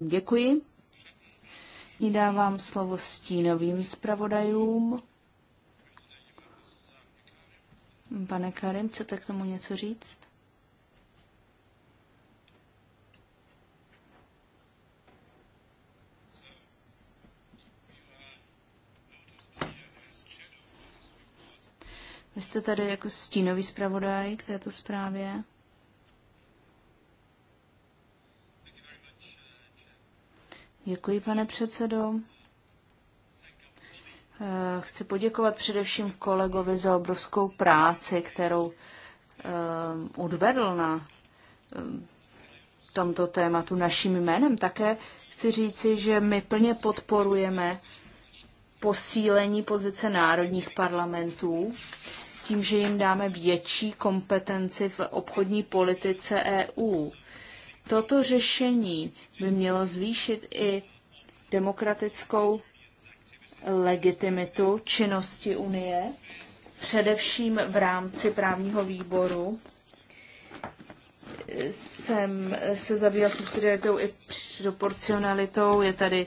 Děkuji. Nyní dávám slovo stínovým zpravodajům. Pane Karim, chcete k tomu něco říct? Vy jste tady jako stínový zpravodaj k této zprávě. Děkuji, pane předsedo. Eh, chci poděkovat především kolegovi za obrovskou práci, kterou eh, odvedl na eh, tomto tématu naším jménem. Také chci říci, že my plně podporujeme posílení pozice národních parlamentů tím, že jim dáme větší kompetenci v obchodní politice EU. Toto řešení by mělo zvýšit i demokratickou legitimitu činnosti Unie, především v rámci právního výboru. Jsem se zabýval subsidiaritou i proporcionalitou. Je tady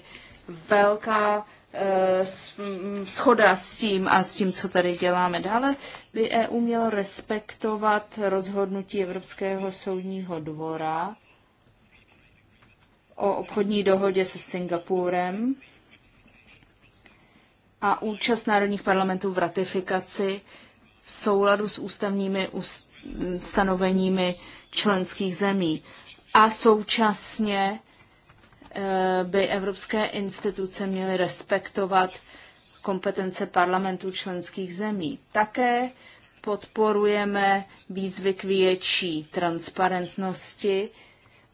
velká eh, mm, schoda s tím a s tím, co tady děláme. Dále by EU mělo respektovat rozhodnutí Evropského soudního dvora o obchodní dohodě se Singapurem a účast národních parlamentů v ratifikaci v souladu s ústavními stanoveními členských zemí. A současně eh, by evropské instituce měly respektovat kompetence parlamentů členských zemí. Také podporujeme výzvy k větší transparentnosti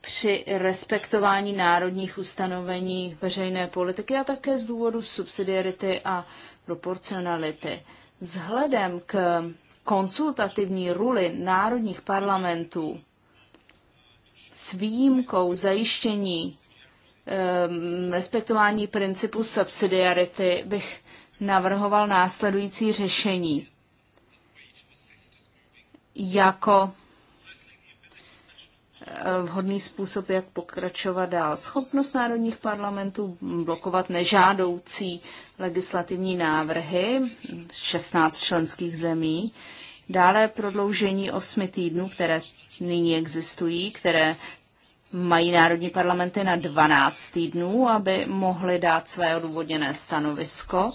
při respektování národních ustanovení veřejné politiky a také z důvodu subsidiarity a proporcionality. Vzhledem k konsultativní ruli národních parlamentů s výjimkou zajištění um, respektování principu subsidiarity bych navrhoval následující řešení jako Eh, vhodný způsob, jak pokračovat dál. Schopnost národních parlamentů blokovat nežádoucí legislativní návrhy 16 členských zemí, dále prodloužení osmi týdnů, které nyní existují, které mají národní parlamenty na 12 týdnů, aby mohly dát své odůvodněné stanovisko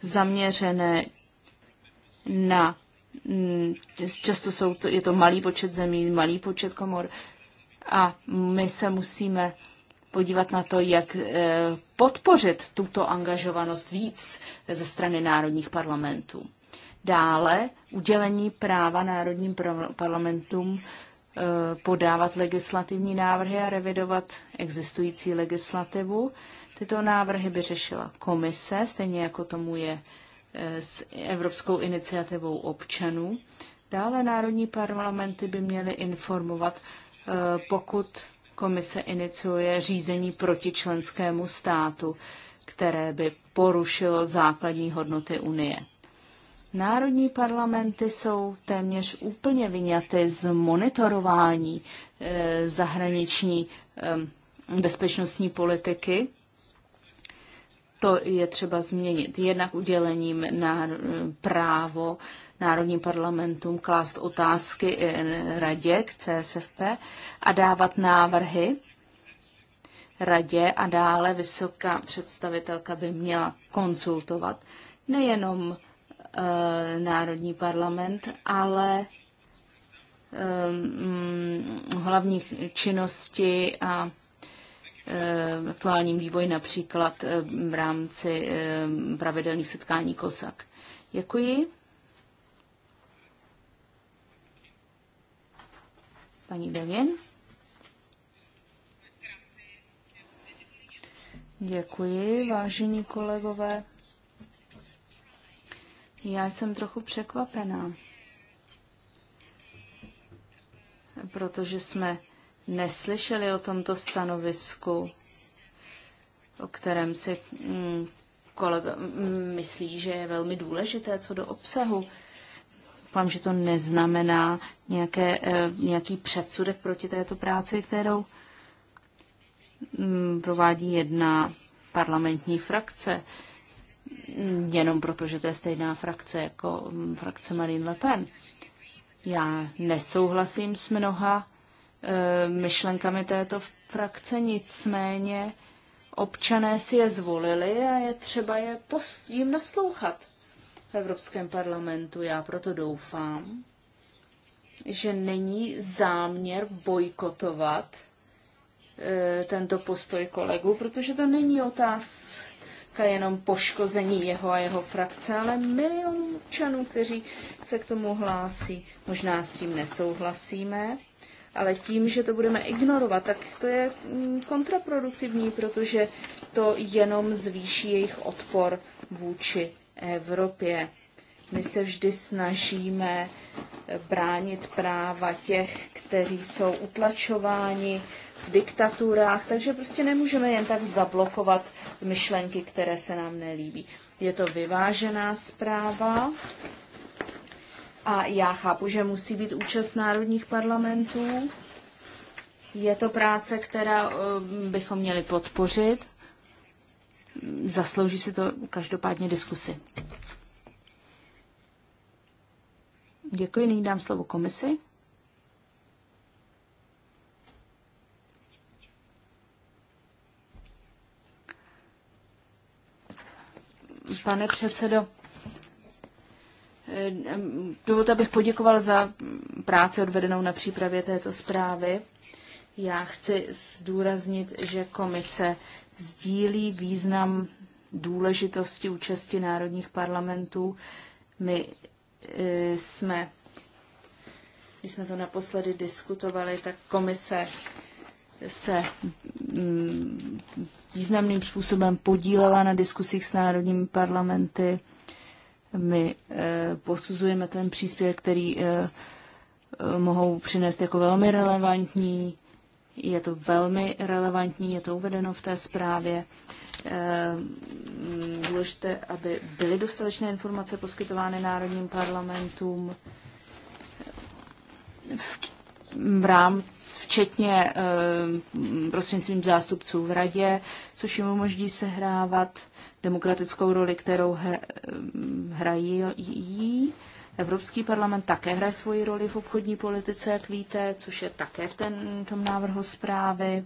zaměřené na mm, často jsou to, je to malý počet zemí, malý počet komor, a my se musíme podívat na to, jak eh, podpořit tuto angažovanost víc ze strany národních parlamentů. Dále udělení práva národním parlamentům eh, podávat legislativní návrhy a revidovat existující legislativu. Tyto návrhy by řešila komise, stejně jako tomu je eh, s Evropskou iniciativou občanů. Dále národní parlamenty by měly informovat Eh, pokud komise iniciuje řízení proti členskému státu, které by porušilo základní hodnoty Unie. Národní parlamenty jsou téměř úplně vyňaty z monitorování eh, zahraniční eh, bezpečnostní politiky. To je třeba změnit. Jednak udělením na právo národním parlamentům klást otázky radě k CSFP a dávat návrhy radě a dále vysoká představitelka by měla konsultovat nejenom e, národní parlament, ale e, hlavní činnosti a e, aktuálním vývoj například v rámci e, pravidelných setkání KOSAK. Děkuji. Paní Devin. Děkuji, vážení kolegové. Já jsem trochu překvapená, protože jsme neslyšeli o tomto stanovisku, o kterém si mm, kolega mm, myslí, že je velmi důležité co do obsahu doufám, že to neznamená nějaké, eh, nějaký předsudek proti této práci, kterou mm, provádí jedna parlamentní frakce, jenom proto, že to je stejná frakce jako mm, frakce Marine Le Pen. Já nesouhlasím s mnoha eh, myšlenkami této frakce, nicméně občané si je zvolili a je třeba je pos- jim naslouchat. Evropském parlamentu. Já proto doufám, že není záměr bojkotovat e, tento postoj kolegu, protože to není otázka jenom poškození jeho a jeho frakce, ale milion občanů, kteří se k tomu hlásí. Možná s tím nesouhlasíme, ale tím, že to budeme ignorovat, tak to je mm, kontraproduktivní, protože to jenom zvýší jejich odpor vůči Evropě. My se vždy snažíme bránit práva těch, kteří jsou utlačováni v diktaturách, takže prostě nemůžeme jen tak zablokovat myšlenky, které se nám nelíbí. Je to vyvážená zpráva a já chápu, že musí být účast národních parlamentů. Je to práce, která eh, bychom měli podpořit zaslouží si to každopádně diskusy. Děkuji, nyní dám slovo komisi. Pane předsedo, dovolte, abych poděkoval za práci odvedenou na přípravě této zprávy. Já chci zdůraznit, že komise sdílí význam důležitosti účasti národních parlamentů. My e, jsme, když jsme to naposledy diskutovali, tak komise se mm, významným způsobem podílela na diskusích s národními parlamenty. My e, posuzujeme ten příspěvek, který e, mohou přinést jako velmi relevantní je to velmi relevantní, je to uvedeno v té zprávě. Eh, mm, důležité, aby byly dostatečné informace poskytovány národním parlamentům v rámci, včetně eh, prostřednictvím zástupců v radě, což jim umožní sehrávat demokratickou roli, kterou eh, hrají Evropský parlament také hraje svoji roli v obchodní politice, jak víte, což je také v ten, tom návrhu zprávy.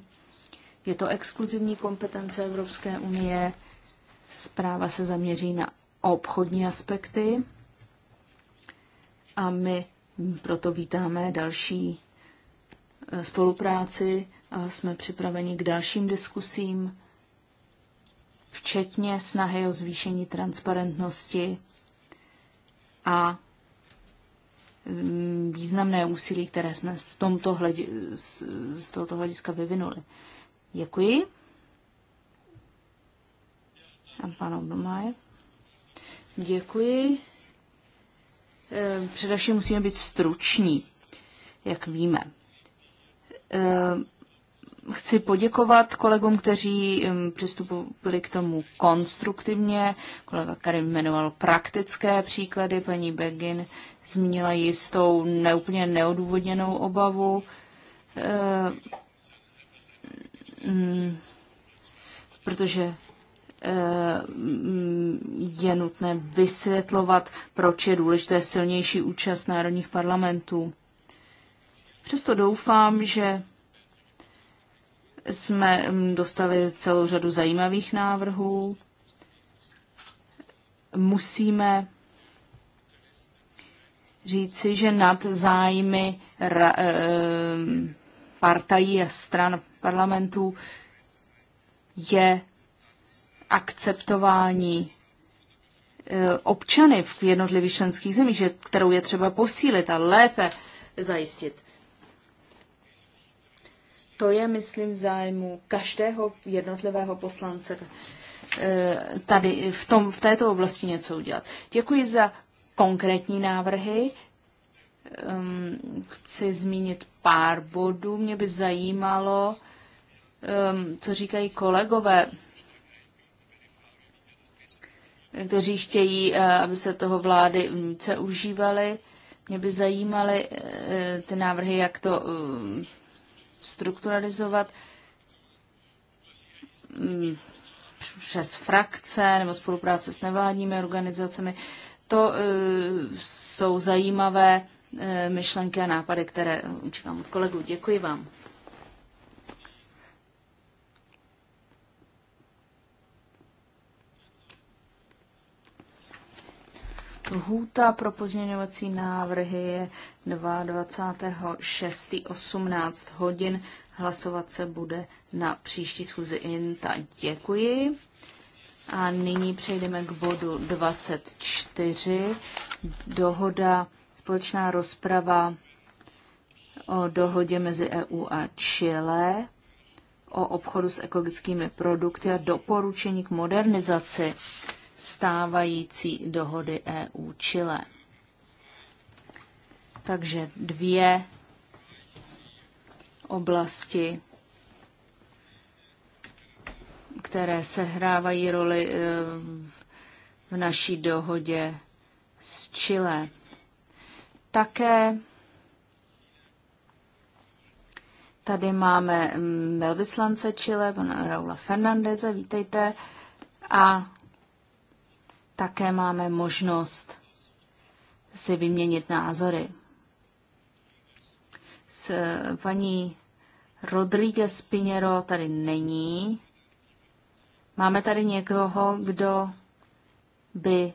Je to exkluzivní kompetence Evropské unie. Zpráva se zaměří na obchodní aspekty a my proto vítáme další eh, spolupráci a jsme připraveni k dalším diskusím, včetně snahy o zvýšení transparentnosti a Mm, významné úsilí, které jsme v tomto hledi, z, tohoto hlediska vyvinuli. Děkuji. A pan Obdomajer. Děkuji. Eh, především musíme být struční, jak víme. Eh, Chci poděkovat kolegům, kteří přistupovali k tomu konstruktivně. Kolega Karim jmenoval praktické příklady, paní Begin zmínila jistou neúplně neodůvodněnou obavu. Eh, mm, protože eh, je nutné vysvětlovat, proč je důležité silnější účast národních parlamentů. Přesto doufám, že jsme mm, dostali celou řadu zajímavých návrhů. Musíme říci, že nad zájmy ra, e, partají a stran parlamentů je akceptování eh, občany v jednotlivých členských zemích, kterou je třeba posílit a lépe zajistit. To je, myslím, v zájmu každého jednotlivého poslance eh, tady v, tom, v této oblasti něco udělat. Děkuji za konkrétní návrhy. Ehm, chci zmínit pár bodů. Mě by zajímalo, ehm, co říkají kolegové, kteří chtějí, eh, aby se toho vlády více užívaly. Mě by zajímaly eh, ty návrhy, jak to ehm, strukturalizovat mm, přes frakce nebo spolupráce s nevládními organizacemi. To e, jsou zajímavé e, myšlenky a nápady, které učím od kolegů. Děkuji vám. Lhůta pro pozměňovací návrhy je 22.6.18 hodin. Hlasovat se bude na příští schůzi INTA. Děkuji. A nyní přejdeme k bodu 24. Dohoda, společná rozprava o dohodě mezi EU a Chile o obchodu s ekologickými produkty a doporučení k modernizaci stávající dohody EU-Chile. Takže dvě oblasti, které sehrávají roli eh, v naší dohodě s Chile. Také tady máme mm, velvyslance Chile, pana Raula Fernandeze, vítejte, a také máme možnost si vyměnit názory. S eh, paní Rodríguez Pinero tady není. Máme tady někoho, kdo by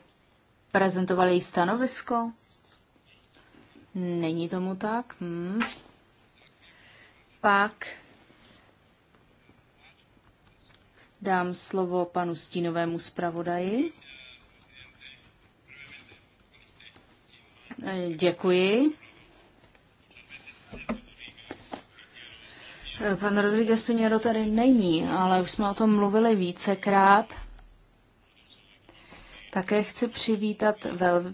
prezentoval její stanovisko? Není tomu tak. Hmm. Pak dám slovo panu stínovému zpravodaji. Děkuji. Pan Rodríguez Pinheiro tady není, ale už jsme o tom mluvili vícekrát. Také chci přivítat vel,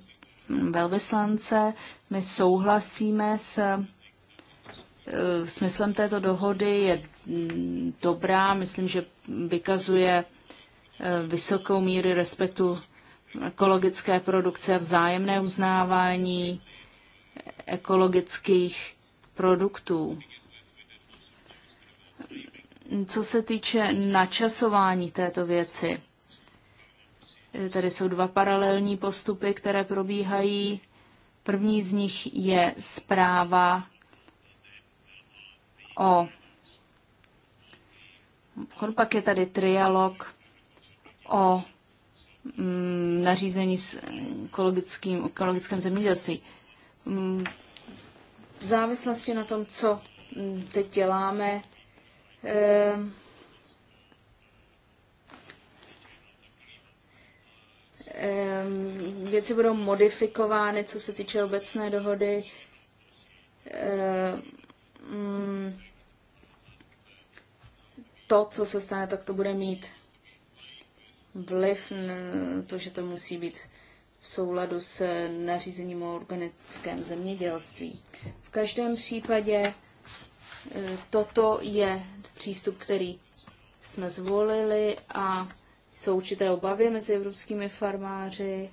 velvyslance. My souhlasíme s eh, smyslem této dohody, je mm, dobrá, myslím, že vykazuje eh, vysokou míru respektu ekologické produkce, vzájemné uznávání ekologických produktů. Co se týče načasování této věci, tady jsou dva paralelní postupy, které probíhají. První z nich je zpráva o pak je tady trialog o Mm, nařízení s ekologickým, ekologickém zemědělství. Mm, v závislosti na tom, co teď děláme, ehm, ehm, věci budou modifikovány, co se týče obecné dohody. Ehm, mm, to, co se stane, tak to bude mít vliv na to, že to musí být v souladu s nařízením o organickém zemědělství. V každém případě e, toto je přístup, který jsme zvolili a jsou určité obavy mezi evropskými farmáři,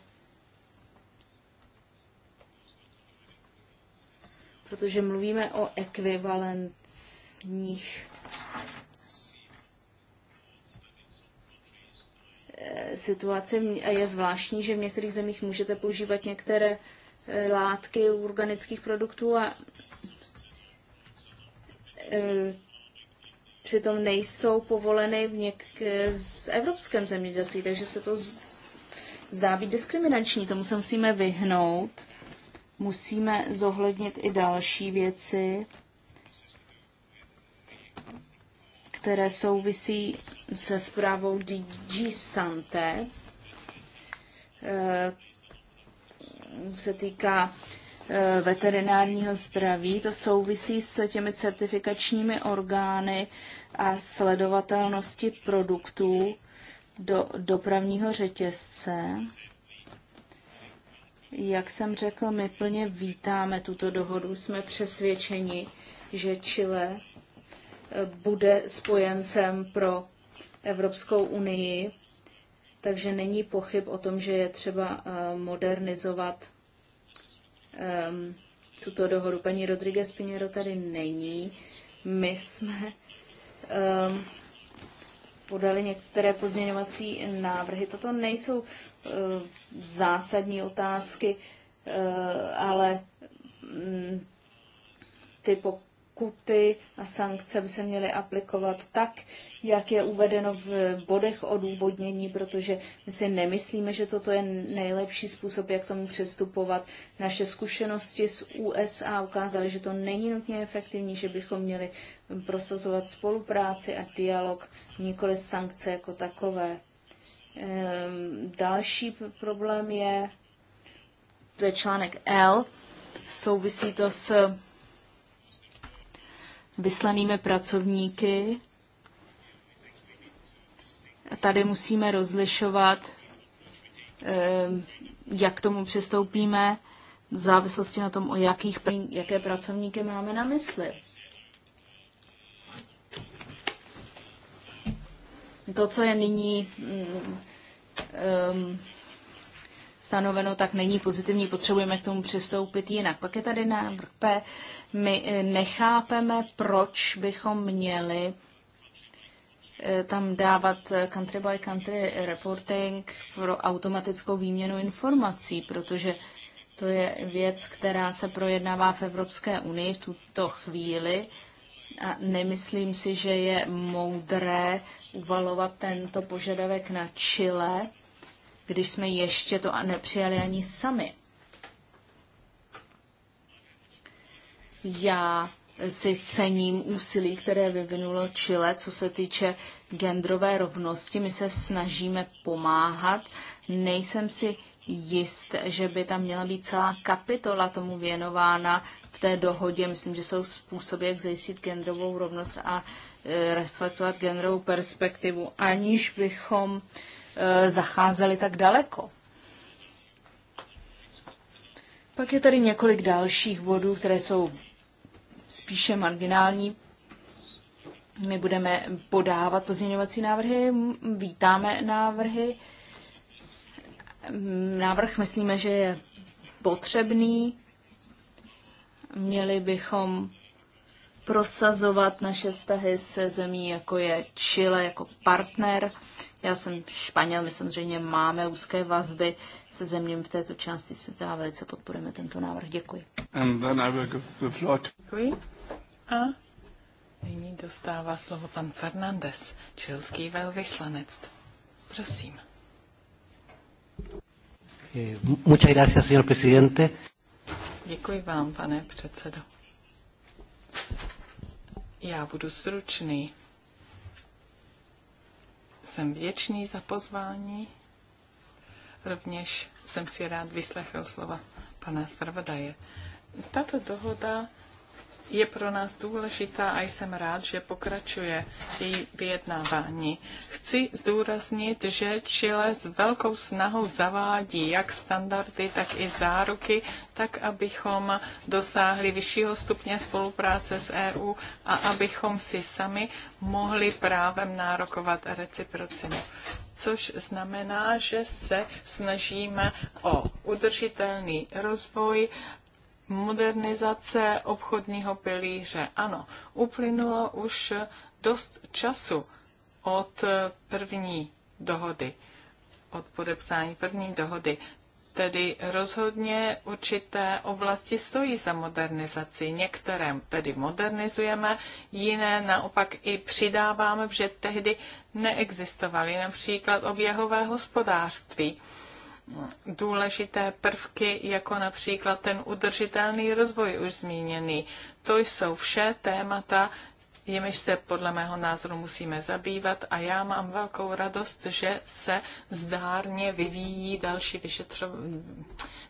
protože mluvíme o ekvivalentních Situace je zvláštní, že v některých zemích můžete používat některé eh, látky u organických produktů a eh, přitom nejsou povoleny v něk- z evropském zemědělství, takže se to zdá být diskriminační. Tomu se musíme vyhnout. Musíme zohlednit i další věci. které souvisí se zprávou DG Santé. Eh, se týká eh, veterinárního zdraví. To souvisí s těmi certifikačními orgány a sledovatelnosti produktů do dopravního řetězce. Jak jsem řekl, my plně vítáme tuto dohodu. Jsme přesvědčeni, že Chile bude spojencem pro Evropskou unii, takže není pochyb o tom, že je třeba eh, modernizovat ehm, tuto dohodu. Paní Rodriguez Pinheiro tady není. My jsme ehm, podali některé pozměňovací návrhy. Toto nejsou eh, zásadní otázky, eh, ale mm, ty pokuty a sankce by se měly aplikovat tak, jak je uvedeno v bodech odůvodnění, protože my si nemyslíme, že toto je nejlepší způsob, jak tomu přistupovat. Naše zkušenosti z USA ukázaly, že to není nutně efektivní, že bychom měli prosazovat spolupráci a dialog, nikoli sankce jako takové. Ehm, další problém je, to je článek L, souvisí to s vyslanými pracovníky. Tady musíme rozlišovat, eh, jak k tomu přistoupíme, v závislosti na tom, o jakých, jaké pracovníky máme na mysli. To, co je nyní um, stanoveno, tak není pozitivní, potřebujeme k tomu přistoupit jinak. Pak je tady návrh P. My eh, nechápeme, proč bychom měli eh, tam dávat eh, country by country reporting pro automatickou výměnu informací, protože to je věc, která se projednává v Evropské unii v tuto chvíli. A nemyslím si, že je moudré uvalovat tento požadavek na Chile, když jsme ještě to nepřijali ani sami. Já si cením úsilí, které vyvinulo Chile, co se týče genderové rovnosti. My se snažíme pomáhat. Nejsem si jist, že by tam měla být celá kapitola tomu věnována v té dohodě. Myslím, že jsou způsoby, jak zajistit genderovou rovnost a e, reflektovat genderovou perspektivu, aniž bychom uh, Eh, zacházeli tak daleko. Pak je tady několik dalších bodů, které jsou spíše marginální. My budeme podávat pozměňovací návrhy, vítáme návrhy. Návrh myslíme, že je potřebný. Měli bychom prosazovat naše vztahy se zemí, jako je Chile, jako partner. Já jsem Španěl, my samozřejmě máme úzké vazby se zeměmi v této části světa a velice podporujeme tento návrh. Děkuji. And then I will give the floor. Děkuji. A nyní dostává slovo pan Fernandez, čilský velvyslanec. Prosím. Eh, muchas gracias, señor presidente. Děkuji vám, pane předsedo. Já budu stručný. Jsem věčný za pozvání. Rovněž jsem si rád vyslechl slova pana zpravodaje. Tato dohoda je pro nás důležitá a jsem rád, že pokračuje její vyjednávání. Chci zdůraznit, že Chile s velkou snahou zavádí jak standardy, tak i záruky, tak abychom dosáhli vyššího stupně spolupráce s EU a abychom si sami mohli právem nárokovat reciprocinu což znamená, že se snažíme o udržitelný rozvoj, Modernizace obchodního pilíře. Ano, uplynulo už dost času od první dohody, od podepsání první dohody. Tedy rozhodně určité oblasti stojí za modernizaci. Některé tedy modernizujeme, jiné naopak i přidáváme, protože tehdy neexistovaly, například oběhové hospodářství důležité prvky, jako například ten udržitelný rozvoj už zmíněný. To jsou vše témata, jimiž se podle mého názoru musíme zabývat a já mám velkou radost, že se zdárně vyvíjí další vyšetřo...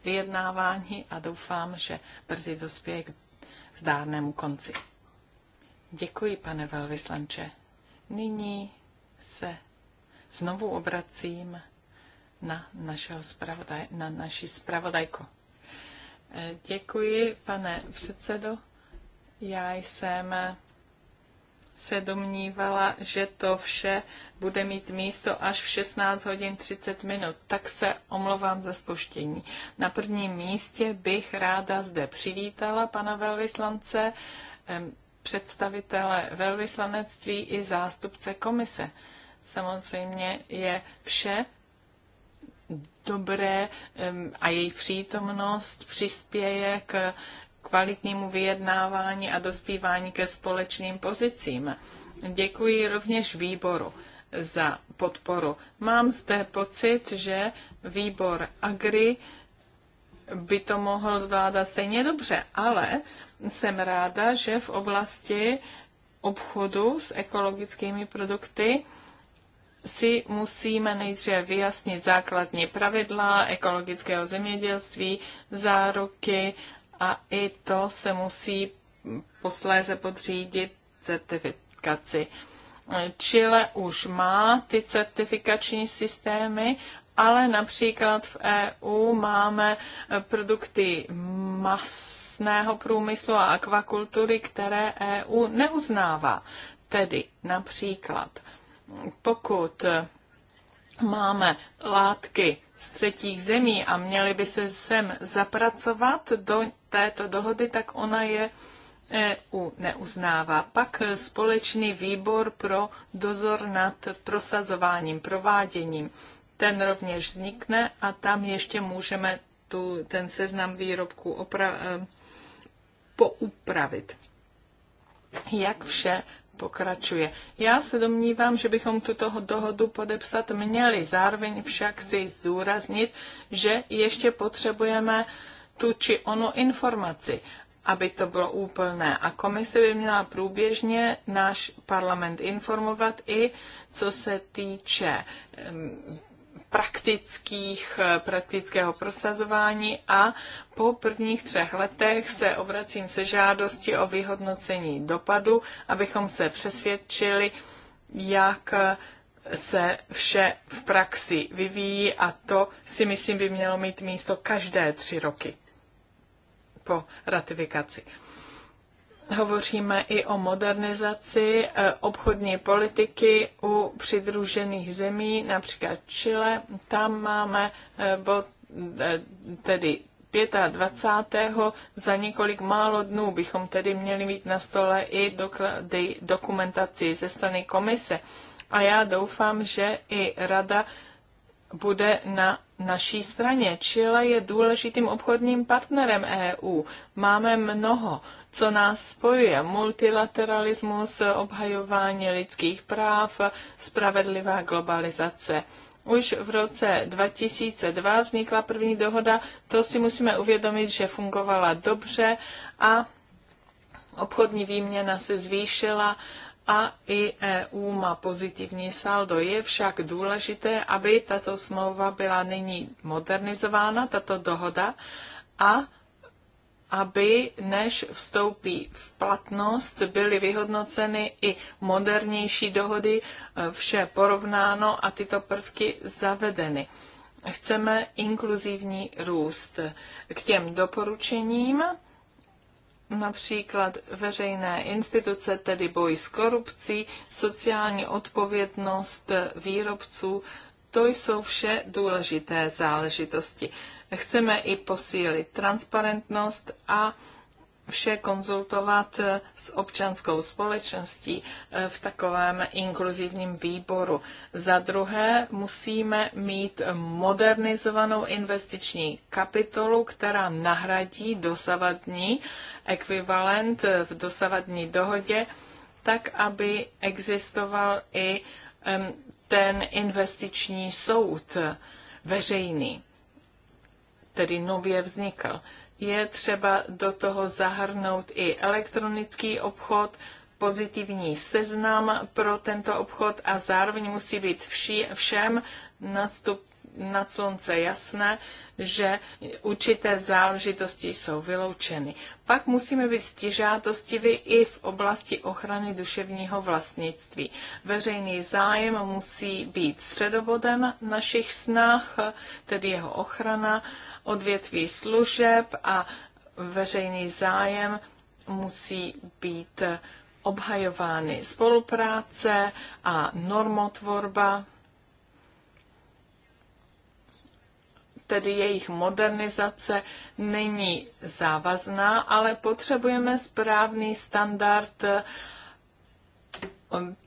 vyjednávání a doufám, že brzy dospěje k zdárnému konci. Děkuji, pane velvyslanče. Nyní se znovu obracím na, našeho spravodaj, na naši spravodajku. E, děkuji, pane předsedo. Já jsem se domnívala, že to vše bude mít místo až v 16 hodin 30 minut, tak se omlouvám za spoštění. Na prvním místě bych ráda zde přivítala pana velvyslance, představitele velvyslanectví i zástupce komise. Samozřejmě je vše dobré a jejich přítomnost přispěje k kvalitnímu vyjednávání a dospívání ke společným pozicím. Děkuji rovněž výboru za podporu. Mám zde pocit, že výbor Agri by to mohl zvládat stejně dobře, ale jsem ráda, že v oblasti obchodu s ekologickými produkty si musíme nejdříve vyjasnit základní pravidla ekologického zemědělství, záruky a i to se musí posléze podřídit certifikaci. Chile už má ty certifikační systémy, ale například v EU máme produkty masného průmyslu a akvakultury, které EU neuznává. Tedy například pokud eh, máme látky z třetích zemí a měly by se sem zapracovat do této dohody, tak ona je EU neuznává. Pak společný výbor pro dozor nad prosazováním, prováděním. Ten rovněž vznikne a tam ještě můžeme tu, ten seznam výrobků opra- e, poupravit. Jak vše pokračuje. Já se domnívám, že bychom tuto dohodu podepsat měli. Zároveň však si zdůraznit, že ještě potřebujeme tu či ono informaci, aby to bylo úplné. A komise by měla průběžně náš parlament informovat i co se týče praktických, eh, praktického prosazování a po prvních třech letech se obracím se žádosti o vyhodnocení dopadu, abychom se přesvědčili, jak eh, se vše v praxi vyvíjí a to si myslím by mělo mít místo každé tři roky po ratifikaci hovoříme i o modernizaci e, obchodní politiky u přidružených zemí, například Chile. Tam máme e, bod, e, tedy 25. za několik málo dnů bychom tedy měli mít na stole i doklady, dokumentaci ze strany komise. A já doufám, že i rada bude na naší straně. Chile je důležitým obchodním partnerem EU. Máme mnoho, co nás spojuje. Multilateralismus, obhajování lidských práv, spravedlivá globalizace. Už v roce 2002 vznikla první dohoda, to si musíme uvědomit, že fungovala dobře a obchodní výměna se zvýšila a i EU má pozitivní saldo. Je však důležité, aby tato smlouva byla nyní modernizována, tato dohoda, a aby než vstoupí v platnost, byly vyhodnoceny i modernější dohody, e, vše porovnáno a tyto prvky zavedeny. Chceme inkluzivní růst. K těm doporučením například veřejné instituce, tedy boj s korupcí, sociální odpovědnost výrobců, to jsou vše důležité záležitosti. Chceme i posílit transparentnost a vše konzultovat eh, s občanskou společností eh, v takovém inkluzivním výboru. Za druhé musíme mít modernizovanou investiční kapitolu, která nahradí dosavadní ekvivalent eh, v dosavadní dohodě, tak aby existoval i ten investiční soud veřejný, tedy nově vznikl je třeba do toho zahrnout i elektronický obchod, pozitivní seznam pro tento obchod a zároveň musí být vši, všem nadstup, nad slunce jasné, že určité záležitosti jsou vyloučeny. Pak musíme být stižádostiví i v oblasti ochrany duševního vlastnictví. Veřejný zájem musí být středobodem našich snah, tedy jeho ochrana, odvětví služeb a veřejný zájem musí být obhajovány spolupráce a normotvorba tedy jejich modernizace není závazná, ale potřebujeme správný standard eh,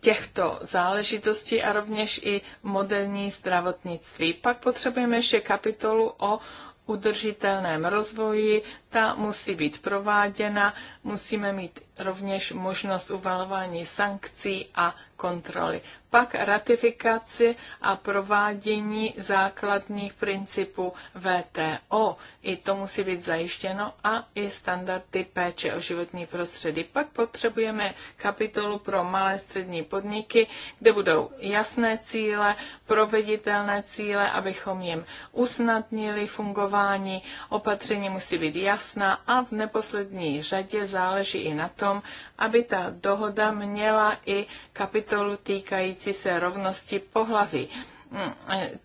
těchto záležitostí a rovněž i moderní zdravotnictví. Pak potřebujeme ještě kapitolu o udržitelném rozvoji, ta musí být prováděna, musíme mít rovněž možnost uvalování sankcí a kontroly pak ratifikaci a provádění základních principů VTO. I to musí být zajištěno a i standardy péče o životní prostředí. Pak potřebujeme kapitolu pro malé střední podniky, kde budou jasné cíle, proveditelné cíle, abychom jim usnadnili fungování. Opatření musí být jasná a v neposlední řadě záleží i na tom, aby ta dohoda měla i kapitolu týkající týkající se rovnosti pohlaví.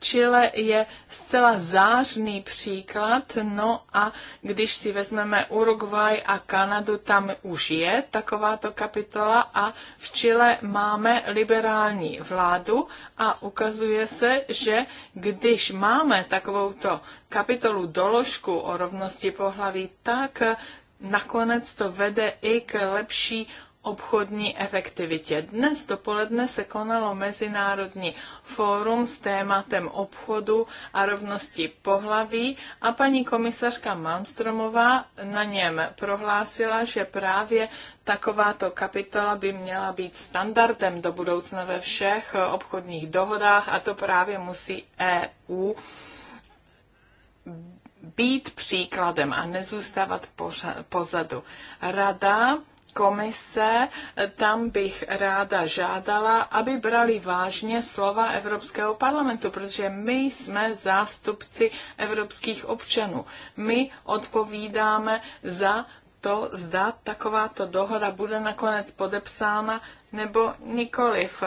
Chile je zcela zářný příklad, no a když si vezmeme Uruguay a Kanadu, tam už je takováto kapitola a v Chile máme liberální vládu a ukazuje se, že když máme takovouto kapitolu doložku o rovnosti pohlaví, tak nakonec to vede i k lepší obchodní efektivitě. Dnes dopoledne se konalo Mezinárodní fórum s tématem obchodu a rovnosti pohlaví a paní komisařka Malmstromová na něm prohlásila, že právě takováto kapitola by měla být standardem do budoucna ve všech obchodních dohodách a to právě musí EU být příkladem a nezůstávat pozadu. Rada komise, tam bych ráda žádala, aby brali vážně slova Evropského parlamentu, protože my jsme zástupci evropských občanů. My odpovídáme za to, zda takováto dohoda bude nakonec podepsána nebo nikoliv.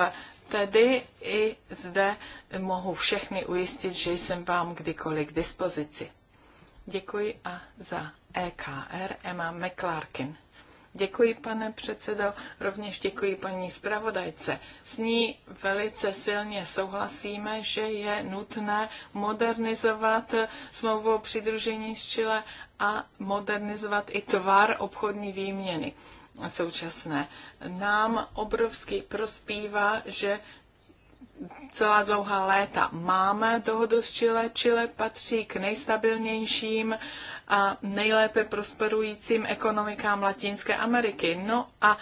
Tedy i zde mohu všechny ujistit, že jsem vám kdykoliv k dispozici. Děkuji a za EKR Emma McClarkin. Děkuji, pane předsedo, rovněž děkuji paní zpravodajce. S ní velice silně souhlasíme, že je nutné modernizovat smlouvu o přidružení s Chile a modernizovat i tvar obchodní výměny současné. Nám obrovsky prospívá, že celá dlouhá léta máme dohodu s Chile. Chile patří k nejstabilnějším a nejlépe prosperujícím ekonomikám Latinské Ameriky. No a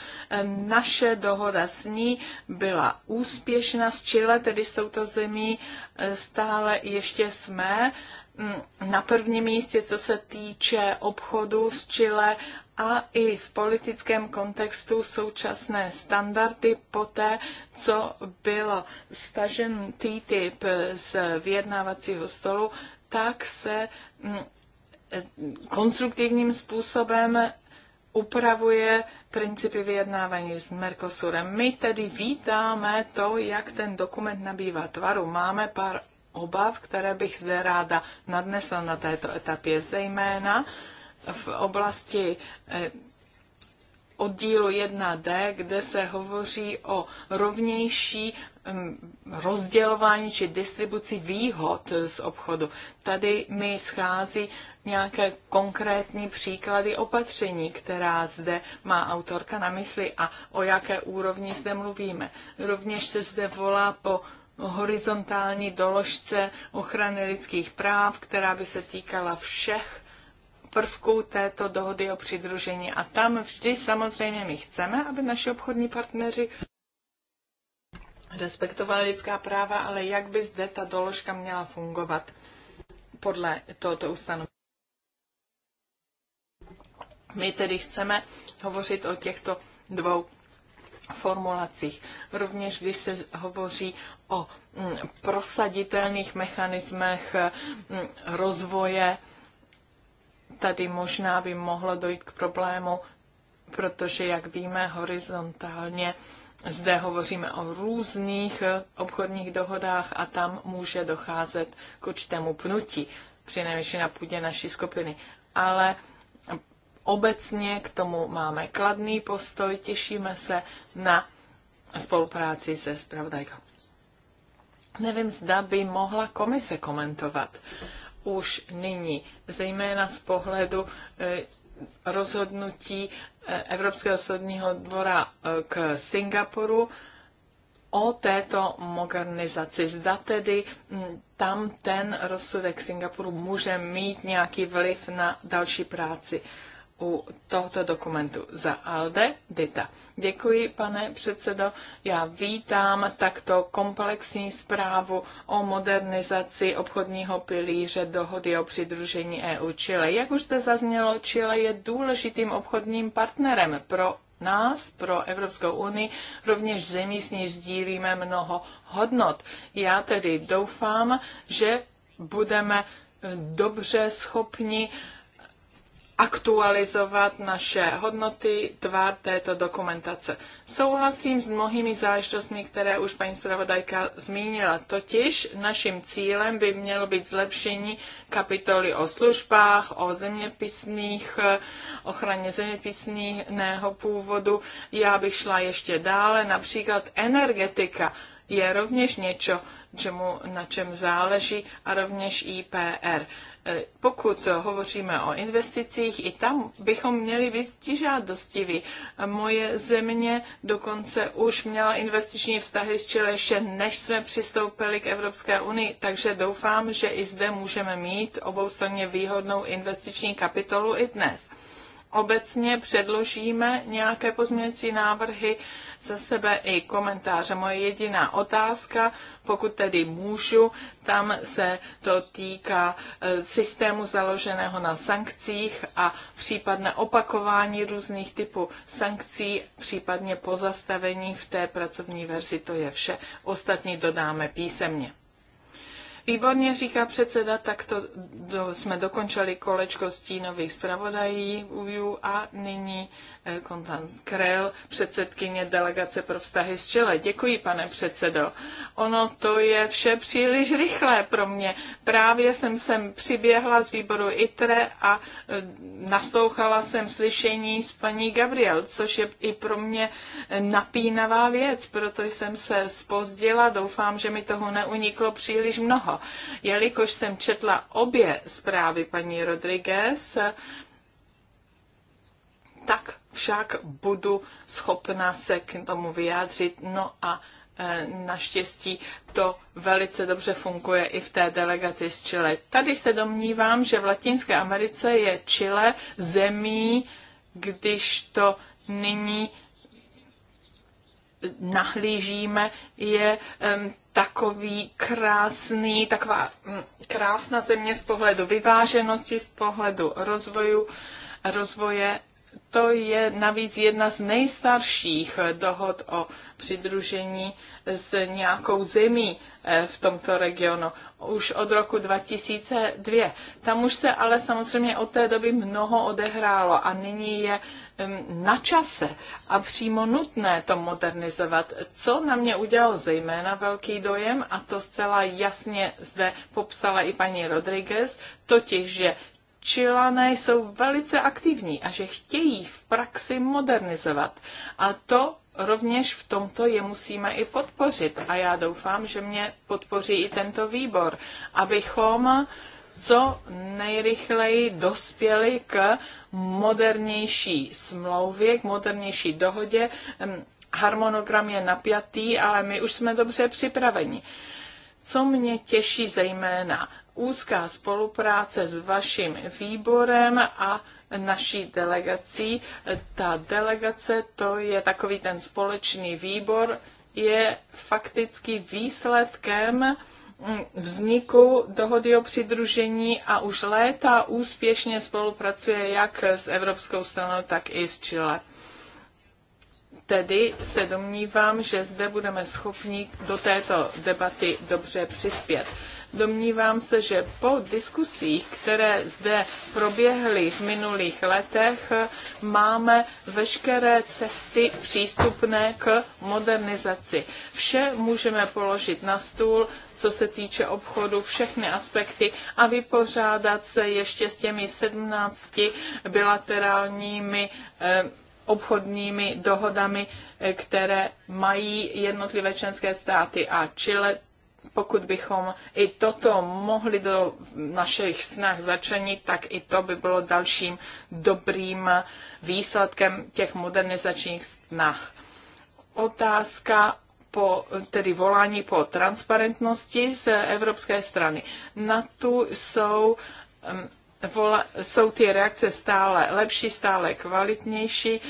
naše dohoda s ní byla úspěšná s Chile, tedy s touto zemí e, stále ještě jsme mm, na prvním místě, co se týče obchodu s Chile a i v politickém kontextu současné standardy poté, co bylo stažen TTIP z vyjednávacího stolu, tak se mm, konstruktivním způsobem upravuje principy vyjednávání s Mercosurem. My tedy vítáme to, jak ten dokument nabývá tvaru. Máme pár obav, které bych zde ráda nadnesla na této etapě, zejména v oblasti eh, oddílu 1D, kde se hovoří o rovnější mm, rozdělování či distribuci výhod z obchodu. Tady mi schází nějaké konkrétní příklady opatření, která zde má autorka na mysli a o jaké úrovni zde mluvíme. Rovněž se zde volá po horizontální doložce ochrany lidských práv, která by se týkala všech prvků této dohody o přidružení. A tam vždy samozřejmě my chceme, aby naši obchodní partneři respektovali lidská práva, ale jak by zde ta doložka měla fungovat podle tohoto ustanovení. My tedy chceme hovořit o těchto dvou formulacích. Rovněž když se hovoří o mm, prosaditelných mechanismech mm, rozvoje tady možná by mohlo dojít k problému, protože, jak víme, horizontálně zde hovoříme o různých obchodních dohodách a tam může docházet k určitému pnutí, přinejmenším na půdě naší skupiny. Ale obecně k tomu máme kladný postoj, těšíme se na spolupráci se zpravodajkou. Nevím, zda by mohla komise komentovat už nyní, zejména z pohledu eh, rozhodnutí eh, Evropského soudního dvora eh, k Singapuru o této modernizaci. Zda tedy hm, tam ten rozsudek Singapuru může mít nějaký vliv na další práci u tohoto dokumentu za ALDE Dita. Děkuji, pane předsedo. Já vítám takto komplexní zprávu o modernizaci obchodního pilíře dohody o přidružení EU Chile. Jak už jste zaznělo, Chile je důležitým obchodním partnerem pro nás, pro Evropskou unii, rovněž zemí, s níž sdílíme mnoho hodnot. Já tedy doufám, že budeme dobře schopni uh, aktualizovat naše hodnoty, tvar této dokumentace. Souhlasím s mnohými záležitostmi, které už paní zpravodajka zmínila. Totiž naším cílem by mělo být zlepšení kapitoly o službách, o zeměpisných, ochraně zeměpisného původu. Já bych šla ještě dále, například energetika je rovněž něco, čemu, na čem záleží a rovněž IPR. E, pokud hovoříme o investicích, i tam bychom měli být ti žádostiví. E, moje země dokonce už měla investiční vztahy s Čilešem, než jsme přistoupili k Evropské unii, takže doufám, že i zde můžeme mít oboustranně výhodnou investiční kapitolu i dnes obecně předložíme nějaké pozměňující návrhy za sebe i komentáře. Moje jediná otázka, pokud tedy můžu, tam se to týká e, systému založeného na sankcích a případné opakování různých typů sankcí, případně pozastavení v té pracovní verzi, to je vše. Ostatní dodáme písemně. Výborně říká předseda, tak to do, jsme dokončili kolečko stínových zpravodají a nyní Eh, Kontant Krell, předsedkyně delegace pro vztahy s Čile. Děkuji, pane předsedo. Ono to je vše příliš rychlé pro mě. Právě jsem sem přiběhla z výboru ITRE a eh, naslouchala jsem slyšení s paní Gabriel, což je i pro mě eh, napínavá věc, protože jsem se spozdila. Doufám, že mi toho neuniklo příliš mnoho. Jelikož jsem četla obě zprávy paní Rodriguez, tak však budu schopna se k tomu vyjádřit. No a e, naštěstí to velice dobře funguje i v té delegaci z Chile. Tady se domnívám, že v Latinské Americe je Chile zemí, když to nyní nahlížíme, je um, takový krásný, taková um, krásná země z pohledu vyváženosti, z pohledu rozvoju, rozvoje to je navíc jedna z nejstarších dohod o přidružení s nějakou zemí eh, v tomto regionu, už od roku 2002. Tam už se ale samozřejmě od té doby mnoho odehrálo a nyní je na čase a přímo nutné to modernizovat. Co na mě udělalo zejména velký dojem, a to zcela jasně zde popsala i paní Rodriguez, totiž, že Čilané jsou velice aktivní a že chtějí v praxi modernizovat. A to rovněž v tomto je musíme i podpořit. A já doufám, že mě podpoří i tento výbor, abychom co nejrychleji dospěli k modernější smlouvě, k modernější dohodě. Harmonogram je napjatý, ale my už jsme dobře připraveni. Co mě těší zejména, úzká spolupráce s vaším výborem a naší delegací. Ta delegace, to je takový ten společný výbor, je fakticky výsledkem mm, vzniku dohody o přidružení a už léta úspěšně spolupracuje jak s Evropskou stranou, tak i s Chile. Tedy se domnívám, že zde budeme schopni do této debaty dobře přispět. Domnívám se, že po diskusích, které zde proběhly v minulých letech, máme veškeré cesty přístupné k modernizaci. Vše můžeme položit na stůl, co se týče obchodu, všechny aspekty a vypořádat se ještě s těmi 17 bilaterálními eh, obchodními dohodami, eh, které mají jednotlivé členské státy a Chile pokud bychom i toto mohli do našich snah začenit, tak i to by bylo dalším dobrým výsledkem těch modernizačních snah. Otázka po, tedy volání po transparentnosti z evropské strany. Na tu jsou, vola, jsou ty reakce stále lepší, stále kvalitnější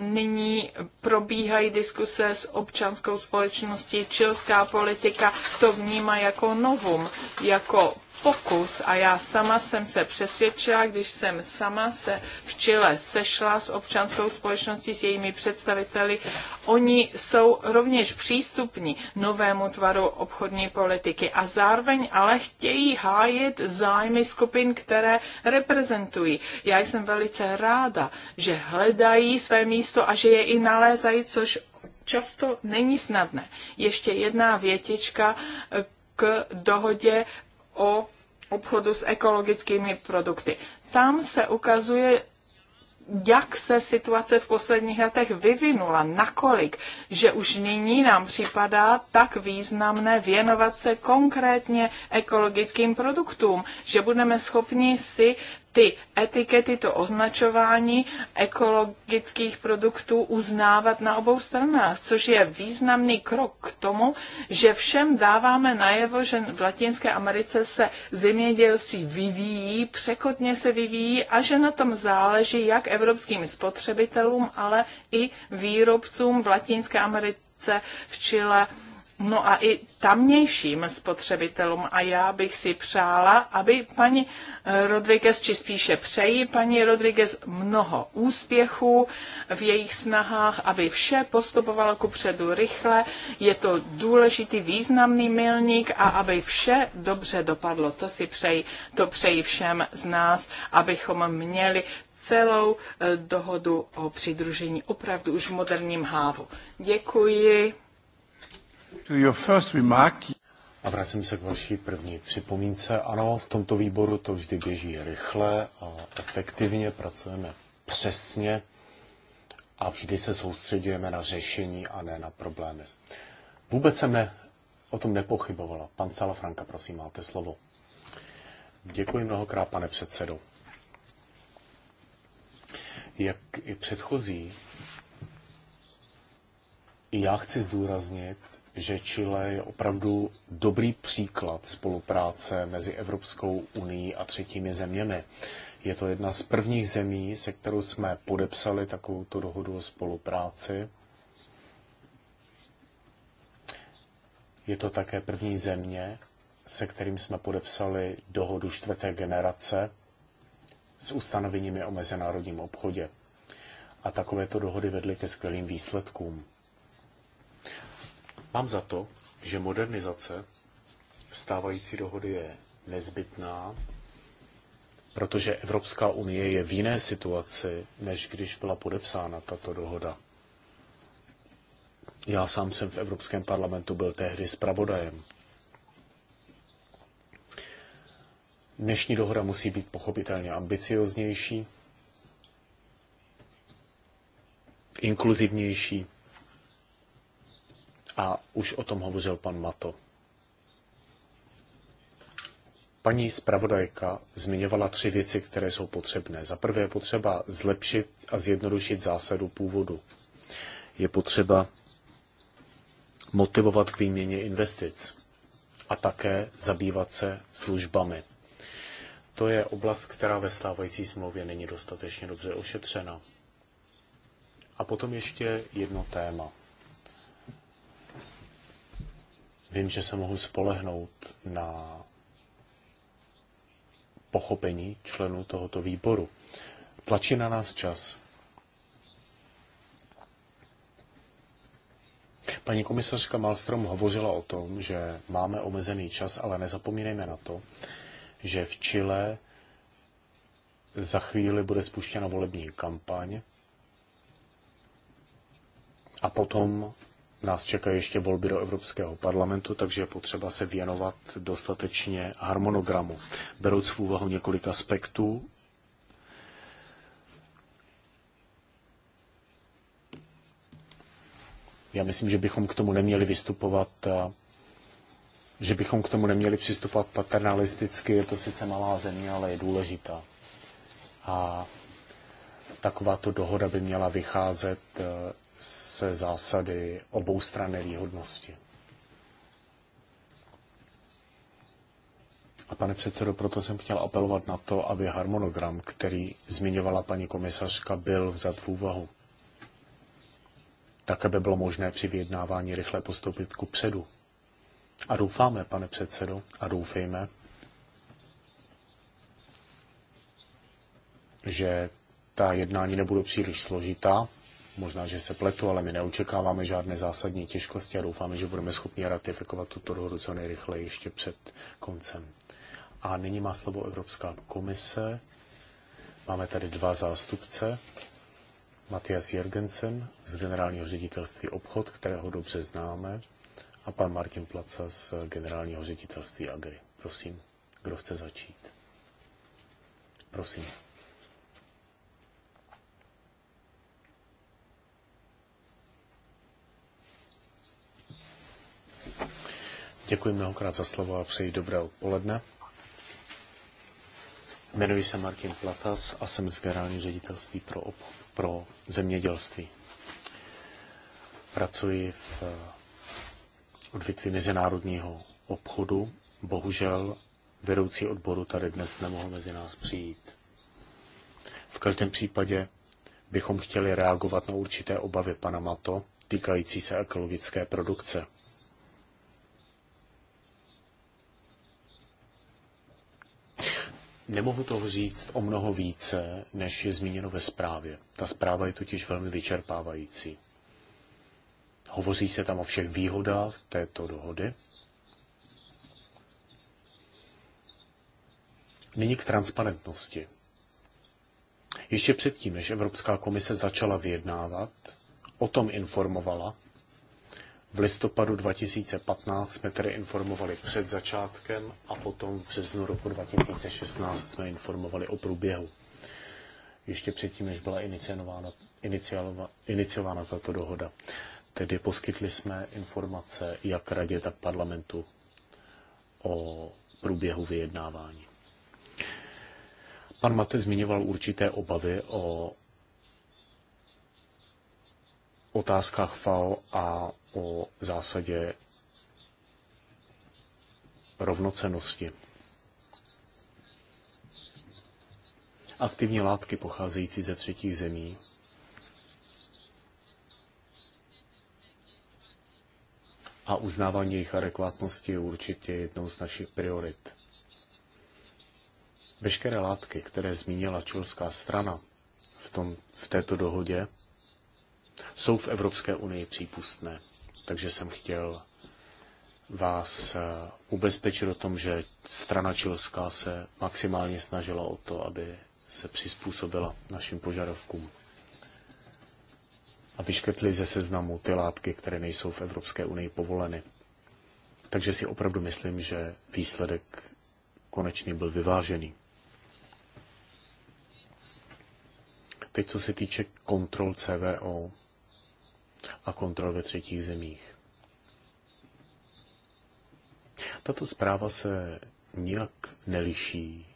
nyní probíhají diskuse s občanskou společností. Čilská politika to vnímá jako novum, jako pokus a já sama jsem se přesvědčila, když jsem sama se v Chile sešla s občanskou společností, s jejími představiteli, oni jsou rovněž přístupní novému tvaru obchodní politiky a zároveň ale chtějí hájit zájmy skupin, které reprezentují. Já jsem velice ráda, že hledají své místo a že je i nalézají, což často není snadné. Ještě jedna větička k dohodě o obchodu s ekologickými produkty. Tam se ukazuje, jak se situace v posledních letech vyvinula, nakolik, že už nyní nám připadá tak významné věnovat se konkrétně ekologickým produktům, že budeme schopni si ty etikety, to označování ekologických produktů uznávat na obou stranách, což je významný krok k tomu, že všem dáváme najevo, že v Latinské Americe se zemědělství vyvíjí, překotně se vyvíjí a že na tom záleží jak evropským spotřebitelům, ale i výrobcům v Latinské Americe, v Chile, No a i tamnějším spotřebitelům. A já bych si přála, aby paní eh, Rodriguez, či spíše přeji paní Rodriguez mnoho úspěchů v jejich snahách, aby vše postupovalo ku předu rychle. Je to důležitý, významný milník a aby vše dobře dopadlo. To si přeji, to přeji všem z nás, abychom měli celou eh, dohodu o přidružení opravdu už v moderním hávu. Děkuji to your first remark. A vracím se k vaší první připomínce. Ano, v tomto výboru to vždy běží rychle a efektivně, pracujeme přesně a vždy se soustředujeme na řešení a ne na problémy. Vůbec jsem ne, o tom nepochybovala. Pan Salafranka, prosím, máte slovo. Děkuji mnohokrát, pane předsedo. Jak i předchozí, já chci zdůraznit, že Chile je opravdu dobrý příklad spolupráce mezi Evropskou unii a třetími zeměmi. Je to jedna z prvních zemí, se kterou jsme podepsali takovouto dohodu o spolupráci. Je to také první země, se kterým jsme podepsali dohodu čtvrté generace s ustanoveními o mezinárodním obchodě. A takovéto dohody vedly ke skvělým výsledkům. Mám za to, že modernizace stávající dohody je nezbytná, protože Evropská unie je v jiné situaci, než když byla podepsána tato dohoda. Já sám jsem v Evropském parlamentu byl tehdy zpravodajem. Dnešní dohoda musí být pochopitelně ambicioznější, inkluzivnější a už o tom hovořil pan Mato. Paní zpravodajka zmiňovala tři věci, které jsou potřebné. Za prvé je potřeba zlepšit a zjednodušit zásadu původu. Je potřeba motivovat k výměně investic a také zabývat se službami. To je oblast, která ve stávající smlouvě není dostatečně dobře ošetřena. A potom ještě jedno téma. Vím, že se mohu spolehnout na pochopení členů tohoto výboru. Tlačí na nás čas. Paní komisařka Malstrom hovořila o tom, že máme omezený čas, ale nezapomínejme na to, že v Chile za chvíli bude spuštěna volební kampaň a potom nás čekají ještě volby do Evropského parlamentu, takže je potřeba se věnovat dostatečně harmonogramu. Beru v úvahu několik aspektů, Já myslím, že bychom k tomu neměli vystupovat, že bychom k tomu neměli přistupovat paternalisticky. Je to sice malá země, ale je důležitá. A takováto dohoda by měla vycházet se zásady oboustranné výhodnosti. A pane předsedo, proto jsem chtěl apelovat na to, aby harmonogram, který zmiňovala paní komisařka, byl vzat v úvahu. Tak, aby bylo možné při vyjednávání rychle postoupit ku předu. A doufáme, pane předsedo, a doufejme, že ta jednání nebudou příliš složitá, Možná, že se pletu, ale my neočekáváme žádné zásadní těžkosti a doufáme, že budeme schopni ratifikovat tuto dohodu co nejrychleji ještě před koncem. A nyní má slovo Evropská komise. Máme tady dva zástupce. Matias Jergensen z generálního ředitelství obchod, kterého dobře známe, a pan Martin Placa z generálního ředitelství Agri. Prosím, kdo chce začít? Prosím. Děkuji mnohokrát za slovo a přeji dobré odpoledne. Jmenuji se Martin Platas a jsem z generální ředitelství pro, pro zemědělství. Pracuji v eh, odvětví mezinárodního obchodu. Bohužel vedoucí odboru tady dnes nemohl mezi nás přijít. V každém případě bychom chtěli reagovat na určité obavy pana Mato týkající se ekologické produkce. Nemohu toho říct o mnoho více, než je zmíněno ve zprávě. Ta zpráva je totiž velmi vyčerpávající. Hovoří se tam o všech výhodách této dohody. Nyní k transparentnosti. Ještě předtím, než Evropská komise začala vyjednávat, o tom informovala v listopadu 2015 jsme tedy informovali před začátkem a potom v březnu roku 2016 jsme informovali o průběhu. Ještě předtím, než byla iniciována, iniciována tato dohoda. Tedy poskytli jsme informace jak radě, tak parlamentu o průběhu vyjednávání. Pan Mate zmiňoval určité obavy o otázkách FAO a o zásadě rovnocenosti. Aktivní látky pocházející ze třetích zemí a uznávání jejich adekvátnosti je určitě jednou z našich priorit. Veškeré látky, které zmínila čilská strana v, tom, v této dohodě, jsou v Evropské unii přípustné. Takže jsem chtěl vás eh, ubezpečit o tom, že strana čilská se maximálně snažila o to, aby se přizpůsobila našim požadavkům a vyškrtli ze seznamu ty látky, které nejsou v Evropské unii povoleny. Takže si opravdu myslím, že výsledek konečný byl vyvážený. Teď, co se týče kontrol CVO, a kontrol ve třetích zemích. Tato zpráva se nijak neliší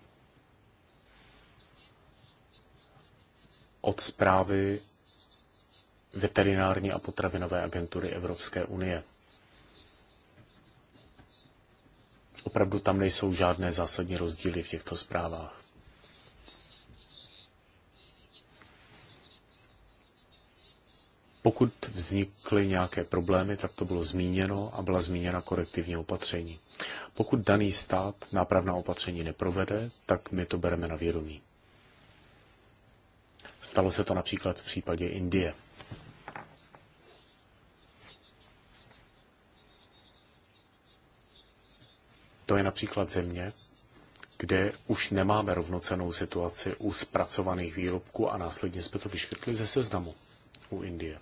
od zprávy veterinární a potravinové agentury Evropské unie. Opravdu tam nejsou žádné zásadní rozdíly v těchto zprávách. Pokud vznikly nějaké problémy, tak to bylo zmíněno a byla zmíněna korektivní opatření. Pokud daný stát nápravná opatření neprovede, tak my to bereme na vědomí. Stalo se to například v případě Indie. To je například země, kde už nemáme rovnocenou situaci u zpracovaných výrobků a následně jsme to vyškrtli ze seznamu u Indie.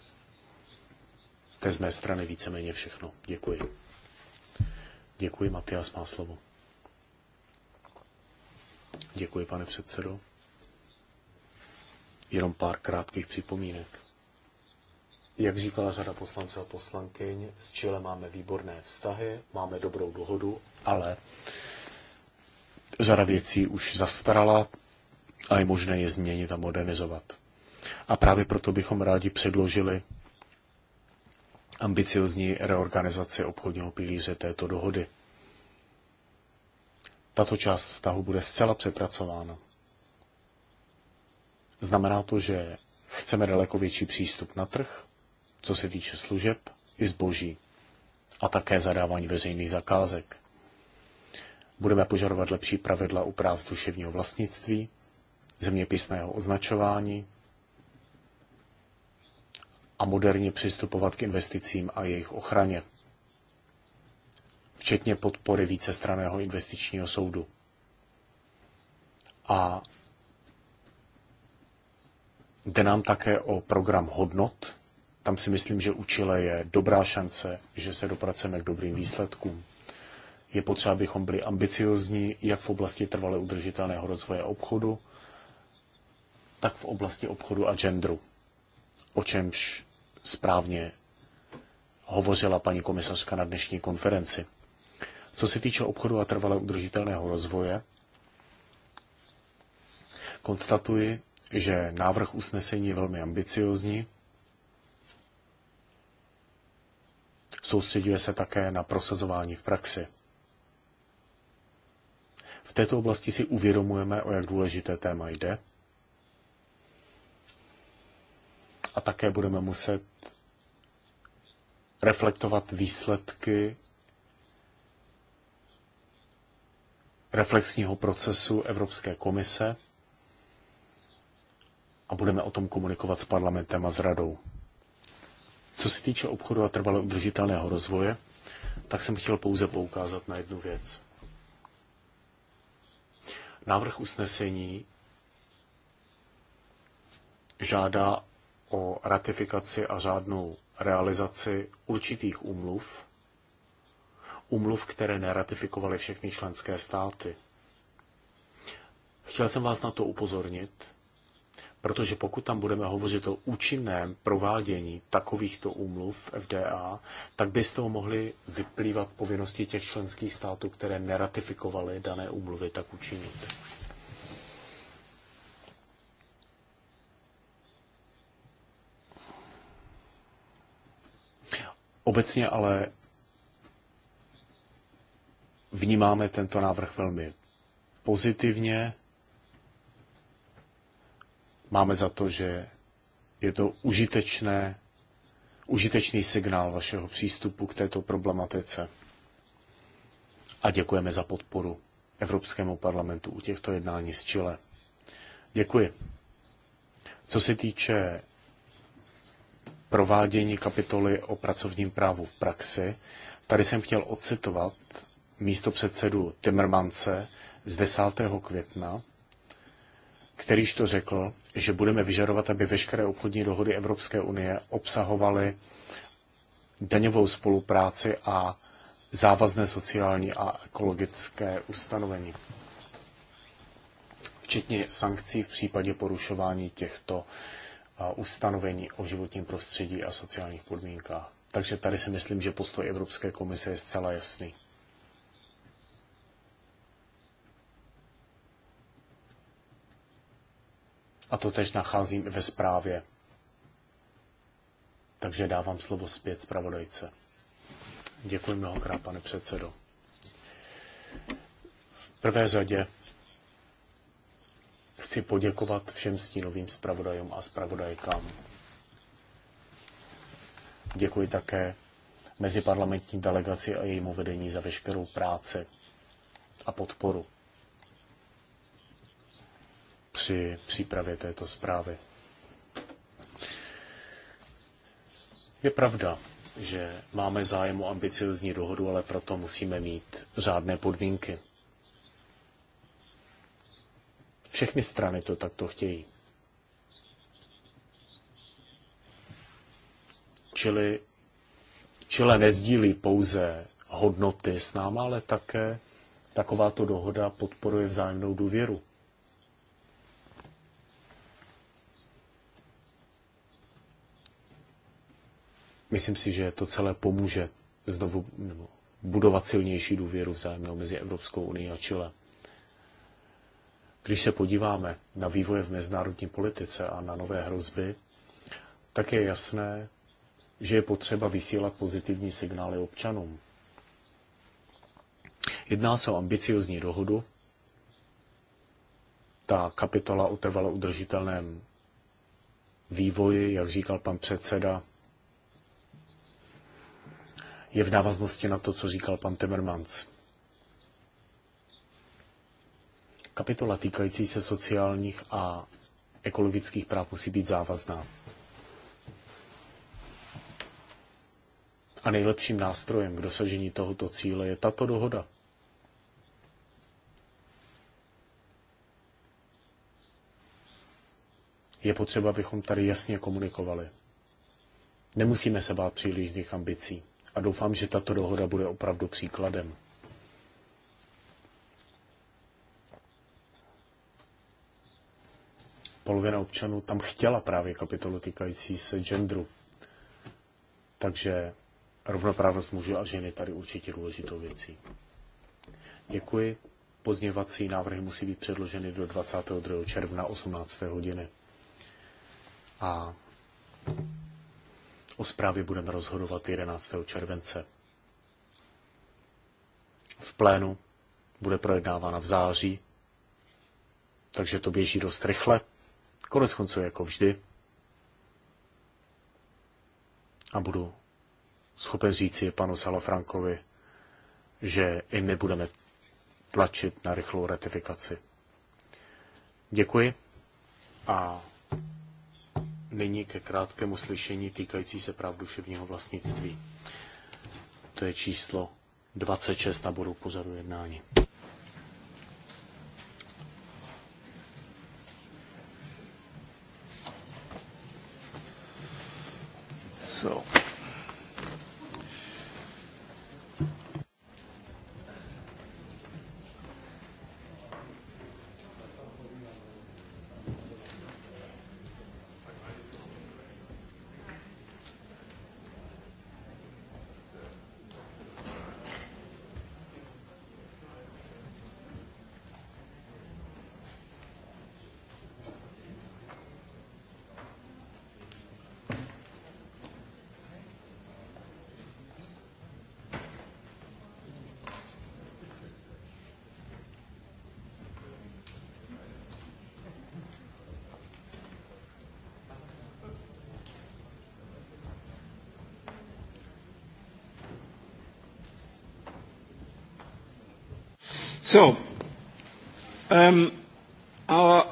To je z mé strany víceméně všechno. Děkuji. Děkuji, Matias má slovo. Děkuji, pane předsedo. Jenom pár krátkých připomínek. Jak říkala řada poslanců a poslankyň, s Chile máme výborné vztahy, máme dobrou dohodu, ale řada věcí už zastarala a je možné je změnit a modernizovat. A právě proto bychom rádi předložili ambiciozní reorganizaci obchodního pilíře této dohody. Tato část vztahu bude zcela přepracována. Znamená to, že chceme daleko větší přístup na trh, co se týče služeb i zboží a také zadávání veřejných zakázek. Budeme požadovat lepší pravidla u práv duševního vlastnictví, zeměpisného označování, a moderně přistupovat k investicím a jejich ochraně, včetně podpory vícestraného investičního soudu. A jde nám také o program hodnot. Tam si myslím, že u Chile je dobrá šance, že se dopracujeme k dobrým výsledkům. Je potřeba, abychom byli ambiciozní jak v oblasti trvale udržitelného rozvoje obchodu, tak v oblasti obchodu a genderu, o čemž správně hovořila paní komisařka na dnešní konferenci. Co se týče obchodu a trvale udržitelného rozvoje, konstatuji, že návrh usnesení je velmi ambiciozní. Soustředuje se také na prosazování v praxi. V této oblasti si uvědomujeme, o jak důležité téma jde a také budeme muset reflektovat výsledky reflexního procesu Evropské komise a budeme o tom komunikovat s parlamentem a s radou. Co se týče obchodu a trvale udržitelného rozvoje, tak jsem chtěl pouze poukázat na jednu věc. Návrh usnesení žádá o ratifikaci a řádnou realizaci určitých úmluv, úmluv, které neratifikovaly všechny členské státy. Chtěl jsem vás na to upozornit, protože pokud tam budeme hovořit o účinném provádění takovýchto úmluv FDA, tak by z toho mohly vyplývat povinnosti těch členských států, které neratifikovaly dané úmluvy, tak učinit. Obecně ale vnímáme tento návrh velmi pozitivně. Máme za to, že je to užitečné, užitečný signál vašeho přístupu k této problematice. A děkujeme za podporu Evropskému parlamentu u těchto jednání z Chile. Děkuji. Co se týče provádění kapitoly o pracovním právu v praxi. Tady jsem chtěl ocitovat místo předsedu Timmermance z 10. května, kterýž to řekl, že budeme vyžadovat, aby veškeré obchodní dohody Evropské unie obsahovaly daňovou spolupráci a závazné sociální a ekologické ustanovení, včetně sankcí v případě porušování těchto ustanovení o životním prostředí a sociálních podmínkách. Takže tady si myslím, že postoj Evropské komise je zcela jasný. A to tež nacházím i ve zprávě. Takže dávám slovo zpět zpravodajce. Děkuji mnohokrát, pane předsedo. V prvé řadě chci poděkovat všem stínovým zpravodajům a zpravodajkám. Děkuji také meziparlamentní delegaci a jejímu vedení za veškerou práci a podporu při přípravě této zprávy. Je pravda, že máme zájem o ambiciozní dohodu, ale proto musíme mít řádné podmínky. Všechny strany to takto chtějí. Čili Čile nezdílí pouze hodnoty s náma, ale také takováto dohoda podporuje vzájemnou důvěru. Myslím si, že to celé pomůže znovu nebo budovat silnější důvěru vzájemnou mezi Evropskou unii a Čilem. Když se podíváme na vývoje v mezinárodní politice a na nové hrozby, tak je jasné, že je potřeba vysílat pozitivní signály občanům. Jedná se o ambiciozní dohodu. Ta kapitola o trvalo udržitelném vývoji, jak říkal pan předseda, je v návaznosti na to, co říkal pan Timmermans. Kapitola týkající se sociálních a ekologických práv musí být závazná. A nejlepším nástrojem k dosažení tohoto cíle je tato dohoda. Je potřeba, abychom tady jasně komunikovali. Nemusíme se bát přílišných ambicí a doufám, že tato dohoda bude opravdu příkladem. polovina občanů tam chtěla právě kapitolu týkající se genderu. Takže rovnoprávnost mužů a ženy je tady určitě důležitou věcí. Děkuji. Pozněvací návrhy musí být předloženy do 22. června 18. hodiny. A o zprávě budeme rozhodovat 11. července. V plénu bude projednávána v září, takže to běží dost rychle. Konec konců jako vždy. A budu schopen říci panu Salafrankovi, že i my budeme tlačit na rychlou ratifikaci. Děkuji a nyní ke krátkému slyšení týkající se práv duševního vlastnictví. To je číslo 26 na bodu pozoru jednání. So. So, um, our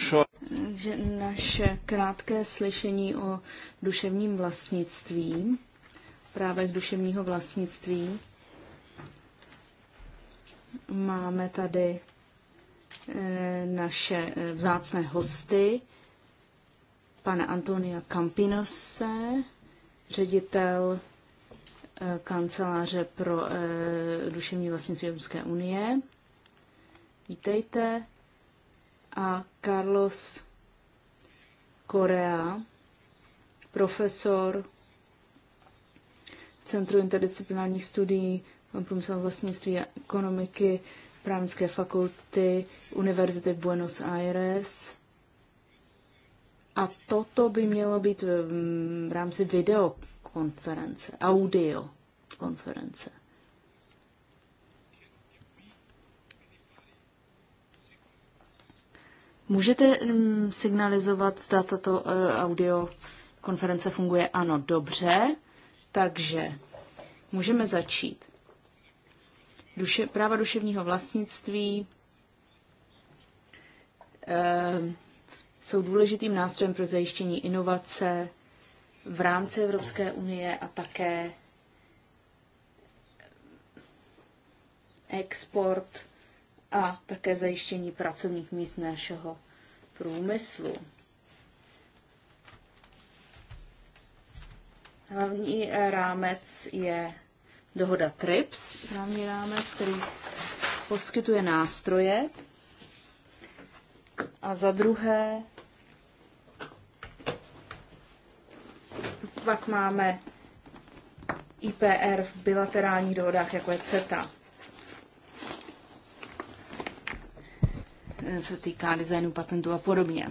short... Takže naše krátké slyšení o duševním vlastnictví, právech duševního vlastnictví. Máme tady eh, naše eh, vzácné hosty, pana Antonia Campinose, ředitel Eh, kanceláře pro eh, duševní vlastnictví Evropské unie. Vítejte. A Carlos Korea, profesor Centru interdisciplinárních studií průmyslu vlastnictví a ekonomiky Právnické fakulty Univerzity Buenos Aires. A toto by mělo být mm, v rámci video konference, audio konference. Můžete mm, signalizovat, zda tato eh, audio konference funguje? Ano, dobře. Takže můžeme začít. Duše, práva duševního vlastnictví e, jsou důležitým nástrojem pro zajištění inovace, v rámci Evropské unie a také export a také zajištění pracovních míst našeho průmyslu. Hlavní rámec je dohoda TRIPS, právní rámec, který poskytuje nástroje. A za druhé pak máme IPR v bilaterálních dohodách, jako je CETA. Eh, se týká designu patentů a podobně.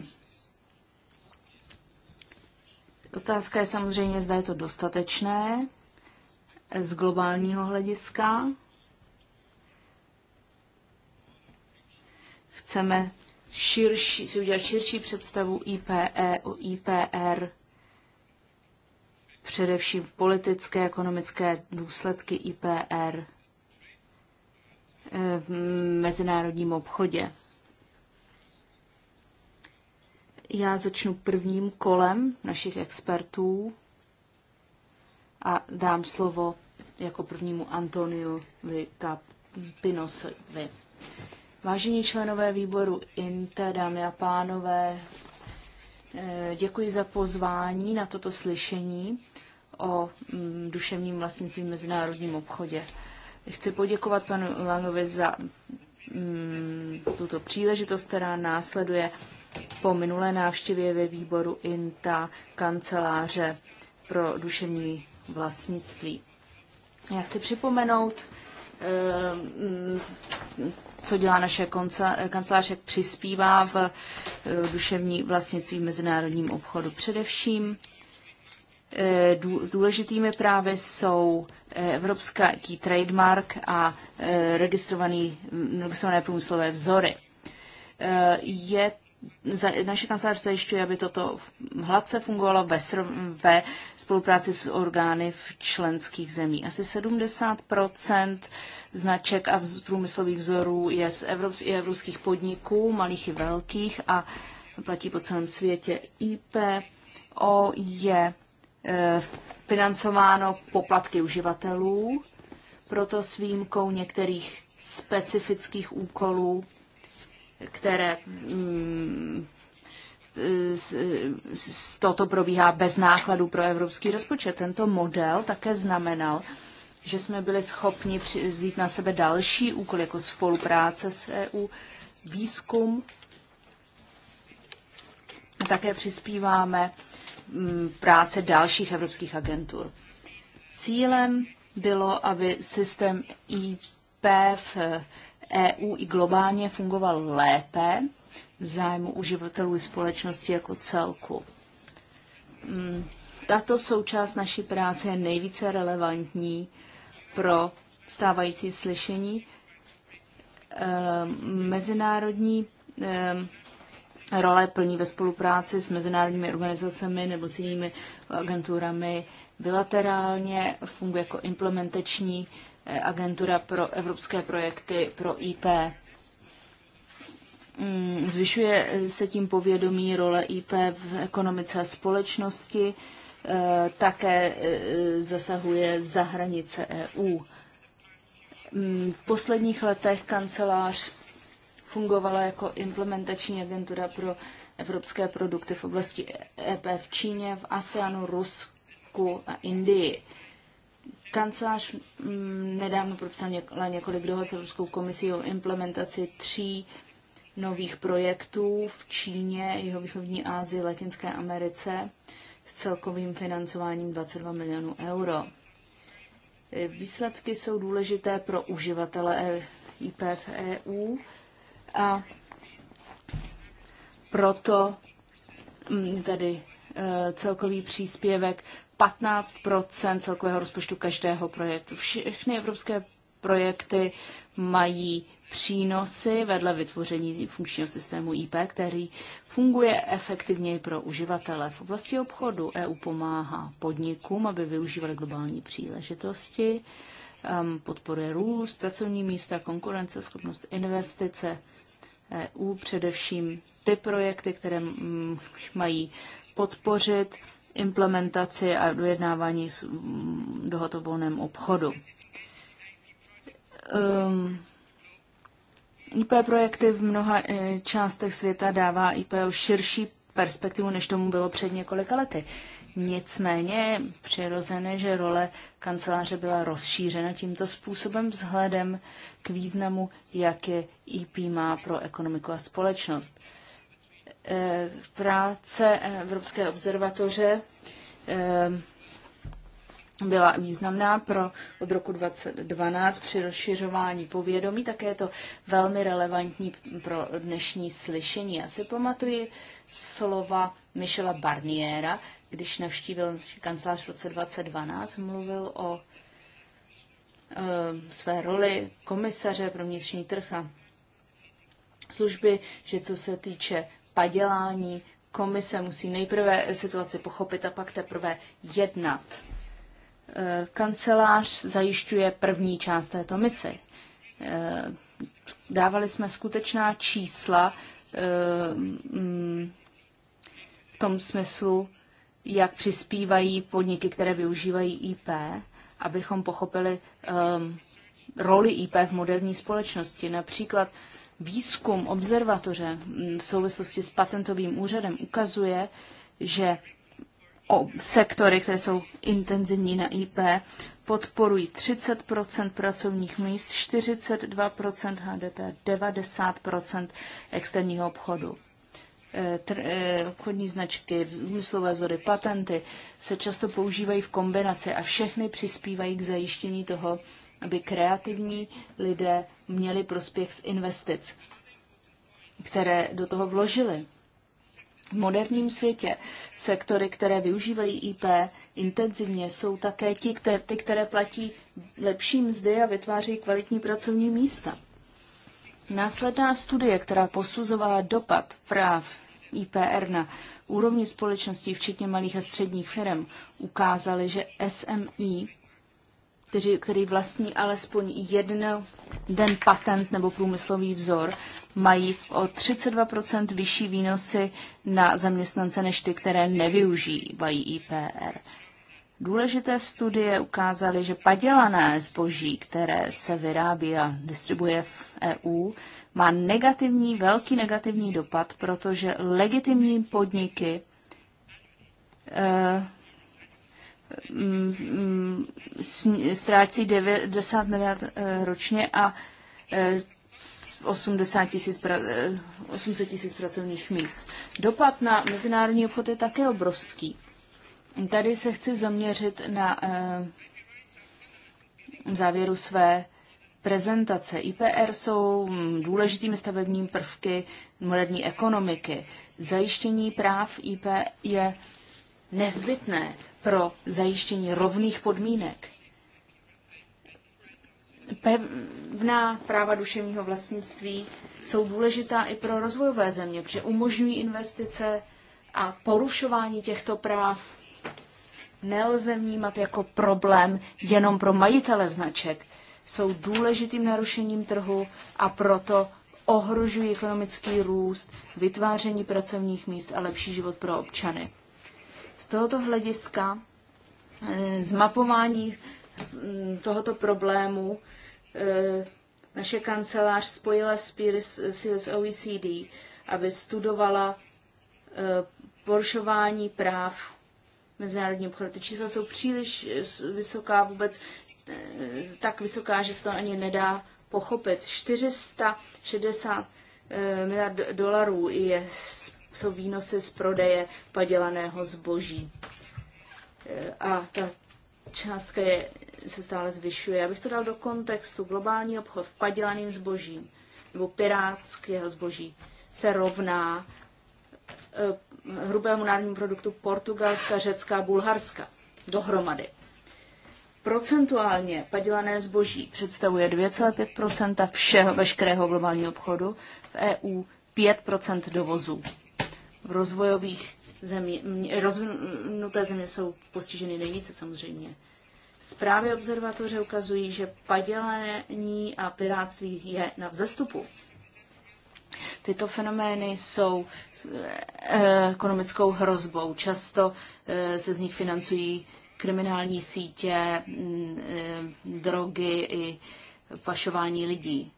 Otázka je samozřejmě, zda je to dostatečné z globálního hlediska. Chceme širší, si udělat širší představu IPE, o IPR především politické, ekonomické důsledky IPR eh, v mezinárodním obchodě. Já začnu prvním kolem našich expertů a dám slovo jako prvnímu Antoniu Pinosovi. Vážení členové výboru INTE, dámy a pánové, Eh, děkuji za pozvání na toto slyšení o mm, duševním vlastnictví v mezinárodním obchodě. Chci poděkovat panu Langovi za mm, tuto příležitost, která následuje po minulé návštěvě ve výboru INTA kanceláře pro duševní vlastnictví. Já chci připomenout eh, mm, co dělá naše kancelář, jak přispívá v eh, duševní vlastnictví v mezinárodním obchodu. Především eh, důležitými právy jsou eh, evropský trademark a registrované průmyslové vzory. Je naše kancelář zajišťuje, aby toto hladce fungovalo ve, ve spolupráci s orgány v členských zemí. Asi 70 značek a vz, průmyslových vzorů je z evrop, je evropských podniků, malých i velkých, a platí po celém světě. IPO je e, financováno poplatky uživatelů, proto s výjimkou některých specifických úkolů které mm, z toto probíhá bez nákladů pro evropský rozpočet. Tento model také znamenal, že jsme byli schopni vzít na sebe další úkol, jako spolupráce s EU, výzkum. Také přispíváme mm, práce dalších evropských agentur. Cílem bylo, aby systém IP v EU i globálně fungoval lépe v zájmu uživatelů i společnosti jako celku. Mm, tato součást naší práce je nejvíce relevantní pro stávající slyšení. E, mezinárodní e, role plní ve spolupráci s mezinárodními organizacemi nebo s jinými agenturami bilaterálně, funguje jako implementační Eh, agentura pro evropské projekty pro IP. Mm, zvyšuje eh, se tím povědomí role IP v ekonomice a společnosti, eh, také zasahuje za hranice EU. Mm, v posledních letech kancelář fungovala jako implementační agentura pro evropské produkty v oblasti EP v Číně, v ASEANu, Rusku a Indii. Kancelář mm, nedávno propsal něk- několik dohod s Evropskou komisí o implementaci tří nových projektů v Číně, Jihovýchodní Asii, Latinské Americe s celkovým financováním 22 milionů euro. E, výsledky jsou důležité pro uživatele e, IP v EU a proto mm, tady e, celkový příspěvek 15 celkového rozpočtu každého projektu. Všechny evropské projekty mají přínosy vedle vytvoření funkčního systému IP, který funguje efektivněji pro uživatele. V oblasti obchodu EU pomáhá podnikům, aby využívali globální příležitosti, um, podporuje růst, pracovní místa, konkurenceschopnost, investice. EU především ty projekty, které mají podpořit implementaci a dojednávání mm, dohod o volném obchodu. Um, IP projekty v mnoha eh, částech světa dává IP širší perspektivu, než tomu bylo před několika lety. Nicméně je přirozené, že role kanceláře byla rozšířena tímto způsobem vzhledem k významu, jak je IP má pro ekonomiku a společnost. Uh, Eh, práce Evropské observatoře eh, byla významná pro od roku 2012 při rozšiřování povědomí, také je to velmi relevantní pro dnešní slyšení. Já si pamatuji slova Michela Barniera, když navštívil kancelář v roce 2012, mluvil o e, své roli komisaře pro vnitřní trh a služby, že co se týče padělání. Komise musí nejprve situaci pochopit a pak teprve jednat. E, kancelář zajišťuje první část této misi. E, dávali jsme skutečná čísla e, mm, v tom smyslu, jak přispívají podniky, které využívají IP, abychom pochopili roli IP v moderní společnosti. Například Výzkum observatoře mm, v souvislosti s patentovým úřadem ukazuje, že o sektory, které jsou intenzivní na IP, podporují 30 pracovních míst, 42 HDP, 90 externího obchodu. Eh, eh, obchodní značky, úmyslové vzory, patenty se často používají v kombinaci a všechny přispívají k zajištění toho, aby kreativní lidé měli prospěch z investic, které do toho vložili. V moderním světě sektory, které využívají IP intenzivně, jsou také ti, které, ty, které platí lepší mzdy a vytváří kvalitní pracovní místa. Následná studie, která posuzovala dopad práv IPR na úrovni společností, včetně malých a středních firm, ukázaly, že SMI kteří, který vlastní alespoň jeden den patent nebo průmyslový vzor, mají o 32 vyšší výnosy na zaměstnance než ty, které nevyužívají IPR. Důležité studie ukázaly, že padělané zboží, které se vyrábí a distribuje v EU, má negativní, velký negativní dopad, protože legitimní podniky eh, ztrácí 90 miliard eh, ročně a 80 eh, tisíc, 800 eh, tisíc pracovních míst. Dopad na mezinárodní obchod je také obrovský. Tady se chci zaměřit na závěru své prezentace. IPR jsou mm, důležitými stavebními prvky moderní ekonomiky. Zajištění práv IP je nezbytné pro zajištění rovných podmínek. Pevná práva duševního vlastnictví jsou důležitá i pro rozvojové země, protože umožňují investice a porušování těchto práv nelze vnímat jako problém jenom pro majitele značek. Jsou důležitým narušením trhu a proto ohrožují ekonomický růst, vytváření pracovních míst a lepší život pro občany. Z tohoto hlediska eh, zmapování mm, tohoto problému eh, naše kancelář spojila síly s OECD, aby studovala eh, porušování práv mezinárodní obchodu. Ty čísla jsou příliš vysoká, vůbec tak vysoká, že se to ani nedá pochopit. 460 miliard dolarů je jsou výnosy z prodeje padělaného zboží. E, a ta částka je, se stále zvyšuje. Já bych to dal do kontextu. Globální obchod v padělaným zboží nebo pirátského zboží se rovná e, hrubému národnímu produktu Portugalska, Řecka a Bulharska dohromady. Procentuálně padělané zboží představuje 2,5 všeho veškerého globálního obchodu, v EU 5 dovozu v rozvojových zemí, rozvinuté země jsou postiženy nejvíce samozřejmě. Zprávy observatoře ukazují, že padělení a piráctví je na vzestupu. Tyto fenomény jsou eh, ekonomickou hrozbou. Často eh, se z nich financují kriminální sítě, mm, eh, drogy i pašování lidí.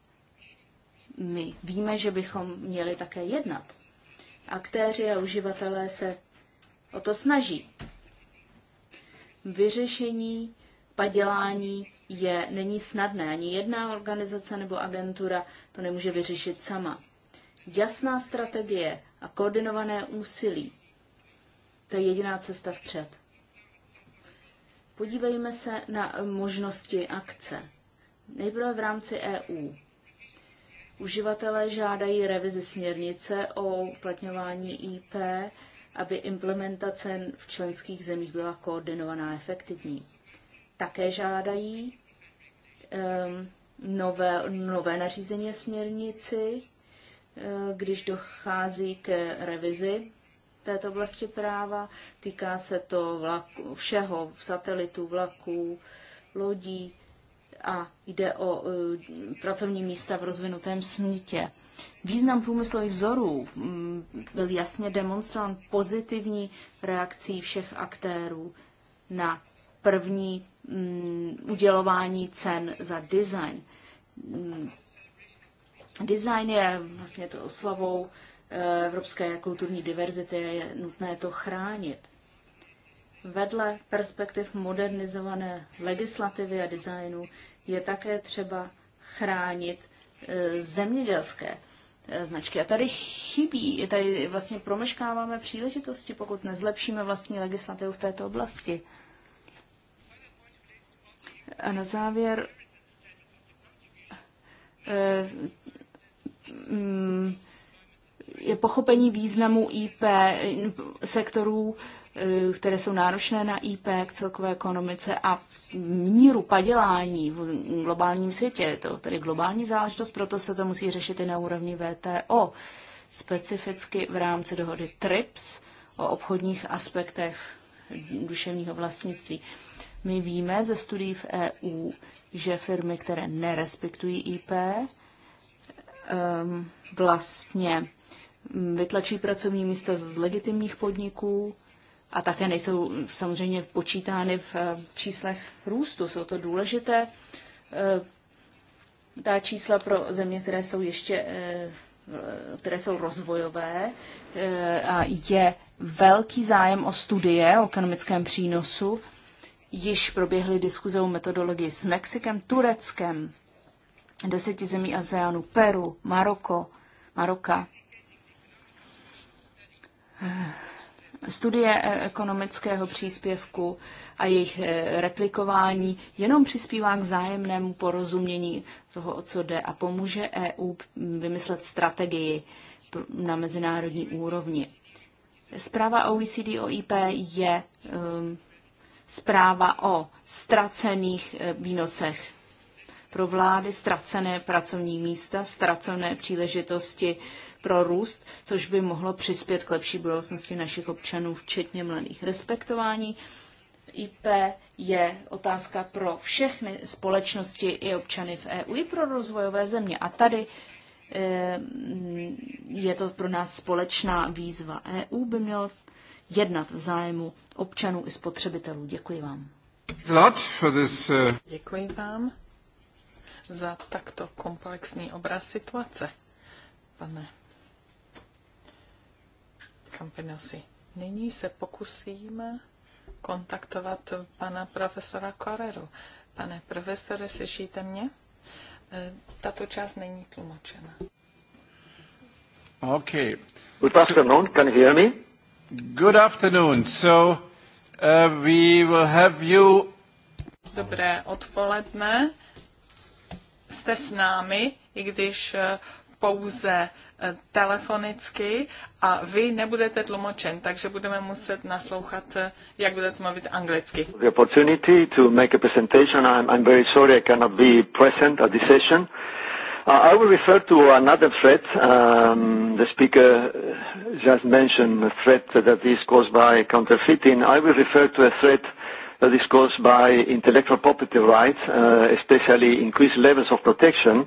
My víme, že bychom měli také jednat Aktéři a uživatelé se o to snaží. Vyřešení padělání je, není snadné. Ani jedna organizace nebo agentura to nemůže vyřešit sama. Jasná strategie a koordinované úsilí. To je jediná cesta vpřed. Podívejme se na možnosti akce. Nejprve v rámci EU. Uživatelé žádají revizi směrnice o uplatňování IP, aby implementace v členských zemích byla koordinovaná a efektivní. Také žádají um, nové, nové nařízení směrnici, eh, když dochází k revizi této oblasti práva. Týká se to vlaku, všeho, satelitů, vlaků, lodí, a jde o e, pracovní místa v rozvinutém smítě. Význam průmyslových vzorů mm, byl jasně demonstrován pozitivní reakcí všech aktérů na první mm, udělování cen za design. Mm, design je vlastně to oslavou e, evropské kulturní diverzity je nutné to chránit. Vedle perspektiv modernizované legislativy a designu je také třeba chránit e, zemědělské e, značky. A tady chybí, tady vlastně promeškáváme příležitosti, pokud nezlepšíme vlastní legislativu v této oblasti. A na závěr e, mm, je pochopení významu IP sektorů Eh, které jsou náročné na IP k celkové ekonomice a míru padělání v globálním světě. Je to tedy globální záležitost, proto se to musí řešit i na úrovni VTO, specificky v rámci dohody TRIPS o obchodních aspektech duševního vlastnictví. My víme ze studií v EU, že firmy, které nerespektují IP, vlastně vytlačí pracovní místa z legitimních podniků a také nejsou samozřejmě počítány v eh, číslech růstu. Jsou to důležité eh, ta čísla pro země, které jsou ještě eh, které jsou rozvojové a je velký zájem o studie o ekonomickém přínosu. Již proběhly diskuze o metodologii s Mexikem, Tureckem, deseti zemí ASEANu, Peru, Maroko, Maroka studie e, ekonomického příspěvku a jejich e, replikování jenom přispívá k zájemnému porozumění toho, o co jde a pomůže EU vymyslet strategii na mezinárodní úrovni. Zpráva OECD o e IP je um, zpráva o ztracených výnosech pro vlády, ztracené pracovní místa, ztracené příležitosti pro růst, což by mohlo přispět k lepší budoucnosti našich občanů, včetně mladých. Respektování IP je otázka pro všechny společnosti i občany v EU, i pro rozvojové země. A tady eh, je to pro nás společná výzva. EU by měl jednat v zájmu občanů i spotřebitelů. Děkuji vám. Eh, Děkuji vám za takto komplexní obraz situace, pane Campinosi. Nyní se pokusím kontaktovat pana profesora Koreru. Pane profesore, slyšíte mě? E, tato část není tlumočena. Okay. Good afternoon, can you hear me? Good afternoon. So uh, we will have you. Dobré odpoledne. Jste s námi, i když e, pouze Eh, telefonicky a vy nebudete tlumočen, takže budeme muset naslouchat, eh, jak budete mluvit anglicky. The opportunity to make a presentation, I'm, I'm very sorry I cannot be present at this session. Uh, I will refer to another threat. Um, the speaker just mentioned a threat that is caused by counterfeiting. I will refer to a threat that is caused by intellectual property rights, uh, especially increased levels of protection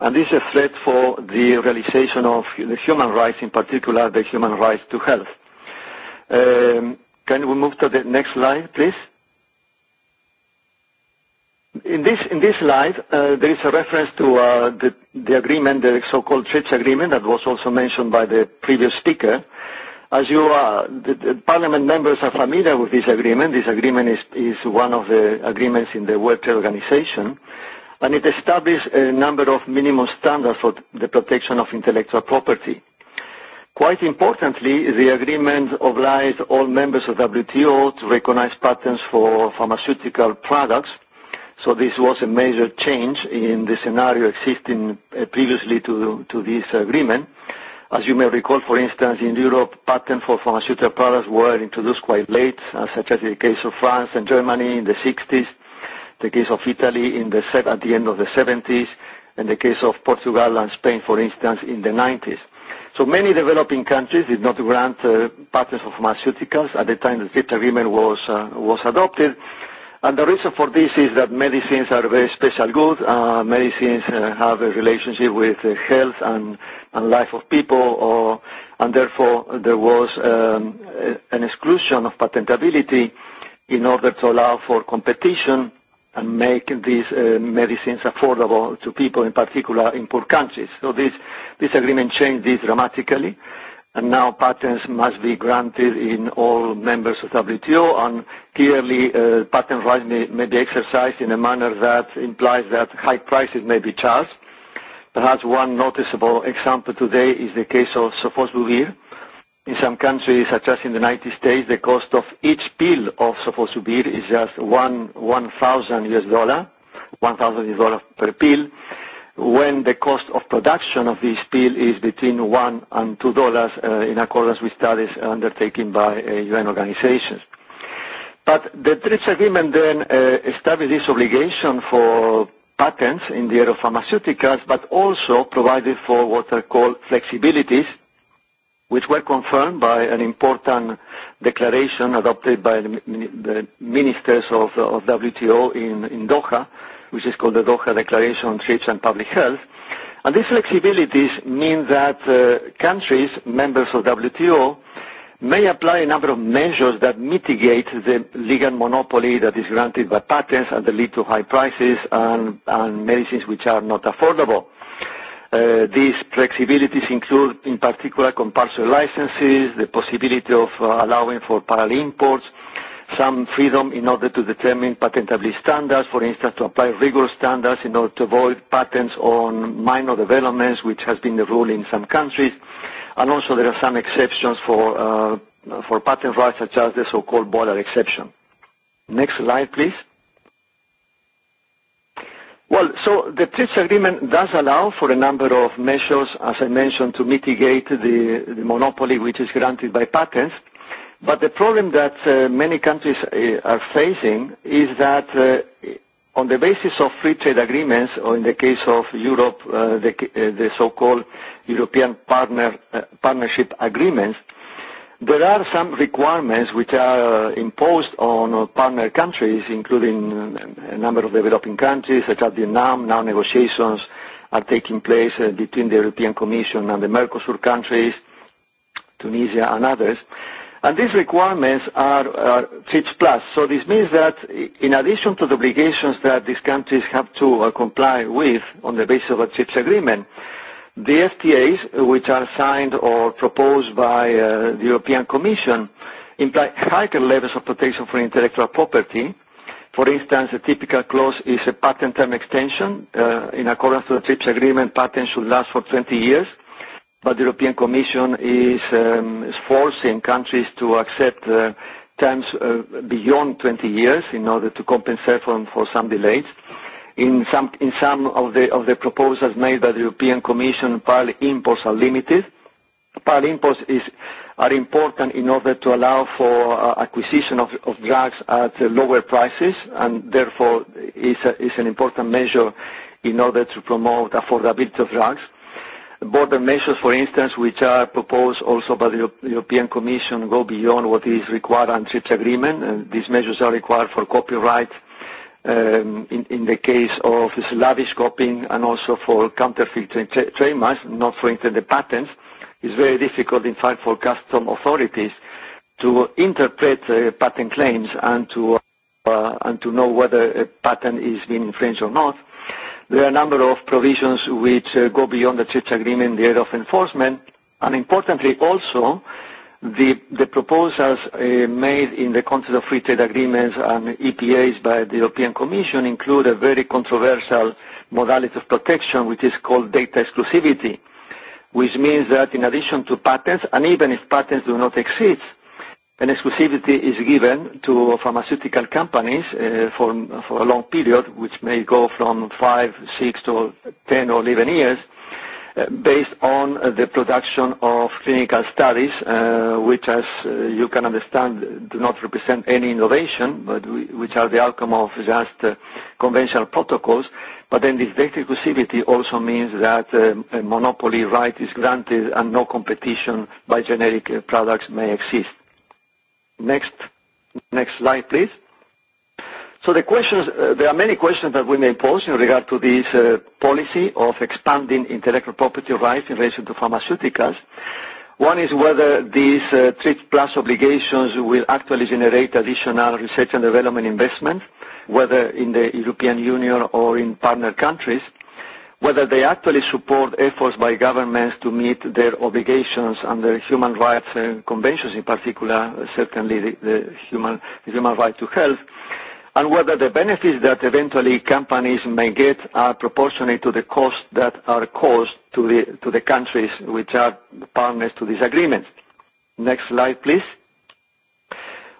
and this is a threat for the realization of the human rights, in particular the human rights to health. Um, can we move to the next slide, please? In this, in this slide, uh, there is a reference to uh, the, the agreement, the so-called church agreement that was also mentioned by the previous speaker. As you are, the, the parliament members are familiar with this agreement. This agreement is, is one of the agreements in the World Trade Organization and it established a number of minimum standards for the protection of intellectual property. Quite importantly, the agreement obliged all members of WTO to recognize patents for pharmaceutical products, so this was a major change in the scenario existing uh, previously to, to this agreement. As you may recall, for instance, in Europe, patents for pharmaceutical products were introduced quite late, uh, such as in the case of France and Germany in the 60s, the case of Italy in the at the end of the 70s, and the case of Portugal and Spain, for instance, in the 90s. So many developing countries did not grant uh, patents of pharmaceuticals at the time the TRIPS agreement was, uh, was adopted. And the reason for this is that medicines are very special goods. Uh, medicines uh, have a relationship with uh, health and, and life of people, or, and therefore there was um, an exclusion of patentability in order to allow for competition and make these uh, medicines affordable to people, in particular in poor countries. So this, this agreement changed this dramatically, and now patents must be granted in all members of WTO, and clearly uh, patent rights may, may be exercised in a manner that implies that high prices may be charged. Perhaps one noticeable example today is the case of Sofosbuvir, in some countries, such as in the United States, the cost of each pill of sofosbuvir is just one one thousand US dollar, one thousand US dollar per pill, when the cost of production of this pill is between one and two dollars, uh, in accordance with studies undertaken by uh, UN organizations. But the TRIPS agreement then uh, established this obligation for patents in the area of pharmaceuticals, but also provided for what are called flexibilities which were confirmed by an important declaration adopted by the ministers of, of WTO in, in Doha, which is called the Doha Declaration on Trips and Public Health. And these flexibilities mean that uh, countries, members of WTO, may apply a number of measures that mitigate the legal monopoly that is granted by patents and that lead to high prices and, and medicines which are not affordable. Eh, these flexibilities include, in particular, compulsory licenses, the possibility of uh, allowing for parallel imports, some freedom in order to determine patentability standards, for instance, to apply rigorous standards in order to avoid patents on minor developments, which has been the rule in some countries. And also there are some exceptions for, uh, for patent rights, such as the so-called boiler exception. Next slide, please. Well, so the TRIPS agreement does allow for a number of measures, as I mentioned, to mitigate the, the monopoly which is granted by patents. But the problem that uh, many countries uh, are facing is that uh, on the basis of free trade agreements, or in the case of Europe, uh, the, uh, the so-called European partner, uh, partnership agreements, There are some requirements which are uh, imposed on uh, partner countries, including uh, a number of developing countries such as Vietnam. Now negotiations are taking place between the European Commission and the Mercosur countries, Tunisia and others. And these requirements are, are Plus. So this means that in addition to the obligations that these countries have to uh, comply with on the basis of a TRIPS agreement, The FTAs, which are signed or proposed by uh, the European Commission, imply higher levels of protection for intellectual property. For instance, a typical clause is a patent term extension. Uh, in accordance to the TRIPS agreement, patents should last for 20 years, but the European Commission is, um, is forcing countries to accept uh, terms uh, beyond 20 years in order to compensate for, for some delays. Uh, In some, in some of, the, of the proposals made by the European Commission, parallel imports are limited. Parallel imports is, are important in order to allow for uh, acquisition of, of drugs at uh, lower prices, and therefore is, a, is an important measure in order to promote affordability of drugs. Border measures, for instance, which are proposed also by the European Commission, go beyond what is required under TRIPS agreement. And these measures are required for copyright um, in, in the case of slavish copying and also for counterfeit tra tra trademarks, not for instance the patents, it's very difficult in fact for custom authorities to interpret uh, patent claims and to uh, and to know whether a patent is being infringed or not. There are a number of provisions which uh, go beyond the TRIPS agreement, in the area of enforcement, and importantly also, The, the proposals uh, made in the context of free trade agreements and EPAs by the European Commission include a very controversial modality of protection, which is called data exclusivity, which means that in addition to patents, and even if patents do not exist, an exclusivity is given to pharmaceutical companies uh, for, for a long period, which may go from five, six to 10 or 11 years, based on the production of clinical studies, uh, which as uh, you can understand, do not represent any innovation, but which are the outcome of just uh, conventional protocols. This data exclusivity also means that um, a monopoly right is granted and no competition by generic products may exist. Next slide, please. The questions, uh, there are many questions that we may pose in regard to this uh, policy of expanding intellectual property rights in relation to pharmaceuticals. One is whether these uh, TRIPS Plus obligations will actually generate additional research and development investment, whether in the European Union or in partner countries, whether they actually support efforts by governments to meet their obligations under human rights conventions, in particular, certainly the human right to health, and whether the benefits that eventually companies may get are proportionate to the costs that are caused to the, to the countries which are partners to this agreement. Next slide, please.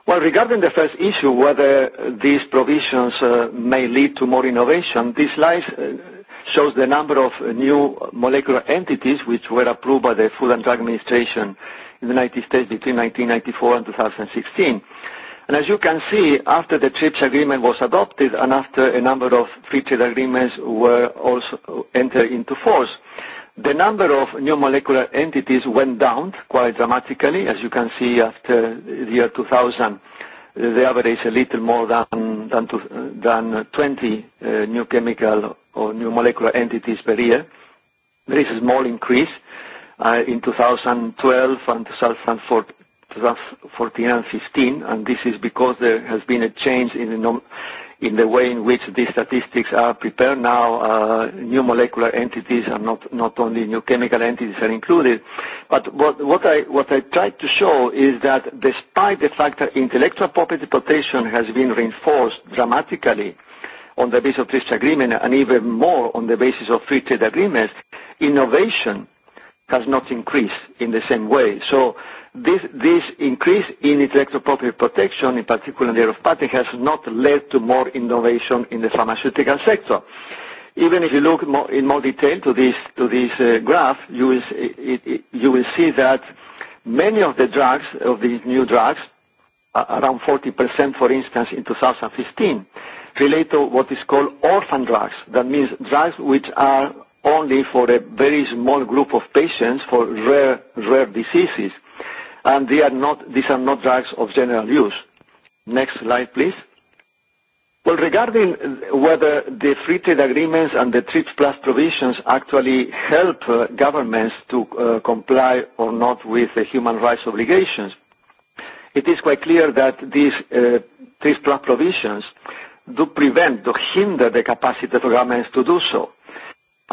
Well, regarding the first issue, whether these provisions uh, may lead to more innovation, this slide uh, shows the number of new molecular entities which were approved by the Food and Drug Administration in the United States between 1994 and 2016. And as you can see, after the TRIPS agreement was adopted and after a number of free trade agreements were also entered into force, the number of new molecular entities went down quite dramatically. As you can see, after the year 2000, the average a little more than, than, to, than 20 uh, new chemical or new molecular entities per year. There is a small increase uh, in 2012 and 2014 2014 and 15, and this is because there has been a change in the, nom in the way in which these statistics are prepared now. Uh, new molecular entities and not, not only new chemical entities are included. But what, what, I, what I tried to show is that despite the fact that intellectual property protection has been reinforced dramatically on the basis of this agreement and even more on the basis of free trade agreements, innovation has not increased in the same way. So This, this increase in intellectual property protection, in particular in the area of patent, has not led to more innovation in the pharmaceutical sector. Even if you look more, in more detail to this, to this uh, graph, you will, it, it, you will see that many of the drugs, of these new drugs, uh, around 40%, for instance, in 2015, relate to what is called orphan drugs. That means drugs which are only for a very small group of patients for rare, rare diseases and they are not, these are not drugs of general use. Next slide, please. Well, regarding whether the free trade agreements and the TRIPS Plus provisions actually help uh, governments to uh, comply or not with the human rights obligations, it is quite clear that these uh, TRIPS Plus provisions do prevent, do hinder the capacity of governments to do so. Uh,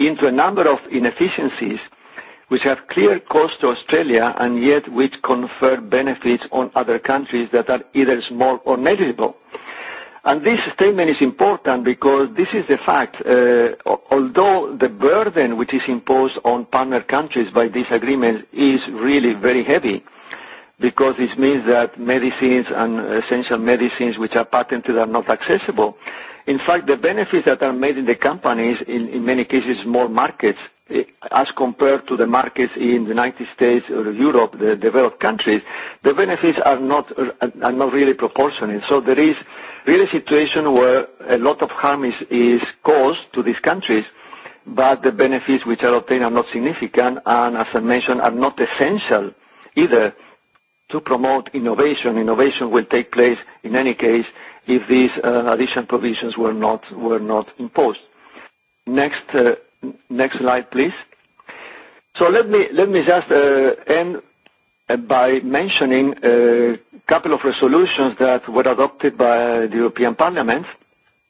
into a number of inefficiencies which have clear costs to Australia and yet which confer benefits on other countries that are either small or negligible. And this statement is important because this is the fact, uh, although the burden which is imposed on partner countries by this agreement is really very heavy, because this means that medicines and essential medicines which are patented are not accessible. In fact, the benefits that are made in the companies, in, in many cases, more markets eh, as compared to the markets in the United States or Europe, the developed countries, the benefits are not are not really proportionate. So there is really a situation where a lot of harm is, is caused to these countries, but the benefits which are obtained are not significant and, as I mentioned, are not essential either to promote innovation. Innovation will take place in any case if these uh, additional provisions were not, were not imposed. Next, uh, next slide, please. So let me, let me just uh, end by mentioning a uh, couple of resolutions that were adopted by the European Parliament,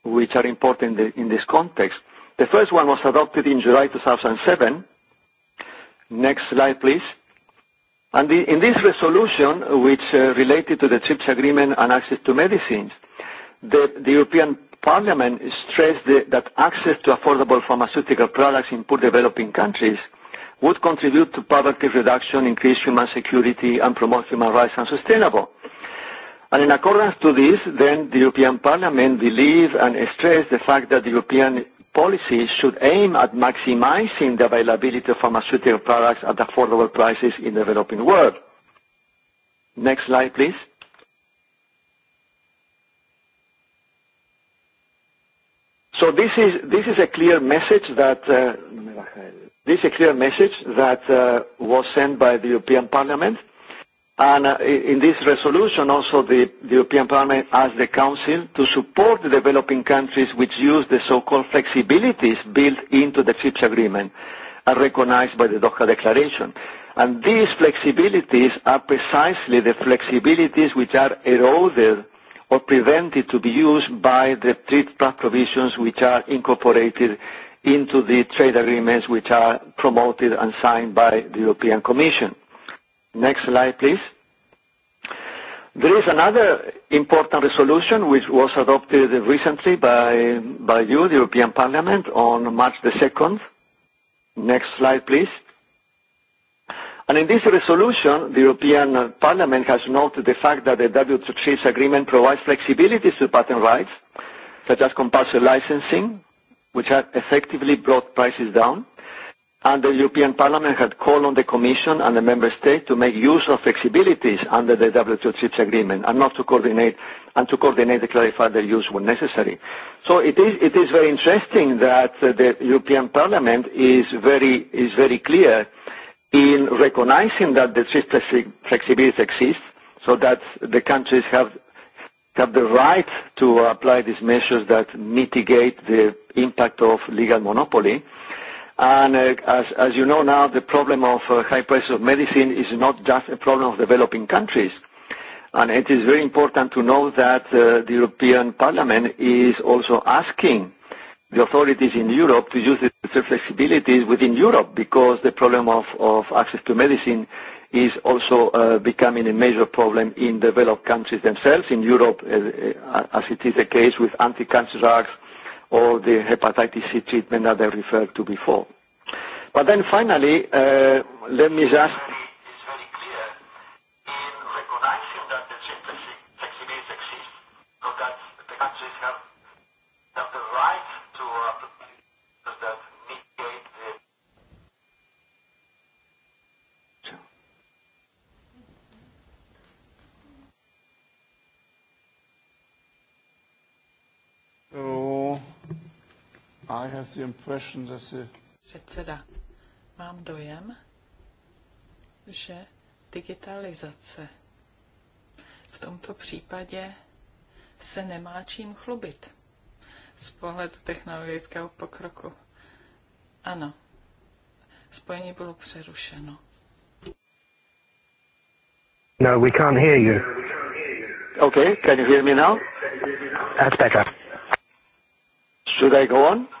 which are important in, the, in this context. The first one was adopted in July 2007. Next slide, please. And the, in this resolution, which uh, related to the Chips agreement and access to medicines, the, the European Parliament stressed the, that access to affordable pharmaceutical products in poor developing countries would contribute to poverty reduction, increase human security, and promote human rights and sustainable. And in accordance to this, then the European Parliament believed and stressed the fact that the European policy should aim at maximizing the availability of pharmaceutical products at affordable prices in the developing world. Next slide, please. So this is this is a clear message that uh, this is a clear message that uh, was sent by the European Parliament And uh, in this resolution, also the, the European Parliament asked the Council to support the developing countries which use the so-called flexibilities built into the FIPS agreement and recognized by the Doha Declaration. And these flexibilities are precisely the flexibilities which are eroded or prevented to be used by the trade provisions which are incorporated into the trade agreements which are promoted and signed by the European Commission. Next slide, please. There is another important resolution which was adopted recently by, by you, the European Parliament, on March the 2nd. Next slide, please. And in this resolution, the European Parliament has noted the fact that the w 2 agreement provides flexibility to patent rights, such as compulsory licensing, which have effectively brought prices down and the European Parliament had called on the Commission and the Member States to make use of flexibilities under the WTO TRIPS agreement and not to coordinate and to coordinate and clarify their use when necessary. So it is, it is very interesting that uh, the European Parliament is very, is very clear in recognizing that the TRIPS flexi flexibility exists so that the countries have have the right to apply these measures that mitigate the impact of legal monopoly. Uh, And uh, as, as you know now, the problem of uh, high prices of medicine is not just a problem of developing countries. And it is very important to know that uh, the European Parliament is also asking the authorities in Europe to use the flexibilities within Europe because the problem of, of access to medicine is also uh, becoming a major problem in developed countries themselves, in Europe, uh, uh as it is the case with anti-cancer drugs, or the hepatitis C treatment that I referred to before. But then finally, uh, let me just Předseda, mám dojem, že digitalizace v tomto případě se nemá čím chlubit z pohledu technologického pokroku. Ano, spojení bylo přerušeno. No, we can't hear you. Okay, can you hear me now? That's better. Should I go on?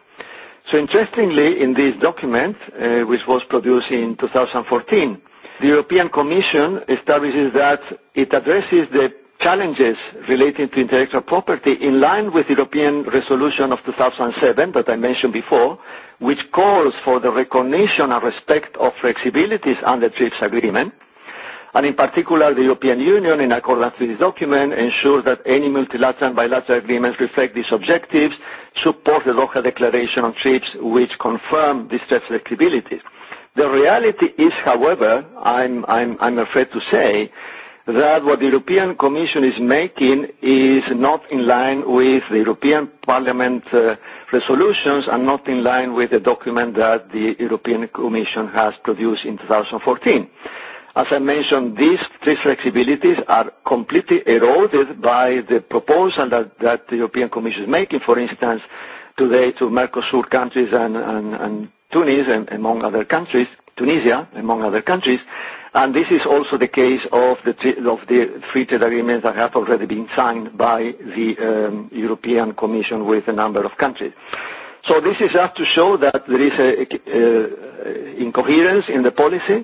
So interestingly, in this document, uh, which was produced in 2014, the European Commission establishes that it addresses the challenges relating to intellectual property in line with the European resolution of 2007 that I mentioned before, which calls for the recognition and respect of flexibilities under TRIPS agreement. And in particular, the European Union, in accordance with this document, ensures that any multilateral and bilateral agreements reflect these objectives support the Doha Declaration on TRIPS, which confirm this trade flexibility. The reality is, however, I'm, I'm, I'm afraid to say, that what the European Commission is making is not in line with the European Parliament uh, resolutions and not in line with the document that the European Commission has produced in 2014. As I mentioned, these three flexibilities are completely eroded by the proposal that, that the European Commission is making, for instance, today to Mercosur countries and, and, and Tunis, and, among other countries, Tunisia, among other countries. And this is also the case of the, of the free trade agreements that have already been signed by the um, European Commission with a number of countries. So this is just to show that there is an a incoherence in the policy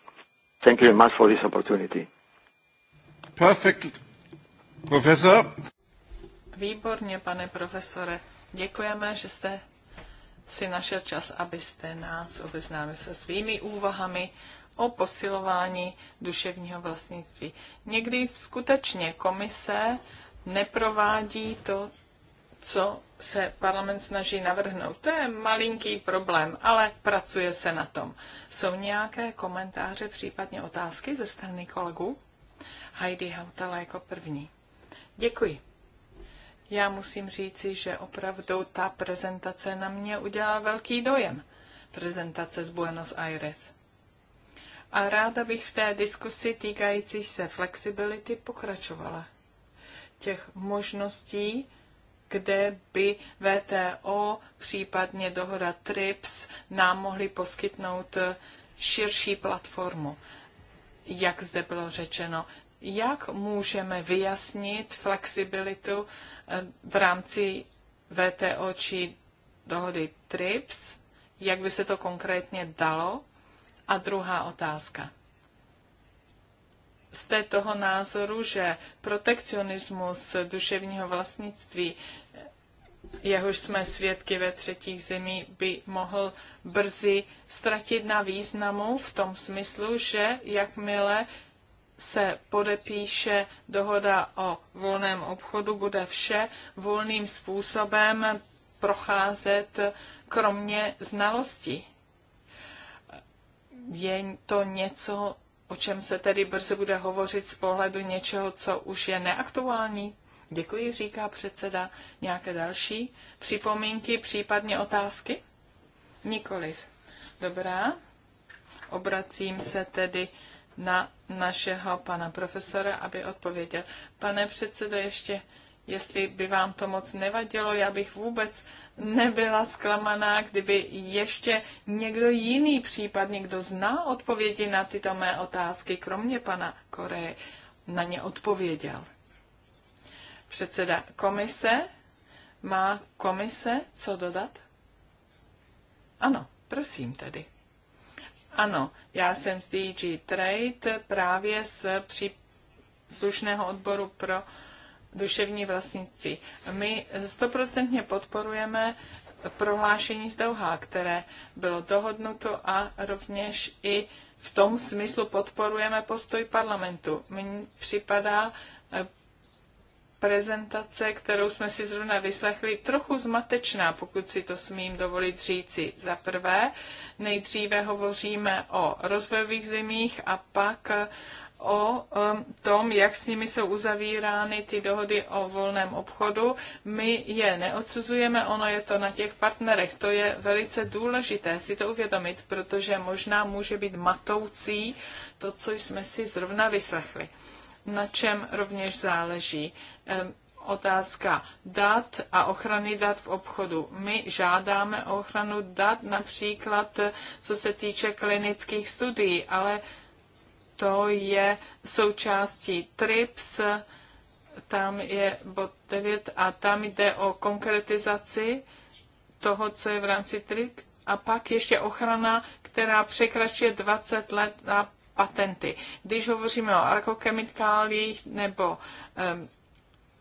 Thank you very much for this opportunity. Perfect. Profesor? Výborně, pane profesore. Děkujeme, že jste si našel čas, abyste nás obeznámil se svými úvahami o posilování duševního vlastnictví. Někdy skutečně komise neprovádí to, co se parlament snaží navrhnout. To je malinký problém, ale pracuje se na tom. Jsou nějaké komentáře, případně otázky ze strany kolegů? Heidi Hautala jako první. Děkuji. Já musím říci, že opravdu ta prezentace na mě udělala velký dojem. Prezentace z Buenos Aires. A ráda bych v té diskusi týkající se flexibility pokračovala. Těch možností, kde by VTO, případně dohoda TRIPS, nám mohly poskytnout širší platformu. Jak zde bylo řečeno, jak můžeme vyjasnit flexibilitu eh, v rámci VTO či dohody TRIPS, jak by se to konkrétně dalo? A druhá otázka. Jste toho názoru, že protekcionismus duševního vlastnictví jehož jsme svědky ve třetích zemí, by mohl brzy ztratit na významu v tom smyslu, že jakmile se podepíše dohoda o volném obchodu, bude vše volným způsobem procházet kromě znalosti. Je to něco, o čem se tedy brzy bude hovořit z pohledu něčeho, co už je neaktuální? Děkuji, říká předseda. Nějaké další připomínky, případně otázky? Nikoliv. Dobrá. Obracím se tedy na našeho pana profesora, aby odpověděl. Pane předsedo, ještě, jestli by vám to moc nevadilo, já bych vůbec nebyla zklamaná, kdyby ještě někdo jiný případ, někdo zná odpovědi na tyto mé otázky, kromě pana Koreje, na ně odpověděl. Předseda komise. Má komise co dodat? Ano, prosím tedy. Ano, já jsem z DG Trade právě z příslušného odboru pro duševní vlastnictví. My stoprocentně podporujeme prohlášení z Doha, které bylo dohodnuto a rovněž i v tom smyslu podporujeme postoj parlamentu. Mně připadá eh, prezentace, kterou jsme si zrovna vyslechli, trochu zmatečná, pokud si to smím dovolit říci. Za prvé, nejdříve hovoříme o rozvojových zemích a pak eh, o eh, tom, jak s nimi jsou uzavírány ty dohody o volném obchodu. My je neodsuzujeme, ono je to na těch partnerech. To je velice důležité si to uvědomit, protože možná může být matoucí to, co jsme si zrovna vyslechli na čem rovněž záleží otázka dat a ochrany dat v obchodu. My žádáme o ochranu dat například co se týče klinických studií, ale to je součástí TRIPS, tam je bod 9 a tam jde o konkretizaci toho, co je v rámci TRIPS a pak ještě ochrana, která překračuje 20 let na patenty. Když hovoříme o arkokemikálích nebo um,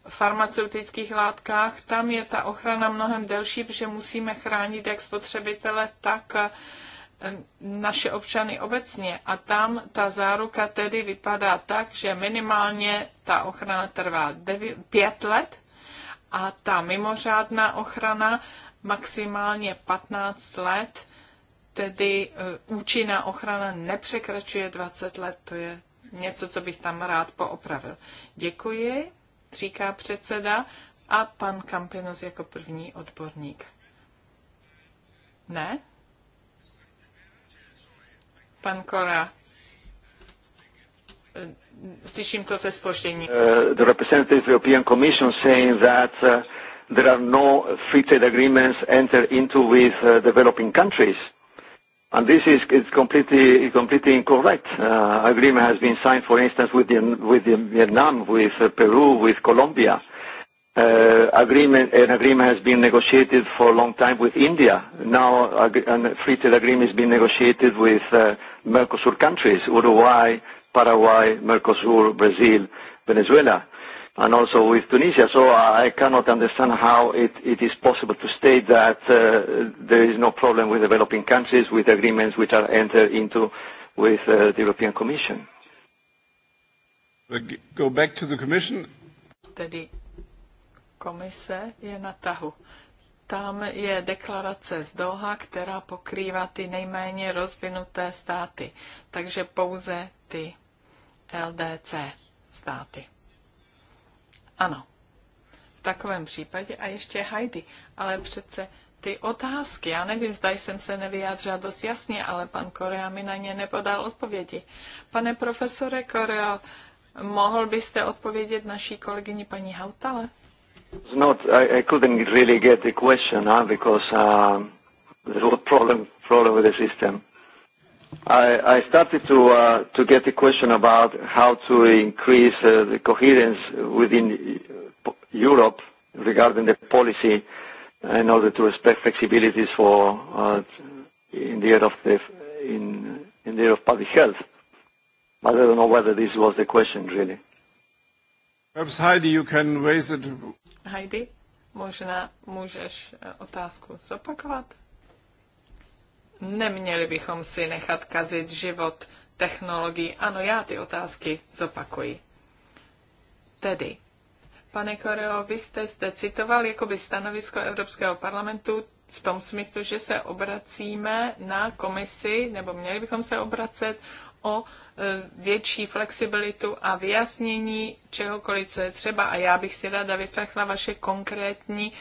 farmaceutických látkách, tam je ta ochrana mnohem delší, protože musíme chránit jak spotřebitele, tak eh, naše občany obecně. A tam ta záruka tedy vypadá tak, že minimálně ta ochrana trvá pět let a ta mimořádná ochrana maximálně 15 let, tedy eh, účinná ochrana nepřekračuje 20 let. To je něco, co bych tam rád poopravil. Děkuji říká předseda, a pan Kampinos jako první odborník. Ne? Pan Kora. Eh, slyším to se spoždění. Uh, the representative of the European Commission saying that uh, there are no free trade agreements entered into with uh, developing countries. And this is it's completely completely incorrect. Uh, agreement has been signed, for instance, with the, with the Vietnam, with uh, Peru, with Colombia. Uh, agreement an agreement has been negotiated for a long time with India. Now a free trade agreement has been negotiated with uh, Mercosur countries: Uruguay, Paraguay, Mercosur, Brazil, Venezuela and also with Tunisia. So I cannot understand how it, it is possible to state that uh, there is no problem with developing countries with agreements which are entered into with uh, the European Commission. Go back to the Commission. Tedy komise je na tahu. Tam je deklarace z Doha, která pokrývá ty nejméně rozvinuté státy, takže pouze ty LDC státy. Ano. V takovém případě a ještě Heidi, ale přece ty otázky, já nevím, zda jsem se nevyjádřila dost jasně, ale pan Korea mi na ně nepodal odpovědi. Pane profesore Koreo, mohl byste odpovědět naší kolegyni paní Hautale? Not, I, I couldn't really get the question, huh, because uh, there was problem, problem with the system. I, I started to uh, to get the question about how to increase uh, the coherence within uh, Europe regarding the policy in order to respect flexibilities for uh, in the area of the in in the area of public health. But I don't know whether this was the question really. Perhaps Heidi, you can raise it. Heidi, možná můžeš uh, otázku zopakovat. Neměli bychom si nechat kazit život technologií. Ano, já ty otázky zopakuji. Tedy, pane Koreo, vy jste zde citoval jakoby stanovisko Evropského parlamentu v tom smyslu, že se obracíme na komisi, nebo měli bychom se obracet o e, větší flexibilitu a vyjasnění čehokoliv, co je třeba. A já bych si ráda vyslechla vaše konkrétní uh,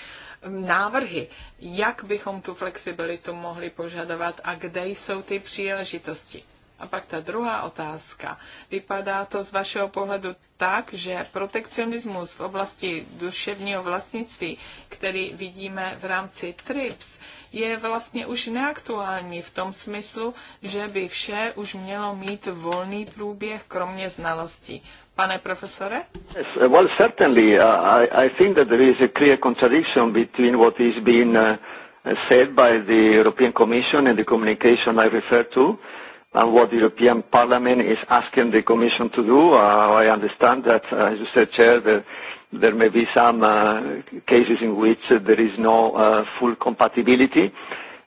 návrhy, jak bychom tu flexibilitu mohli požadovat a kde jsou ty příležitosti. A pak ta druhá otázka. Vypadá to z vašeho pohledu tak, že protekcionismus v oblasti duševního vlastnictví, který vidíme v rámci TRIPS, je vlastně už neaktuální v tom smyslu, že by vše už mělo mít volný průběh, kromě znalostí pane profesore? Yes, uh, well, certainly. Uh, I, I think that there is a clear contradiction between what is being uh, uh, said by the European Commission and the communication I refer to and what the European Parliament is asking the Commission to do. Uh, I understand that, uh, as you said, Chair, that there may be some uh, cases in which uh, there is no uh, full compatibility.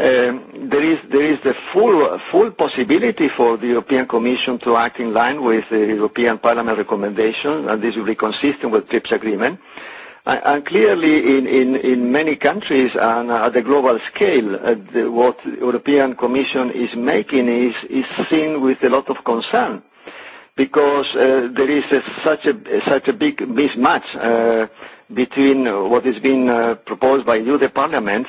Um, there is there is the full full possibility for the European Commission to act in line with the European Parliament recommendation, and this will be consistent with TRIPS agreement. And, and clearly, in, in, in many countries and at the global scale, uh, the, what the European Commission is making is, is seen with a lot of concern because uh, there is a, such, a, such a big mismatch uh, between what is being uh, proposed by you, the Parliament,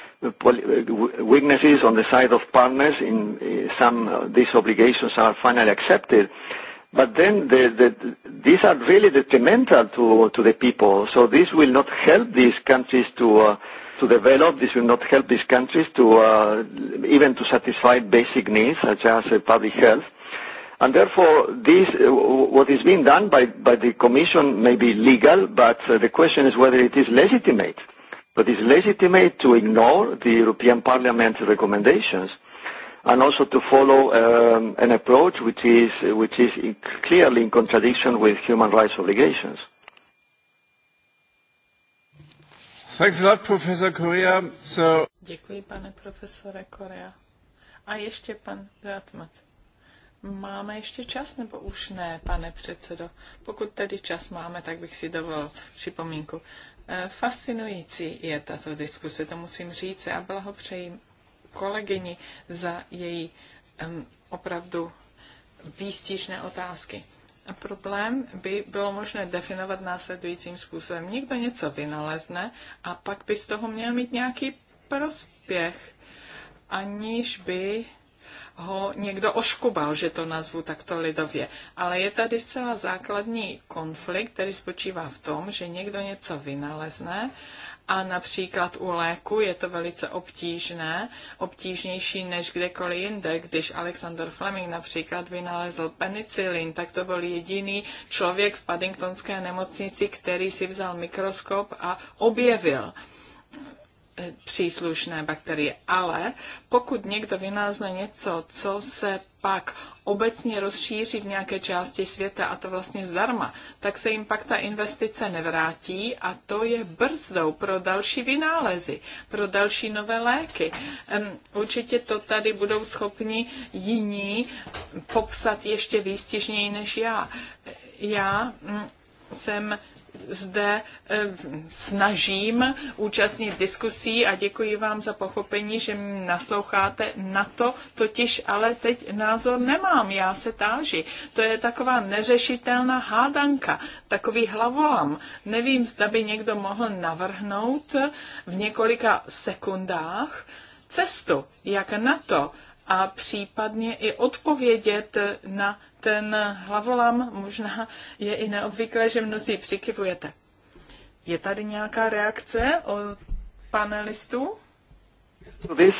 Uh, weaknesses on the side of partners in uh, some uh, these obligations are finally accepted. But then the, the, these are really detrimental to, to the people. So this will not help these countries to, uh, to develop. This will not help these countries to uh, even to satisfy basic needs such as uh, public health. And therefore, this, uh, what is being done by, by the Commission may be legal, but uh, the question is whether it is legitimate. But it's legitimate to ignore the European Parliament's recommendations and also to follow um, an approach which is, which is in, clearly in contradiction with human rights obligations. Thanks a lot, Professor Correa. So... Děkuji, pane profesore Korea. A ještě pan Gatmat. Máme ještě čas, nebo už ne, pane předsedo? Pokud tedy čas máme, tak bych si dovolil připomínku. Uh, Eh, fascinující je tato diskuse, to musím říct, a blahopřeji kolegyni za její um, opravdu výstižné otázky. A problém by bylo možné definovat následujícím způsobem. Někdo něco vynalezne a pak by z toho měl mít nějaký prospěch, aniž by ho někdo oškubal, že to nazvu takto lidově. Ale je tady zcela základní konflikt, který spočívá v tom, že někdo něco vynalezne a například u léku je to velice obtížné, obtížnější než kdekoliv jinde. Když Alexander Fleming například vynalezl penicilin, tak to byl jediný člověk v Paddingtonské nemocnici, který si vzal mikroskop a objevil E, příslušné bakterie. Ale pokud někdo vynázne něco, co se pak obecně rozšíří v nějaké části světa a to vlastně zdarma, tak se jim pak ta investice nevrátí a to je brzdou pro další vynálezy, pro další nové léky. Určitě to tady budou schopni jiní popsat ještě výstižněji než já. Já mm, jsem zde eh, snažím účastnit diskusí a děkuji vám za pochopení, že mě nasloucháte na to, totiž ale teď názor nemám, já se táži. To je taková neřešitelná hádanka, takový hlavolam. Nevím, zda by někdo mohl navrhnout v několika sekundách cestu, jak na to, a případně i odpovědět na ten hlavolam možná je i neobvyklé, že mnozí přikivujete. Je tady nějaká reakce od panelistů? This,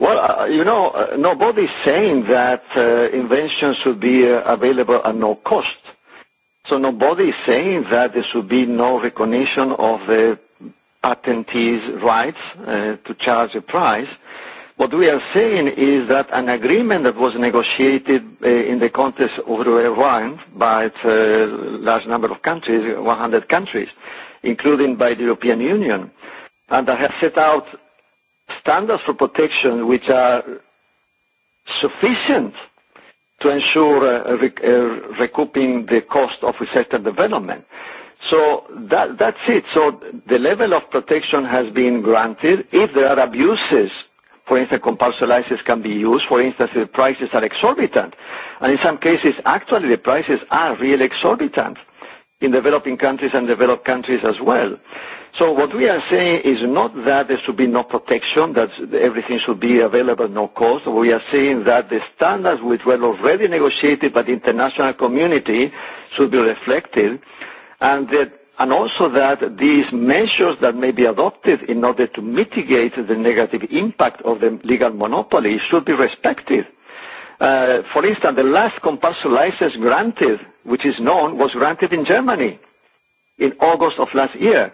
well, uh, you know, uh, is saying that uh, invention should be uh, available at no cost. So nobody is saying that there should be no recognition of the patentee's rights uh, to charge a price. Uh, What we are saying is that an agreement that was negotiated uh, in the context of Rwanda by a eh, large number of countries, 100 countries, including by the European Union, and that has set out standards for protection which are sufficient to ensure uh, rec uh, recouping the cost of research and development. So that, that's it. So the level of protection has been granted. If there are abuses for instance, compulsory license can be used. For instance, the prices are exorbitant. And in some cases, actually, the prices are really exorbitant in developing countries and developed countries as well. So what we are saying is not that there should be no protection, that everything should be available no cost. We are saying that the standards which were already negotiated by the international community should be reflected and that and also that these measures that may be adopted in order to mitigate the negative impact of the legal monopoly should be respected. Uh, for instance, the last compulsory license granted, which is known, was granted in Germany in August of last year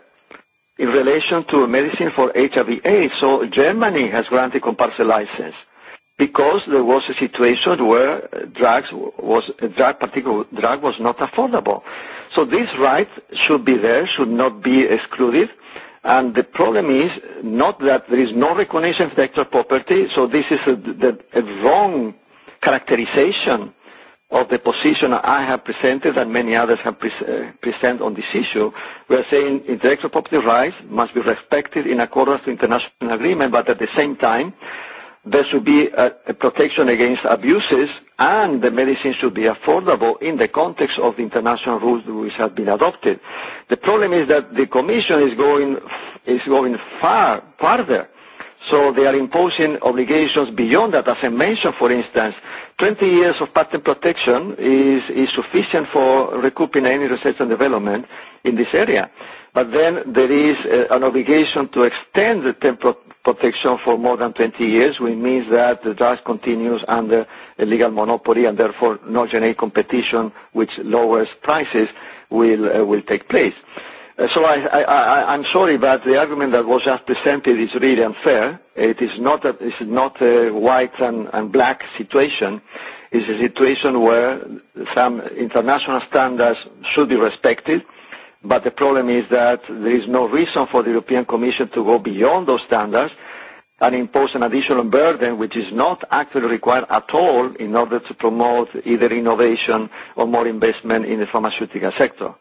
in relation to medicine for HIV/AIDS. So Germany has granted compulsory license because there was a situation where drugs was a drug, particular drug was not affordable. So this right should be there, should not be excluded. And the problem is not that there is no recognition of intellectual property, so this is a, the, a wrong characterization of the position I have presented and many others have pre uh, presented on this issue. We are saying intellectual property rights must be respected in accordance to international agreement, but at the same time, there should be a, a protection against abuses and the medicine should be affordable in the context of the international rules which have been adopted. The problem is that the Commission is going, is going far, farther. So they are imposing obligations beyond that. As I mentioned, for instance, 20 years of patent protection is, is sufficient for recouping any research and development in this area. But then there is a, uh, an obligation to extend the temporal protection for more than 20 years, which means that the drug continues under a legal monopoly and therefore no generic competition which lowers prices will, uh, will take place. Uh, so I, I, I, I'm sorry, but the argument that was just presented is really unfair. It is not a, it's not a white and, and black situation. It's a situation where some international standards should be respected but the problem is that there is no reason for the European Commission to go beyond those standards and impose an additional burden which is not actually required at all in order to promote either innovation or more investment in the pharmaceutical sector.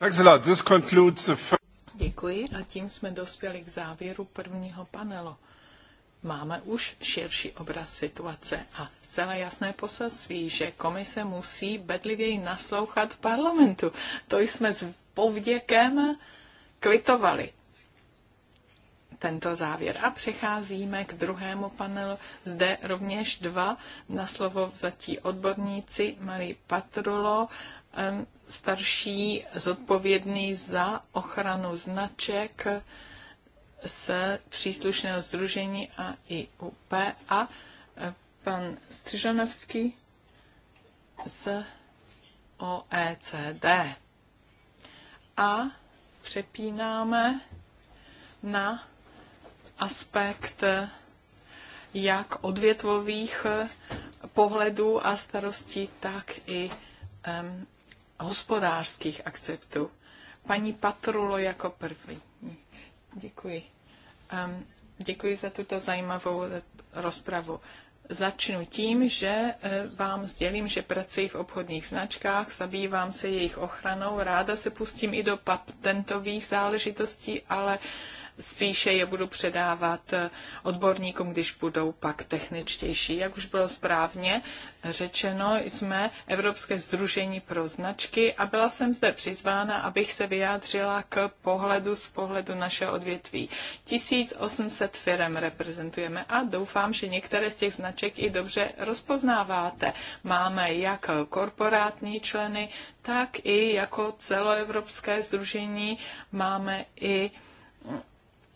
Thanks a lot. This concludes the first... Děkuji a tím jsme dospěli k závěru prvního panelu máme už širší obraz situace a zcela jasné poselství, že komise musí bedlivěji naslouchat parlamentu. To jsme s povděkem kvitovali tento závěr. A přecházíme k druhému panelu. Zde rovněž dva na slovo vzatí odborníci Marie Patrulo, starší zodpovědný za ochranu značek z příslušného združení a IUP a eh, pan Střižanovský z OECD. A přepínáme na aspekt jak odvětvových eh, pohledů a starostí, tak i um, hospodářských akceptů. Paní Patrulo jako první. Děkuji. Um, děkuji za tuto zajímavou rozpravu. Začnu tím, že eh, vám sdělím, že pracuji v obchodních značkách, zabývám se jejich ochranou, ráda se pustím i do patentových záležitostí, ale uh, spíše je budu předávat eh, odborníkům, když budou pak techničtější. Jak už bylo správně řečeno, jsme Evropské združení pro značky a byla jsem zde přizvána, abych se vyjádřila k pohledu z pohledu našeho odvětví. 1800 firm reprezentujeme a doufám, že některé z těch značek i dobře rozpoznáváte. Máme jak korporátní členy, tak i jako celoevropské združení máme i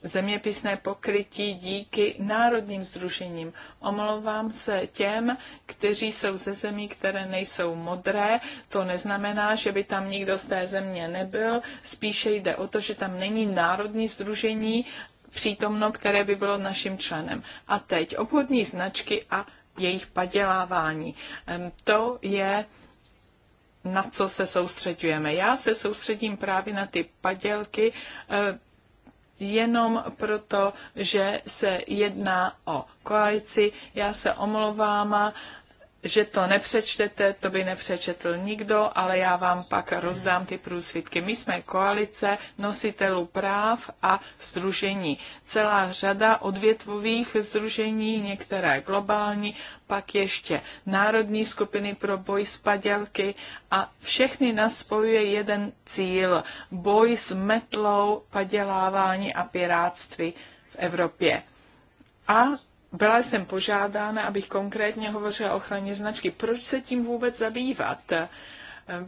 zeměpisné pokrytí díky národním združením. Omlouvám se těm, kteří jsou ze zemí, které nejsou modré. To neznamená, že by tam nikdo z té země nebyl. Spíše jde o to, že tam není národní združení přítomno, které by bylo naším členem. A teď obchodní značky a jejich padělávání. To je na co se soustředujeme. Já se soustředím právě na ty padělky, eh, jenom proto, že se jedná o koalici. Já se omlouvám, že to nepřečtete, to by nepřečetl nikdo, ale já vám pak rozdám ty průsvitky. My jsme koalice nositelů práv a združení. Celá řada odvětvových združení, některé globální, pak ještě Národní skupiny pro boj s padělky a všechny nás spojuje jeden cíl. Boj s metlou, padělávání a piráctví v Evropě. A byla jsem požádána, abych konkrétně hovořila o ochraně značky. Proč se tím vůbec zabývat?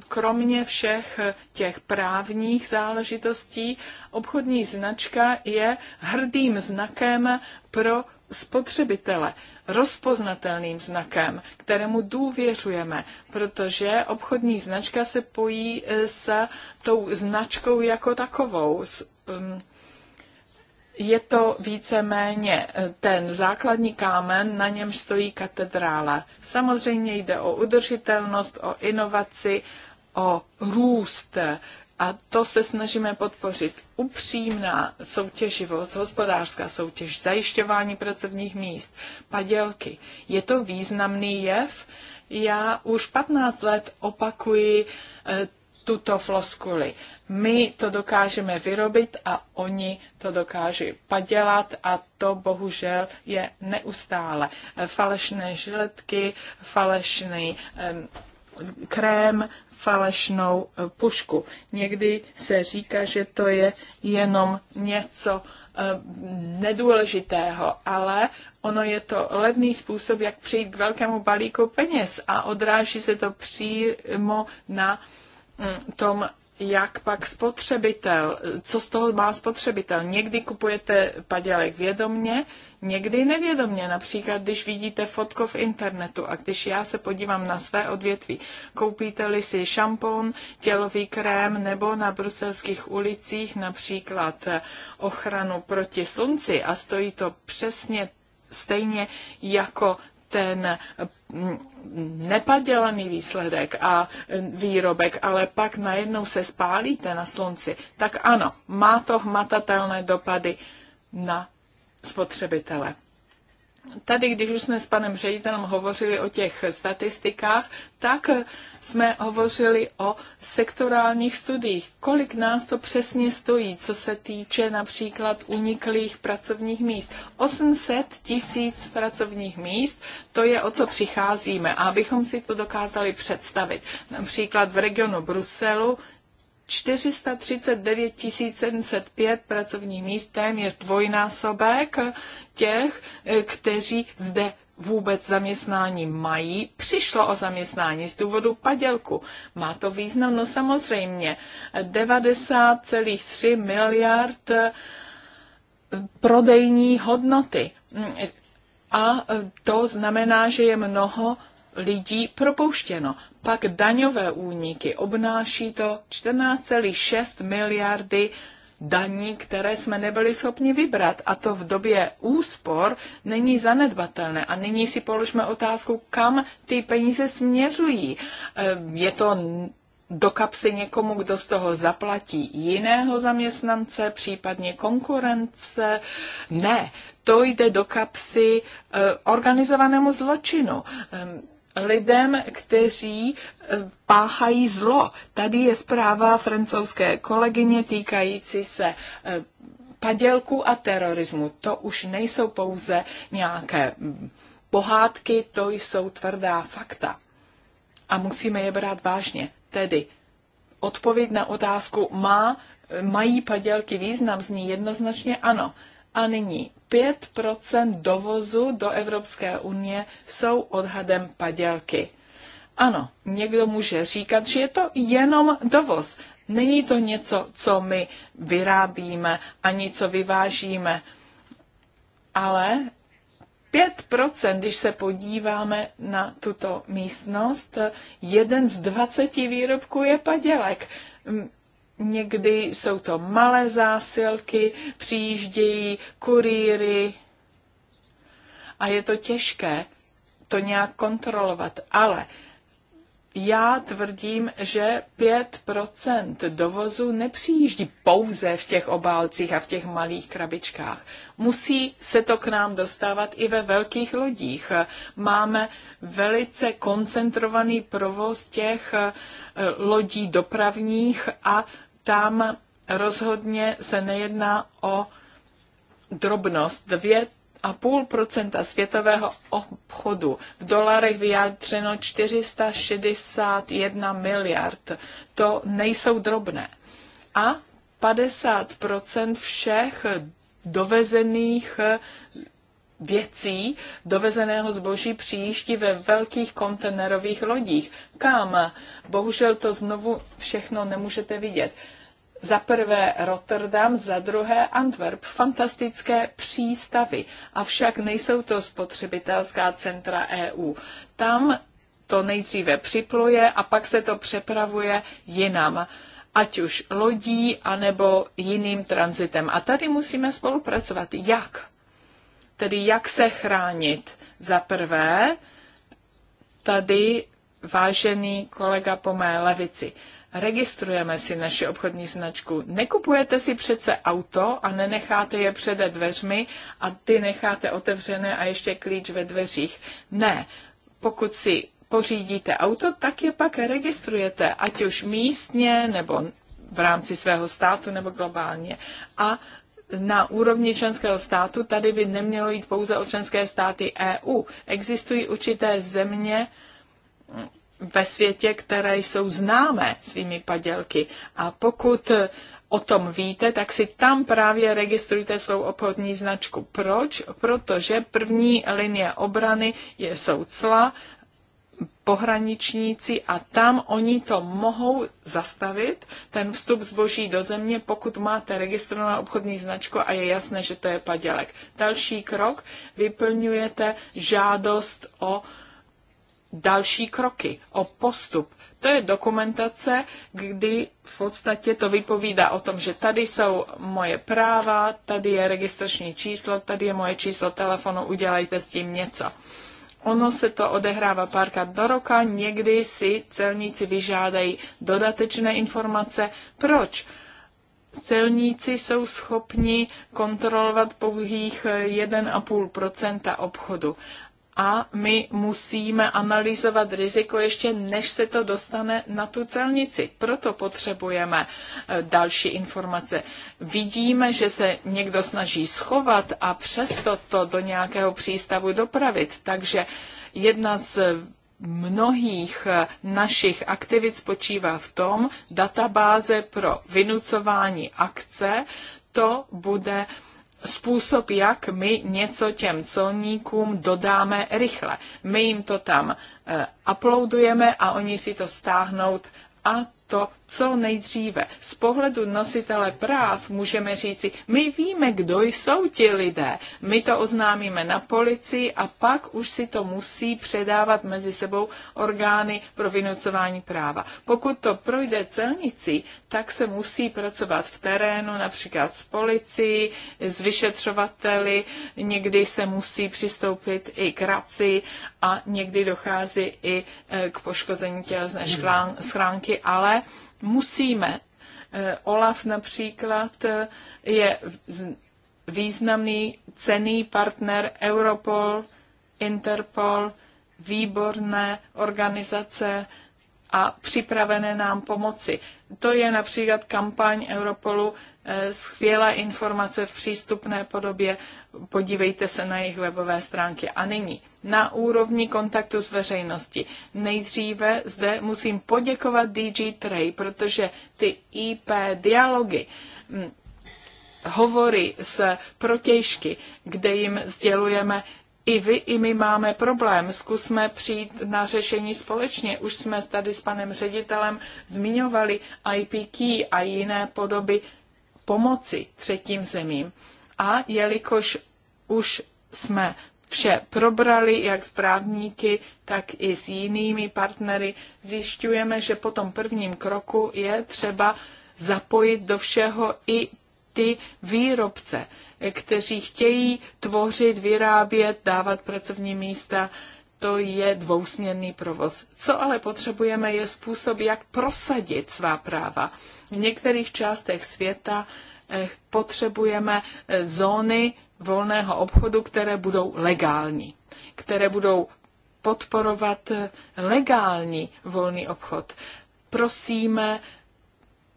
Kromě všech těch právních záležitostí, obchodní značka je hrdým znakem pro spotřebitele, rozpoznatelným znakem, kterému důvěřujeme, protože obchodní značka se pojí s tou značkou jako takovou, s um, je to víceméně eh, ten základní kámen, na něm stojí katedrála. Samozřejmě jde o udržitelnost, o inovaci, o růst. A to se snažíme podpořit. Upřímná soutěživost, hospodářská soutěž, zajišťování pracovních míst, padělky. Je to významný jev. Já už 15 let opakuji eh, tuto floskuli. My to dokážeme vyrobit a oni to dokáží padělat a to bohužel je neustále. Falešné žiletky, falešný krém, falešnou eh, pušku. Někdy se říká, že to je jenom něco eh, nedůležitého, ale ono je to levný způsob, jak přijít k velkému balíku peněz a odráží se to přímo na uh, tom, jak pak spotřebitel, co z toho má spotřebitel. Někdy kupujete padělek vědomně, někdy nevědomně. Například, když vidíte fotko v internetu a když já se podívám na své odvětví, koupíte-li si šampon, tělový krém nebo na bruselských ulicích například ochranu proti slunci a stojí to přesně stejně jako ten nepadělaný výsledek a výrobek, ale pak najednou se spálíte na slunci, tak ano, má to hmatatelné dopady na spotřebitele tady, když už jsme s panem ředitelem hovořili o těch statistikách, tak jsme hovořili o sektorálních studiích. Kolik nás to přesně stojí, co se týče například uniklých pracovních míst? 800 tisíc pracovních míst, to je o co přicházíme. A abychom si to dokázali představit, například v regionu Bruselu 439 705 pracovních míst, téměř dvojnásobek těch, eh, kteří zde vůbec zaměstnání mají, přišlo o zaměstnání z důvodu padělku. Má to význam? No samozřejmě. 90,3 miliard eh, prodejní hodnoty. Mm, a eh, to znamená, že je mnoho lidí propouštěno. Pak daňové úniky obnáší to 14,6 miliardy daní, které jsme nebyli schopni vybrat. A to v době úspor není zanedbatelné. A nyní si položme otázku, kam ty peníze směřují. Eh, je to do kapsy někomu, kdo z toho zaplatí jiného zaměstnance, případně konkurence. Ne, to jde do kapsy eh, organizovanému zločinu ehm, lidem, kteří eh, páchají zlo. Tady je zpráva francouzské kolegyně týkající se eh, padělku a terorismu. To už nejsou pouze nějaké hm, pohádky, to jsou tvrdá fakta. A musíme je brát vážně. Tedy odpověď na otázku má, eh, mají padělky význam, zní jednoznačně ano. A nyní 5 dovozu do Evropské unie jsou odhadem padělky. Ano, někdo může říkat, že je to jenom dovoz. Není to něco, co my vyrábíme ani co vyvážíme. Ale 5%, když se podíváme na tuto místnost, jeden z 20 výrobků je padělek. Někdy jsou to malé zásilky, přijíždějí kurýry a je to těžké to nějak kontrolovat. Ale já tvrdím, že 5% dovozu nepřijíždí pouze v těch obálcích a v těch malých krabičkách. Musí se to k nám dostávat i ve velkých lodích. Máme velice koncentrovaný provoz těch eh, lodí dopravních a tam rozhodně se nejedná o drobnost. 2,5 světového obchodu. V dolarech vyjádřeno 461 miliard. To nejsou drobné. A 50 všech dovezených věcí dovezeného zboží přijíždí ve velkých kontenerových lodích. Kam? Bohužel to znovu všechno nemůžete vidět. Za prvé Rotterdam, za druhé Antwerp. Fantastické přístavy. Avšak nejsou to spotřebitelská centra EU. Tam to nejdříve připluje a pak se to přepravuje jinam ať už lodí, anebo jiným tranzitem. A tady musíme spolupracovat. Jak? Tedy jak se chránit? Za prvé, tady vážený kolega po mé levici, registrujeme si naši obchodní značku. Nekupujete si přece auto a nenecháte je před dveřmi a ty necháte otevřené a ještě klíč ve dveřích. Ne, pokud si pořídíte auto, tak je pak registrujete, ať už místně nebo v rámci svého státu nebo globálně. A na úrovni členského státu tady by nemělo jít pouze o členské státy EU. Existují určité země ve světě, které jsou známé svými padělky. A pokud o tom víte, tak si tam právě registrujte svou obchodní značku. Proč? Protože první linie obrany je, jsou cla, pohraničníci a tam oni to mohou zastavit, ten vstup zboží do země, pokud máte registrovanou obchodní značku a je jasné, že to je padělek. Další krok, vyplňujete žádost o další kroky, o postup. To je dokumentace, kdy v podstatě to vypovídá o tom, že tady jsou moje práva, tady je registrační číslo, tady je moje číslo telefonu, udělejte s tím něco Ono se to odehrává párkrát do roka, někdy si celníci vyžádají dodatečné informace. Proč? Celníci jsou schopni kontrolovat pouhých 1,5 obchodu a my musíme analyzovat riziko ještě než se to dostane na tu celnici. Proto potřebujeme e, další informace. Vidíme, že se někdo snaží schovat a přesto to do nějakého přístavu dopravit. Takže jedna z mnohých e, našich aktivit spočívá v tom, databáze pro vynucování akce, to bude uh, způsob, jak my něco těm celníkům dodáme rychle. My jim to tam eh, uploadujeme a oni si to stáhnout a to co nejdříve. Z pohledu nositele práv můžeme říci, my víme, kdo jsou ti lidé. My to oznámíme na policii a pak už si to musí předávat mezi sebou orgány pro vynucování práva. Pokud to projde celnici, tak se musí pracovat v terénu, například s policií, s vyšetřovateli, někdy se musí přistoupit i k raci a někdy dochází i eh, k poškození tělesné schránky, ale musíme. Eh, Olaf například eh, je významný, cený partner Europol, Interpol, výborné organizace a připravené nám pomoci. To je například kampaň Europolu Eh, skvělé informace v přístupné podobě, podívejte se na jejich webové stránky. A nyní na úrovni kontaktu s veřejností. Nejdříve zde musím poděkovat DG Tray, protože ty IP dialogy, hm, hovory s protějšky, kde jim sdělujeme, i vy, i my máme problém. Zkusme přijít na řešení společně. Už jsme tady s panem ředitelem zmiňovali key a jiné podoby pomoci třetím zemím. A jelikož už jsme vše probrali, jak s právníky, tak i s jinými partnery, zjišťujeme, že po tom prvním kroku je třeba zapojit do všeho i ty výrobce, kteří chtějí tvořit, vyrábět, dávat pracovní místa, to je dvousměrný provoz. Co ale potřebujeme, je způsob, jak prosadit svá práva. V některých částech světa eh, potřebujeme eh, zóny volného obchodu, které budou legální, které budou podporovat eh, legální volný obchod. Prosíme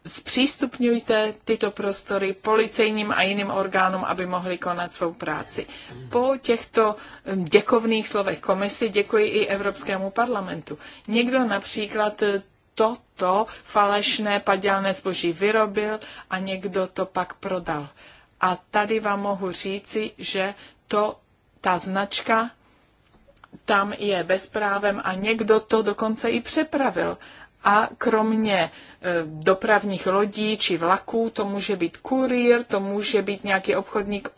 zpřístupňujte tyto prostory policejním a jiným orgánům, aby mohli konat svou práci. Po těchto mm, děkovných slovech komisi děkuji i Evropskému parlamentu. Někdo například eh, toto falešné padělné zboží vyrobil a někdo to pak prodal. A tady vám mohu říci, že to ta značka tam je bezprávem a někdo to dokonce i přepravil a kromě e, dopravních lodí či vlaků, to může být kurýr, to může být nějaký obchodník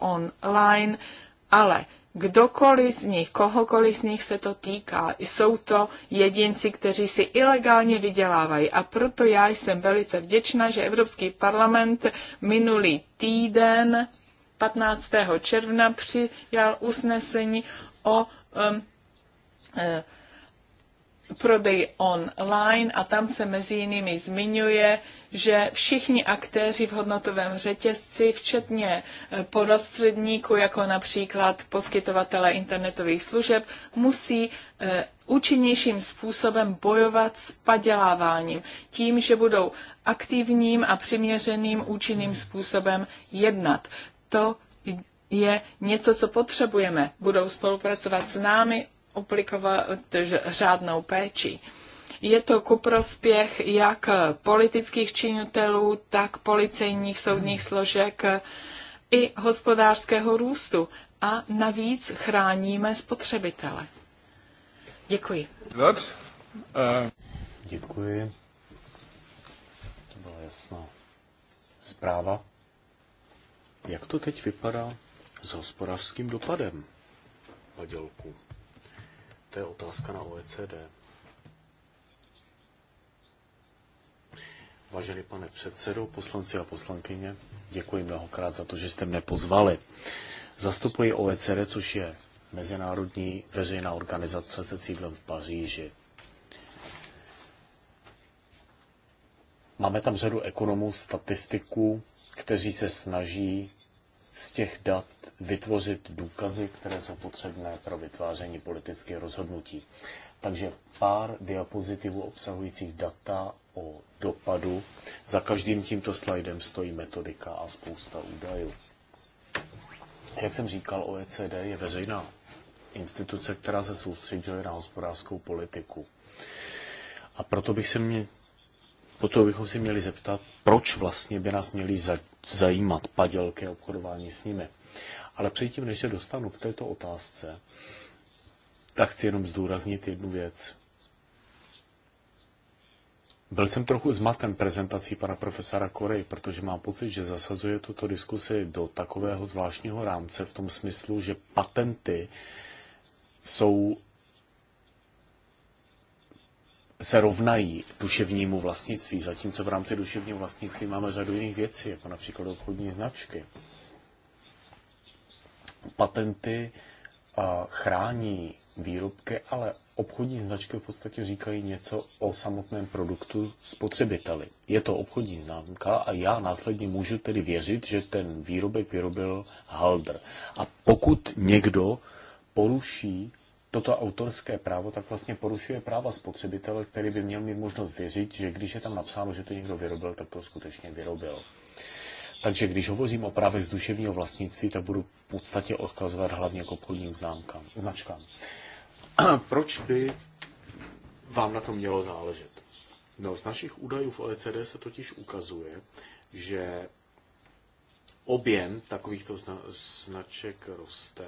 online, ale kdokoliv z nich, kohokoliv z nich se to týká. Jsou to jedinci, kteří si ilegálně vydělávají. A proto já jsem velice vděčná, že Evropský parlament minulý týden 15. června přijal usnesení o um, e, prodej online a tam se mezi jinými zmiňuje, že všichni aktéři v hodnotovém řetězci, včetně e, podostředníků, jako například poskytovatele internetových služeb, musí e, účinnějším způsobem bojovat s paděláváním, tím, že budou aktivním a přiměřeným účinným způsobem jednat. To je něco, co potřebujeme. Budou spolupracovat s námi, aplikovat řádnou péči. Je to ku prospěch jak politických činitelů, tak policejních soudních složek i hospodářského růstu a navíc chráníme spotřebitele. Děkuji. Eh. Děkuji. To byla jasná zpráva. Jak to teď vypadá s hospodářským dopadem padělku? to je otázka na OECD. Vážený pane předsedo, poslanci a poslankyně, děkuji mnohokrát za to, že jste mě pozvali. Zastupuji OECD, což je mezinárodní veřejná organizace se sídlem v Paříži. Máme tam řadu ekonomů, statistiků, kteří se snaží z těch dat vytvořit důkazy, které jsou potřebné pro vytváření politických rozhodnutí. Takže pár diapozitivů obsahujících data o dopadu. Za každým tímto slajdem stojí metodika a spousta údajů. Jak jsem říkal, OECD je veřejná instituce, která se soustředuje na hospodářskou politiku. A proto bych se mě Potom bychom si měli zeptat, proč vlastně by nás měly zajímat padělky a obchodování s nimi. Ale předtím, než se dostanu k této otázce, tak chci jenom zdůraznit jednu věc. Byl jsem trochu zmaten prezentací pana profesora Korej, protože mám pocit, že zasazuje tuto diskusi do takového zvláštního rámce v tom smyslu, že patenty jsou se rovnají duševnímu vlastnictví, zatímco v rámci duševního vlastnictví máme řadu jiných věcí, jako například obchodní značky. Patenty chrání výrobky, ale obchodní značky v podstatě říkají něco o samotném produktu spotřebiteli. Je to obchodní známka a já následně můžu tedy věřit, že ten výrobek vyrobil Halder. A pokud někdo poruší toto autorské právo, tak vlastně porušuje práva spotřebitele, který by měl mít možnost věřit, že když je tam napsáno, že to někdo vyrobil, tak to skutečně vyrobil. Takže když hovořím o právech z duševního vlastnictví, tak budu v podstatě odkazovat hlavně k obchodním známkám, značkám. Proč by vám na to mělo záležet? No, z našich údajů v OECD se totiž ukazuje, že objem takovýchto značek roste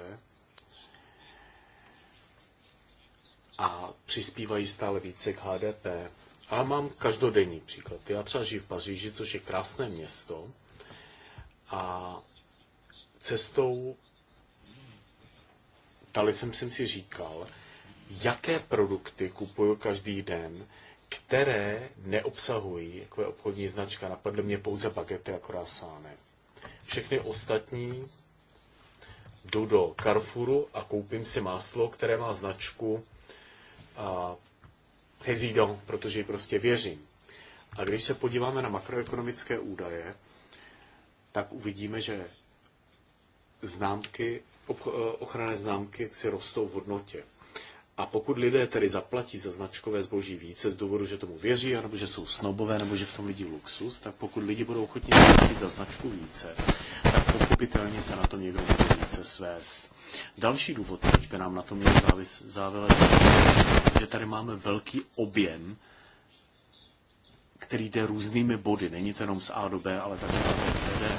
a přispívají stále více k HDP. A mám každodenní příklad. Já třeba žiju v Paříži, což je krásné město a cestou tady jsem, si říkal, jaké produkty kupuju každý den, které neobsahují, jako je obchodní značka, napadly mě pouze bagety a kroasány. Všechny ostatní jdu do Carrefouru a koupím si máslo, které má značku hezídant, protože ji prostě věřím. A když se podíváme na makroekonomické údaje, tak uvidíme, že známky, e, ochranné známky si rostou v hodnotě. A pokud lidé tedy zaplatí za značkové zboží více z důvodu, že tomu věří, nebo že jsou snobové, nebo že v tom vidí luxus, tak pokud lidi budou ochotní zaplatit za značku více, tak pochopitelně se na to někdo bude více svést. Další důvod, proč by nám na tom měl závis, závěle, že tady máme velký objem, který jde různými body. Není to jenom z A do B, ale také A, B, C, D.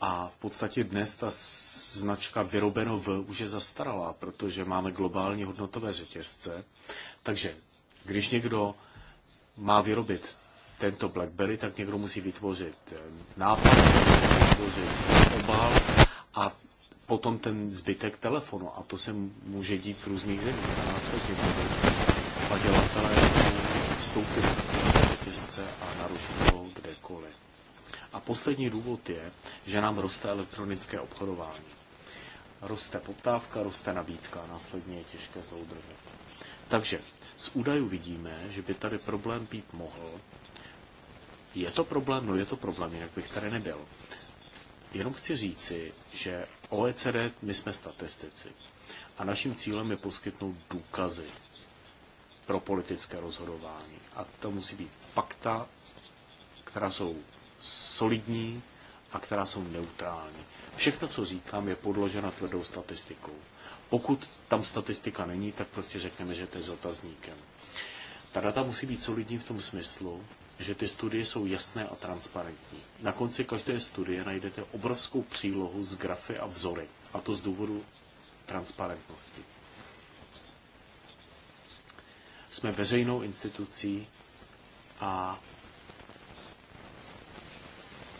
A v podstatě dnes ta značka vyrobeno v už je zastaralá, protože máme globální hodnotové řetězce. Takže když někdo má vyrobit tento BlackBerry, tak někdo musí vytvořit nápad, musí vytvořit potom ten zbytek telefonu. A to se může dít v různých zemích. Já nás taky padělatelé vstoupit do řetězce a narušit ho kdekoliv. A poslední důvod je, že nám roste elektronické obchodování. Roste poptávka, roste nabídka následně je těžké zoudržet. Takže z údajů vidíme, že by tady problém být mohl. Je to problém? No je to problém, jinak bych tady nebyl. Jenom chci říci, že OECD, my jsme statistici a naším cílem je poskytnout důkazy pro politické rozhodování. A to musí být fakta, která jsou solidní a která jsou neutrální. Všechno, co říkám, je podloženo tvrdou statistikou. Pokud tam statistika není, tak prostě řekneme, že to je s otazníkem. Ta data musí být solidní v tom smyslu, že ty studie jsou jasné a transparentní. Na konci každé studie najdete obrovskou přílohu z grafy a vzory, a to z důvodu transparentnosti. Jsme veřejnou institucí a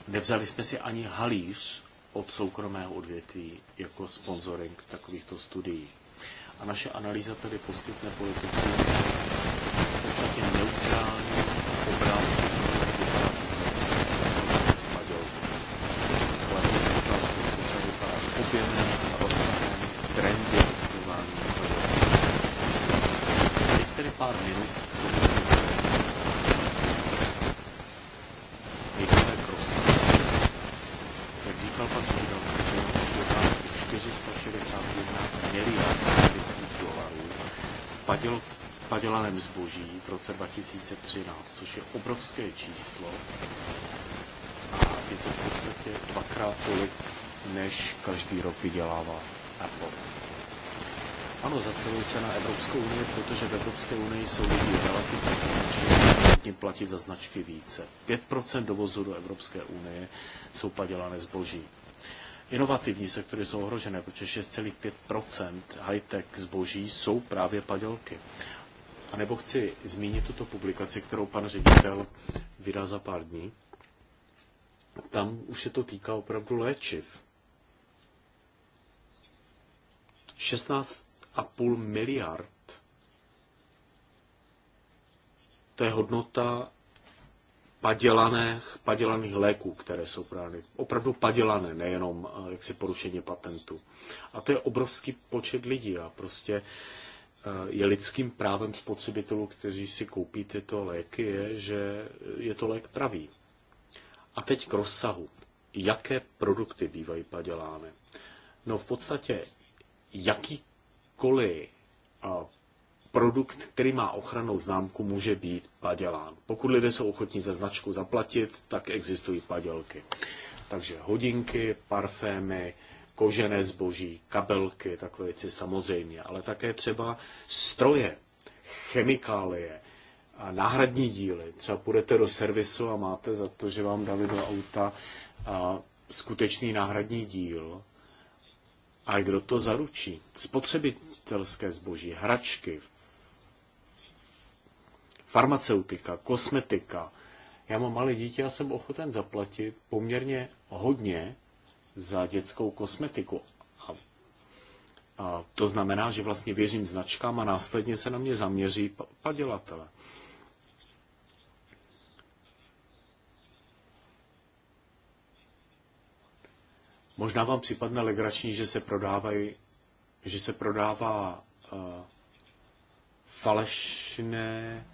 nevzali jsme si ani halíř od soukromého odvětví jako sponsoring takovýchto studií. A naše analýza tedy poskytne politiku v podstatě neutrální roce 2013, což je obrovské číslo a je to v podstatě dvakrát tolik, než každý rok vydělává Apple. Ano, zaceluje se na Evropskou unii, protože v Evropské unii jsou lidi relativně finančně platit za značky více. 5% dovozu do Evropské unie jsou padělané zboží. Inovativní sektory jsou ohrožené, protože 6,5% high-tech zboží jsou právě padělky. A nebo chci zmínit tuto publikaci, kterou pan ředitel vydá za pár dní. Tam už se to týká opravdu léčiv. 16,5 miliard to je hodnota padělaných, padělaných léků, které jsou právě Opravdu padělané, nejenom eh, jaksi porušení patentu. A to je obrovský počet lidí a prostě uh, Eh, je lidským právem spotřebitelů, kteří si koupí tyto léky, je, že je to lék pravý. A teď k rozsahu. Jaké produkty bývají padělány? No v podstatě jakýkoliv eh, produkt, který má ochranou známku, může být padělán. Pokud lidé jsou ochotní za značku zaplatit, tak existují padělky. Takže hodinky, parfémy, kožené zboží, kabelky, takové věci samozřejmě, ale také třeba stroje, chemikálie, a náhradní díly. Třeba půjdete do servisu a máte za to, že vám dali do auta a skutečný náhradní díl. A kdo to zaručí? Spotřebitelské zboží, hračky, farmaceutika, kosmetika. Já mám malé dítě a jsem ochoten zaplatit poměrně hodně za dětskou kosmetiku. A, a to znamená, že vlastně věřím značkám a následně se na mě zaměří padělatele. Možná vám připadne legrační, že se prodávají, že se prodává uh, falešné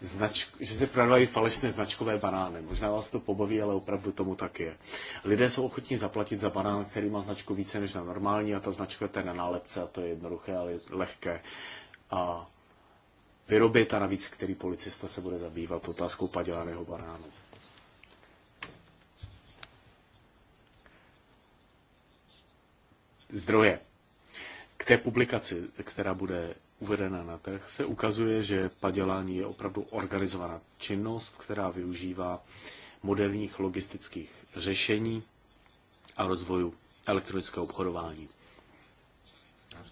značk, že se prodávají falešné značkové banány. Možná vás to pobaví, ale opravdu tomu tak je. Lidé jsou ochotní zaplatit za banán, který má značku více než na normální a ta značka je na nálepce a to je jednoduché, ale je lehké. A vyrobit a navíc, který policista se bude zabývat otázkou padělaného banánu. Zdroje k té publikaci, která bude uvedena na trh, se ukazuje, že padělání je opravdu organizovaná činnost, která využívá moderních logistických řešení a rozvoju elektronického obchodování.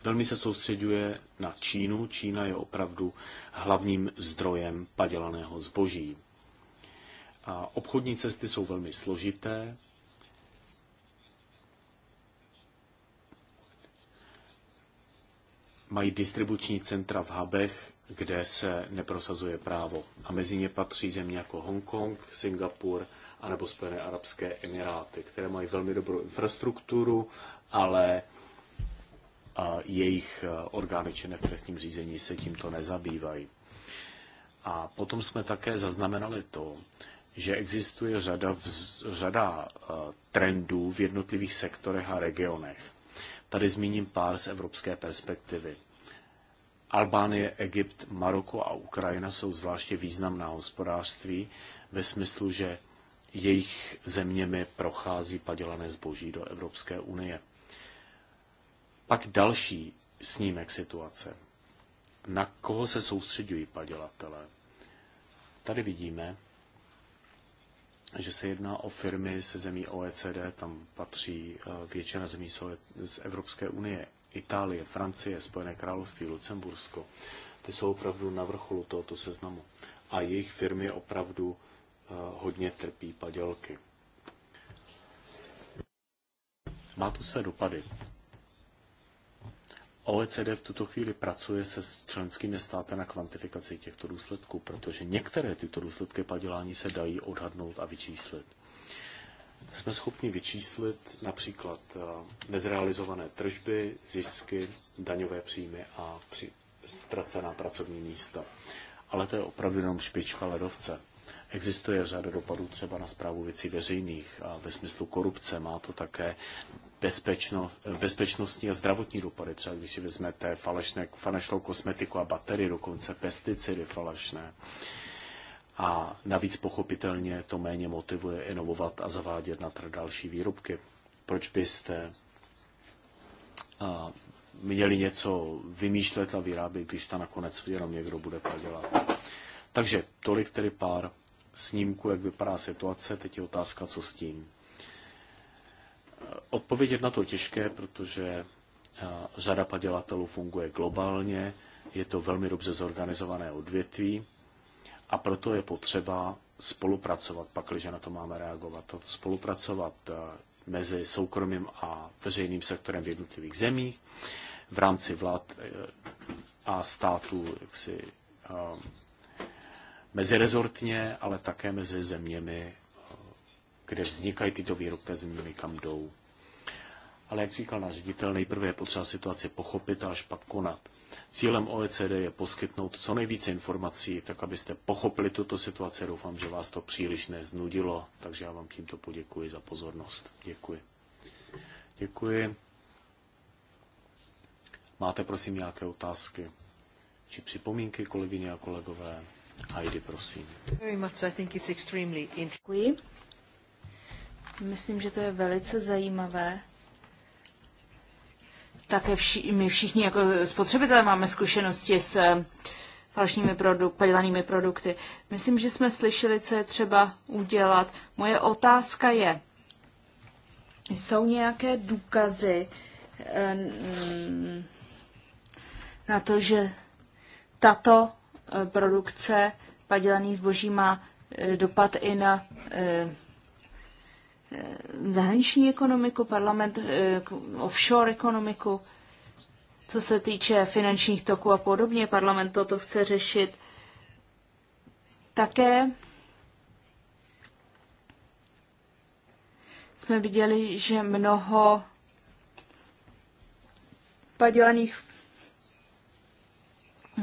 Velmi se soustředuje na Čínu. Čína je opravdu hlavním zdrojem padělaného zboží. A obchodní cesty jsou velmi složité, mají distribuční centra v hubech, kde se neprosazuje právo. A mezi ně patří země jako Hongkong, Singapur a nebo Spojené arabské emiráty, které mají velmi dobrou infrastrukturu, ale jejich orgány činné v trestním řízení se tímto nezabývají. A potom jsme také zaznamenali to, že existuje řada, řada trendů v jednotlivých sektorech a regionech. Tady zmíním pár z evropské perspektivy. Albánie, Egypt, Maroko a Ukrajina jsou zvláště významná hospodářství ve smyslu, že jejich zeměmi prochází padělané zboží do Evropské unie. Pak další snímek situace. Na koho se soustředují padělatelé? Tady vidíme, že se jedná o firmy se zemí OECD, tam patří eh, většina zemí e- z Evropské unie, Itálie, Francie, Spojené království, Lucembursko. Ty jsou opravdu na vrcholu tohoto seznamu. A jejich firmy opravdu eh, hodně trpí padělky. Má to své dopady. OECD v tuto chvíli pracuje se s členskými státy na kvantifikaci těchto důsledků, protože některé tyto důsledky padělání se dají odhadnout a vyčíslit. Jsme schopni vyčíslit například eh, nezrealizované tržby, zisky, daňové příjmy a ztracená pracovní místa. Ale to je opravdu jenom špička ledovce. Existuje řada dopadů třeba na zprávu věcí veřejných a ve smyslu korupce. Má to také bezpečno, bezpečnostní a zdravotní dopady. Třeba když si vezmete falešné, falešnou kosmetiku a baterii, dokonce pesticidy falešné. A navíc pochopitelně to méně motivuje inovovat a zavádět na trh další výrobky. Proč byste měli něco vymýšlet a vyrábět, když to nakonec jenom někdo bude podělat. Takže tolik tedy pár snímku, jak vypadá situace, teď je otázka, co s tím. Odpovědět na to těžké, protože eh, řada padělatelů funguje globálně, je to velmi dobře zorganizované odvětví a proto je potřeba spolupracovat, pakliže na to máme reagovat, spolupracovat eh, mezi soukromým a veřejným sektorem v jednotlivých zemích, v rámci vlád eh, a států jaksi, mezirezortně, ale také mezi zeměmi, kde vznikají tyto výrobky, zeměmi, kam jdou. Ale jak říkal náš ředitel, nejprve je potřeba situaci pochopit a až pak konat. Cílem OECD je poskytnout co nejvíce informací, tak abyste pochopili tuto situaci. Doufám, že vás to příliš neznudilo, takže já vám tímto poděkuji za pozornost. Děkuji. Děkuji. Máte prosím nějaké otázky či připomínky, kolegyně a kolegové? Heidi, prosím. Děkuji. Myslím, že to je velice zajímavé. Také vši, my všichni jako spotřebitelé máme zkušenosti s eh, falešnými produkty, padělanými produkty. Myslím, že jsme slyšeli, co je třeba udělat. Moje otázka je, jsou nějaké důkazy eh, mm, na to, že tato Eh, produkce padělaný zboží má eh, dopad i na eh, zahraniční ekonomiku, parlament, offshore ekonomiku, co se týče finančních toků a podobně. Parlament toto chce řešit také. Jsme viděli, že mnoho padělaných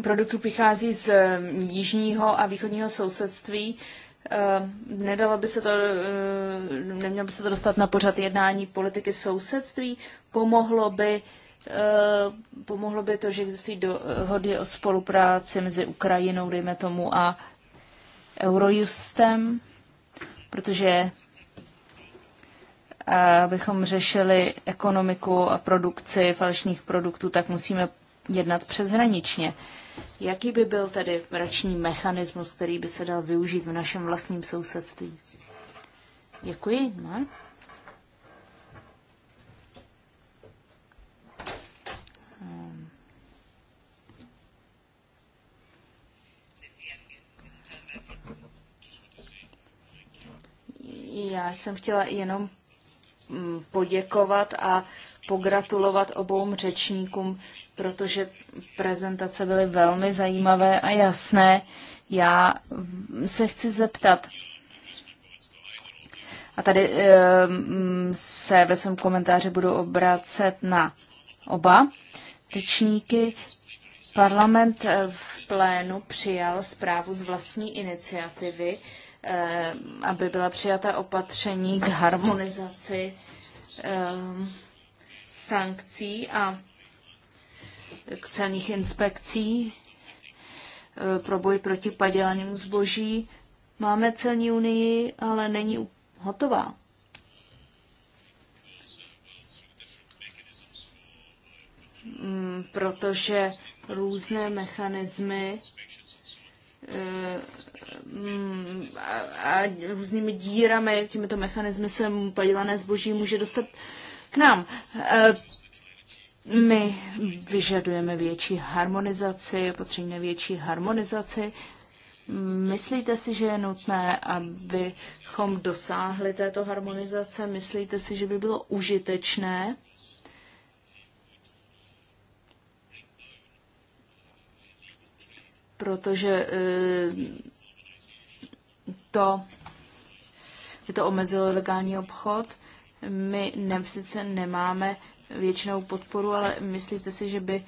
produktů přichází z mm, jižního a východního sousedství. Eh, nedalo by se to, eh, nemělo by se to dostat na pořad jednání politiky sousedství. Pomohlo by, eh, pomohlo by to, že existují dohody o spolupráci mezi Ukrajinou, dejme tomu, a Eurojustem, protože abychom řešili ekonomiku a produkci falešných produktů, tak musíme jednat přeshraničně. Jaký by byl tedy rační mechanismus, který by se dal využít v našem vlastním sousedství? Děkuji, No. Já jsem chtěla jenom mm, poděkovat a pogratulovat obou řečníkům protože prezentace byly velmi zajímavé a jasné. Já se chci zeptat, a tady eh, mm, se ve svém komentáři budu obracet na oba řečníky. Parlament eh, v plénu přijal zprávu z vlastní iniciativy, eh, aby byla přijata opatření k harmonizaci sankcí a k celních inspekcí e, pro boj proti padělaním zboží. Máme celní unii, ale není hotová. Mm, protože různé mechanismy e, mm, a různými dírami, těmito mechanismy se padělané zboží může dostat k nám. E, my vyžadujeme větší harmonizaci, potřebujeme větší harmonizaci. Myslíte si, že je nutné, abychom dosáhli této harmonizace? Myslíte si, že by bylo užitečné? Protože eh, to by to omezilo legální obchod. My ne, sice nemáme většinou podporu, ale myslíte si, že by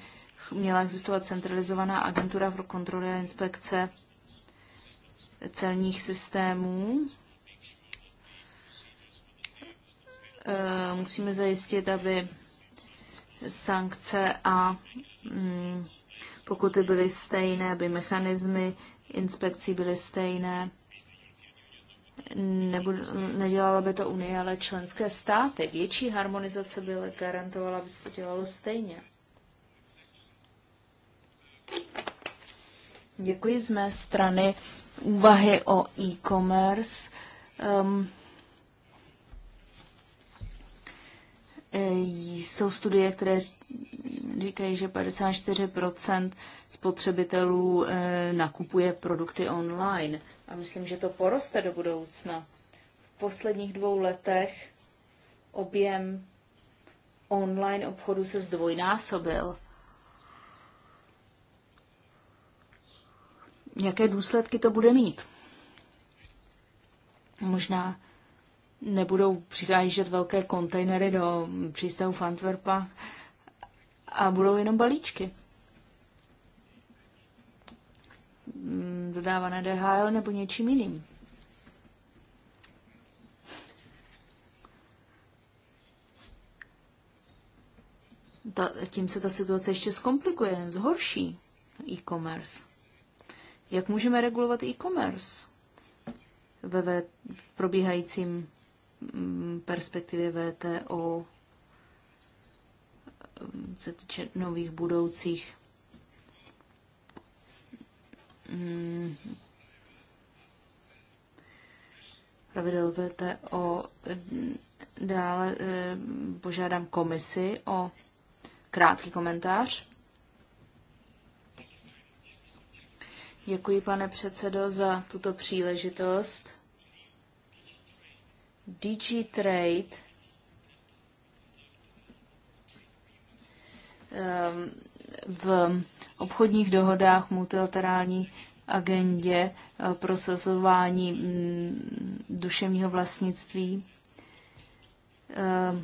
měla existovat centralizovaná agentura pro kontroly a inspekce celních systémů? E, musíme zajistit, aby sankce a mm, pokuty byly stejné, aby mechanismy inspekcí byly stejné nebudu, nedělala by to Unie, ale členské státy. Větší harmonizace by garantovala, aby se to dělalo stejně. Děkuji z mé strany úvahy o e-commerce. Um, jsou studie, které říkají, že 54% spotřebitelů eh, nakupuje produkty online. A myslím, že to poroste do budoucna. V posledních dvou letech objem online obchodu se zdvojnásobil. Jaké důsledky to bude mít? Možná nebudou přicházet velké kontejnery do přístavu Antwerpa, a budou jenom balíčky. Mm, dodávané DHL nebo něčím jiným. Ta, tím se ta situace ještě zkomplikuje, zhorší e-commerce. Jak můžeme regulovat e-commerce ve, ve probíhajícím mm, perspektivě VTO? se týče nových budoucích hmm. pravidel VTO. Dále eh, požádám komisi o krátký komentář. Děkuji, pane předsedo, za tuto příležitost. DG Trade v obchodních dohodách, multilaterální agendě eh, prosazování mm, duševního vlastnictví. Eh,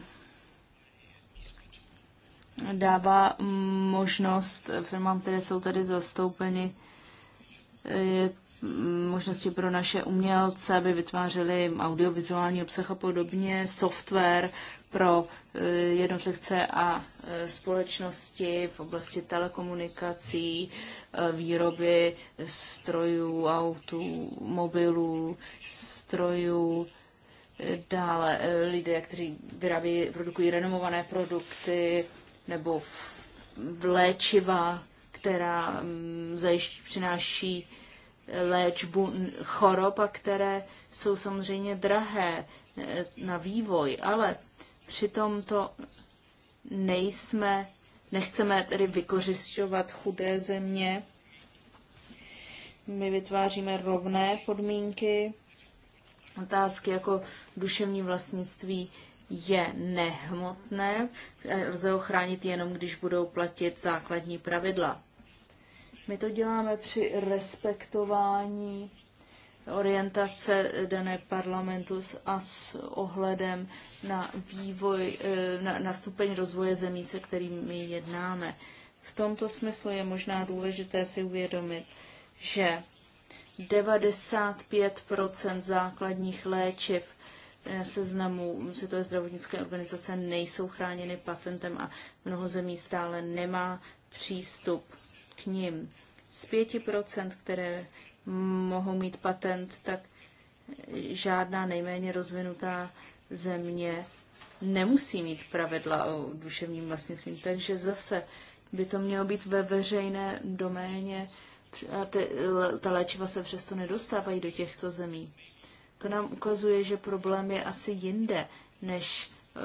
dává možnost firmám, které jsou tady zastoupeny, eh, možnosti pro naše umělce, aby vytvářeli audiovizuální obsah a podobně, software pro eh, jednotlivce a eh, společnosti v oblasti telekomunikací, eh, výroby strojů, autů, mobilů, strojů, dále lidé, kteří vyrábí, produkují renomované produkty nebo v léčiva, která mm, zajišť, přináší léčbu chorob, a které jsou samozřejmě drahé eh, na vývoj, ale přitom to nejsme, nechceme tedy vykořišťovat chudé země. My vytváříme rovné podmínky. Otázky jako duševní vlastnictví je nehmotné, eh, lze ochránit jenom, když budou platit základní pravidla. My to děláme při respektování orientace dané parlamentu a s ohledem na vývoj, eh, na, na stupeň rozvoje zemí, se kterými jednáme. V tomto smyslu je možná důležité si uvědomit, že 95 základních léčiv eh, seznamu Světové zdravotnické organizace nejsou chráněny patentem a mnoho zemí stále nemá přístup k ním. Z 5%, které mohou mít patent, tak žádná nejméně rozvinutá země nemusí mít pravidla o duševním vlastnictví. Takže zase by to mělo být ve veřejné doméně. A ty, ta léčiva se přesto nedostávají do těchto zemí. To nám ukazuje, že problém je asi jinde, než Eh,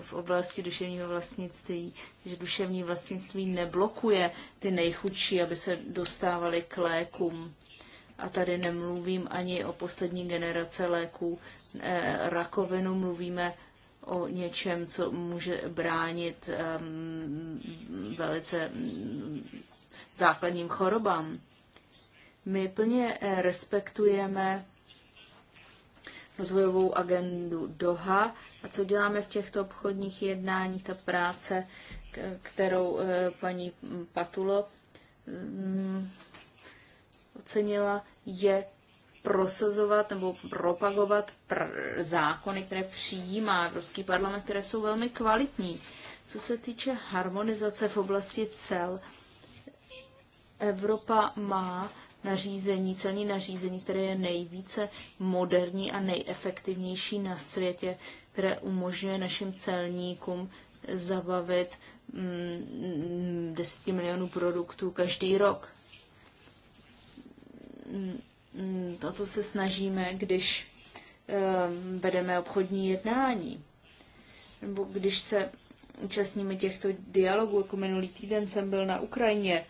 v oblasti duševního vlastnictví, že duševní vlastnictví neblokuje ty nejchudší, aby se dostávali k lékům. A tady nemluvím ani o poslední generace léků eh, rakovinu, mluvíme o něčem, co může bránit ehm, velice mm, základním chorobám. My plně eh, respektujeme rozvojovou agendu Doha a co děláme v těchto obchodních jednáních, ta práce, kterou eh, paní Patulo mm, ocenila, je prosazovat nebo propagovat pr- zákony, které přijímá Evropský parlament, které jsou velmi kvalitní. Co se týče harmonizace v oblasti cel, Evropa má nařízení, celní nařízení, které je nejvíce moderní a nejefektivnější na světě, které umožňuje našim celníkům zabavit mm, 10 milionů produktů každý rok. A mm, to se snažíme, když um, vedeme obchodní jednání. Nebo když se účastníme těchto dialogů, jako minulý týden jsem byl na Ukrajině,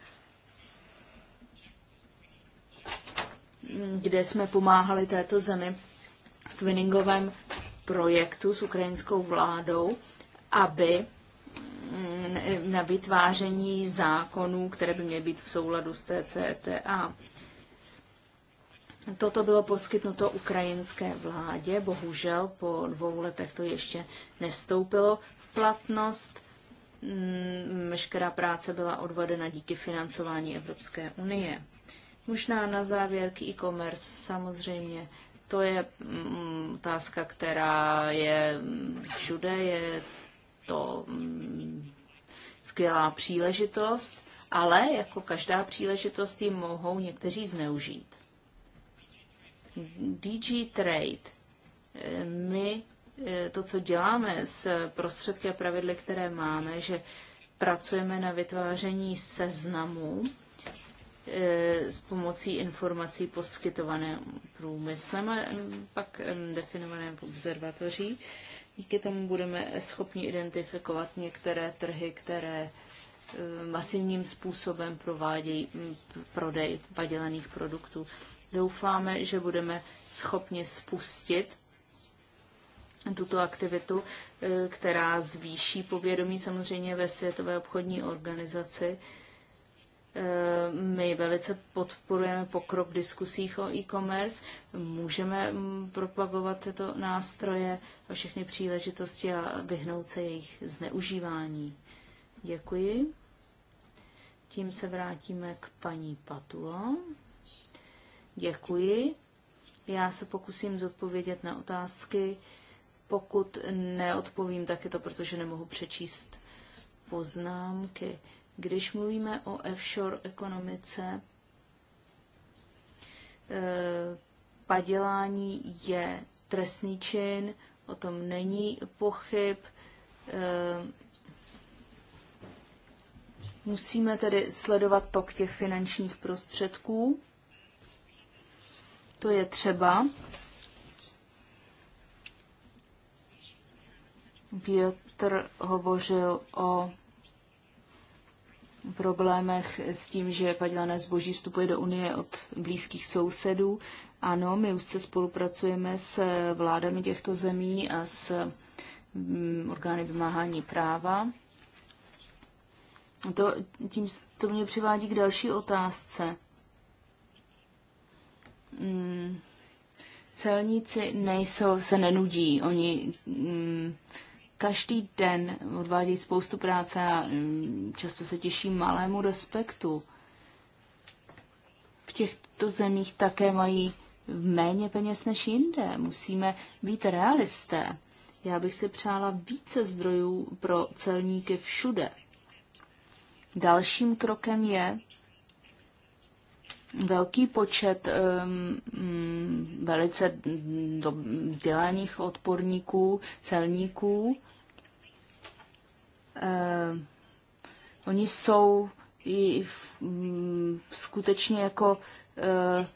kde jsme pomáhali této zemi v twinningovém projektu s ukrajinskou vládou, aby mm, na vytváření zákonů, které by měly být v souladu s TCTA. Toto bylo poskytnuto ukrajinské vládě, bohužel po dvou letech to ještě nestoupilo v platnost. Mm, veškerá práce byla odvedena díky financování Evropské unie. Možná na závěr k e-commerce, samozřejmě. To je mm, otázka, která je mm, všude, je to mm, skvělá příležitost, ale jako každá příležitost ji mohou někteří zneužít. DG Trade. My e, to, co děláme s prostředky a pravidly, které máme, že pracujeme na vytváření seznamů Eh, s pomocí informací poskytované průmyslem a pak definované v observatoří. Díky tomu budeme schopni identifikovat některé trhy, které masivním způsobem provádějí prodej padělených produktů. Doufáme, že budeme schopni spustit tuto aktivitu, eh, která zvýší povědomí samozřejmě ve Světové obchodní organizaci my velice podporujeme pokrok v diskusích o e-commerce, můžeme mm, propagovat tyto nástroje a všechny příležitosti a vyhnout se jejich zneužívání. Děkuji. Tím se vrátíme k paní Patulo. Děkuji. Já se pokusím zodpovědět na otázky. Pokud neodpovím, tak je to, protože nemohu přečíst poznámky. Když mluvíme o offshore ekonomice, eh, padělání je trestný čin, o tom není pochyb. Eh, musíme tedy sledovat tok těch finančních prostředků. To je třeba. Větr hovořil o problémech s tím, že padělané zboží vstupuje do Unie od blízkých sousedů. Ano, my už se spolupracujeme s vládami těchto zemí a s mm, orgány vymáhání práva. To, tím, to mě přivádí k další otázce. Hmm. celníci nejsou, se nenudí. Oni mm, každý den odvádějí spoustu práce a mm, často se těší malému respektu. V těchto zemích také mají méně peněz než jinde. Musíme být realisté. Já bych si přála více zdrojů pro celníky všude. Dalším krokem je velký počet um, velice do, vzdělaných odporníků, celníků. Uh, oni jsou i v, um, skutečně jako uh,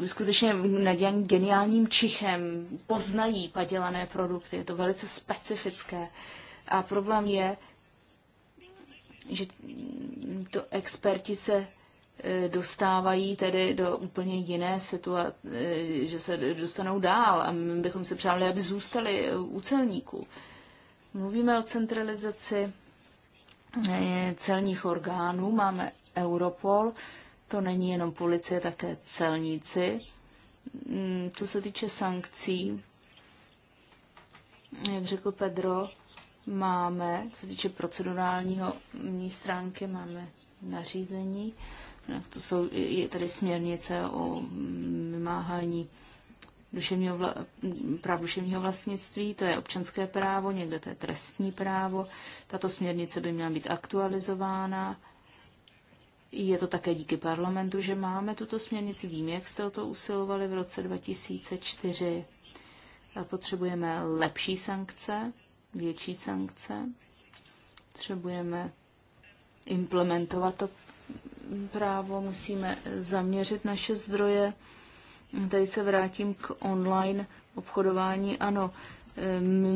uh, skutečně nadělaní geniálním čichem, poznají padělané produkty. Je to velice specifické. A problém je, že to experti se Eh, dostávají tedy do úplně jiné situace, eh, že se dostanou dál a my bychom se přáli, aby zůstali eh, u celníků. Mluvíme o centralizaci celních orgánů, máme Europol, to není jenom policie, také celníci. Mm, co se týče sankcí, jak řekl Pedro, máme, co se týče procedurálního mm, stránky, máme nařízení. No, to jsou, je tady směrnice o vymáhání duševního vla, práv duševního vlastnictví, to je občanské právo, někde to je trestní právo. Tato směrnice by měla být aktualizována. Je to také díky parlamentu, že máme tuto směrnici. Vím, jak jste o to usilovali v roce 2004. Potřebujeme lepší sankce, větší sankce. Potřebujeme implementovat to právo, musíme zaměřit naše zdroje. Tady se vrátím k online obchodování. Ano,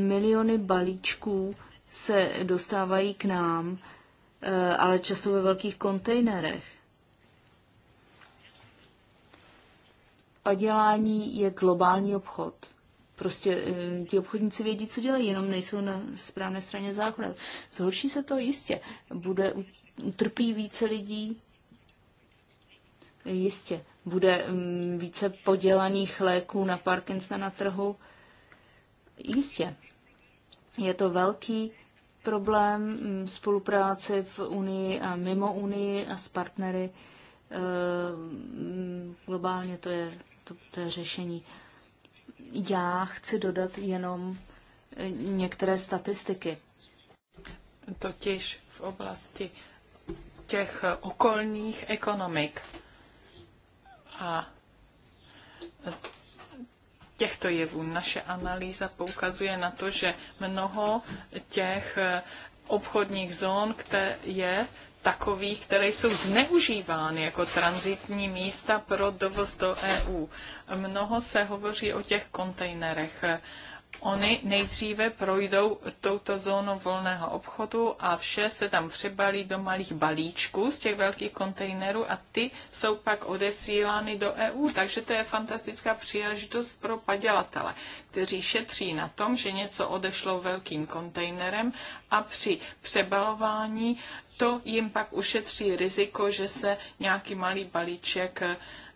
miliony balíčků se dostávají k nám, e, ale často ve velkých kontejnerech. Padělání je globální obchod. Prostě e, ti obchodníci vědí, co dělají, jenom nejsou na správné straně zákona. Zhorší se to jistě. Bude, utrpí více lidí, Jistě, bude mm, více podělaných léků na Parkinsona na trhu. Jistě, je to velký problém mm, spolupráce v Unii a mimo Unii a s partnery. Eh, mm, globálně to je, to, to je řešení. Já chci dodat jenom eh, některé statistiky. Totiž v oblasti těch okolních ekonomik a těchto jevů. Naše analýza poukazuje na to, že mnoho těch eh, obchodních zón, které je takových, které jsou zneužívány jako transitní místa pro dovoz do EU. Mnoho se hovoří o těch kontejnerech. Oni nejdříve projdou touto zónou volného obchodu a vše se tam přebalí do malých balíčků z těch velkých kontejnerů a ty jsou pak odesílány do EU. Takže to je fantastická příležitost pro padělatele, kteří šetří na tom, že něco odešlo velkým kontejnerem a při přebalování to jim pak ušetří riziko, že se nějaký malý balíček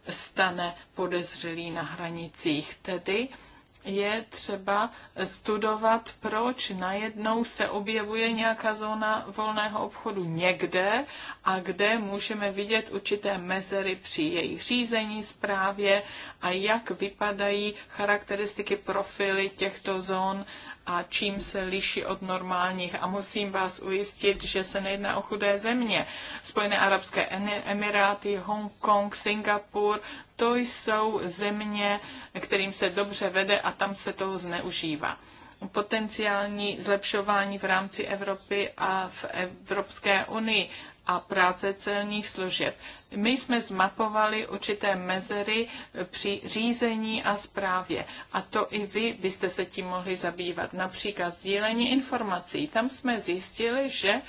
stane podezřelý na hranicích. Tedy je třeba studovat, proč najednou se objevuje nějaká zóna volného obchodu někde a kde můžeme vidět určité mezery při jejich řízení zprávě a jak vypadají charakteristiky profily těchto zón a čím se liší od normálních. A musím vás ujistit, že se nejedná o chudé země. Spojené arabské emiráty, Hongkong, Singapur, to jsou země, kterým se dobře vede a tam se toho zneužívá. Potenciální zlepšování v rámci Evropy a v Evropské unii a práce celních služeb. My jsme zmapovali určité mezery při řízení a zprávě a to i vy byste se tím mohli zabývat. Například sdílení informací. Tam jsme zjistili, že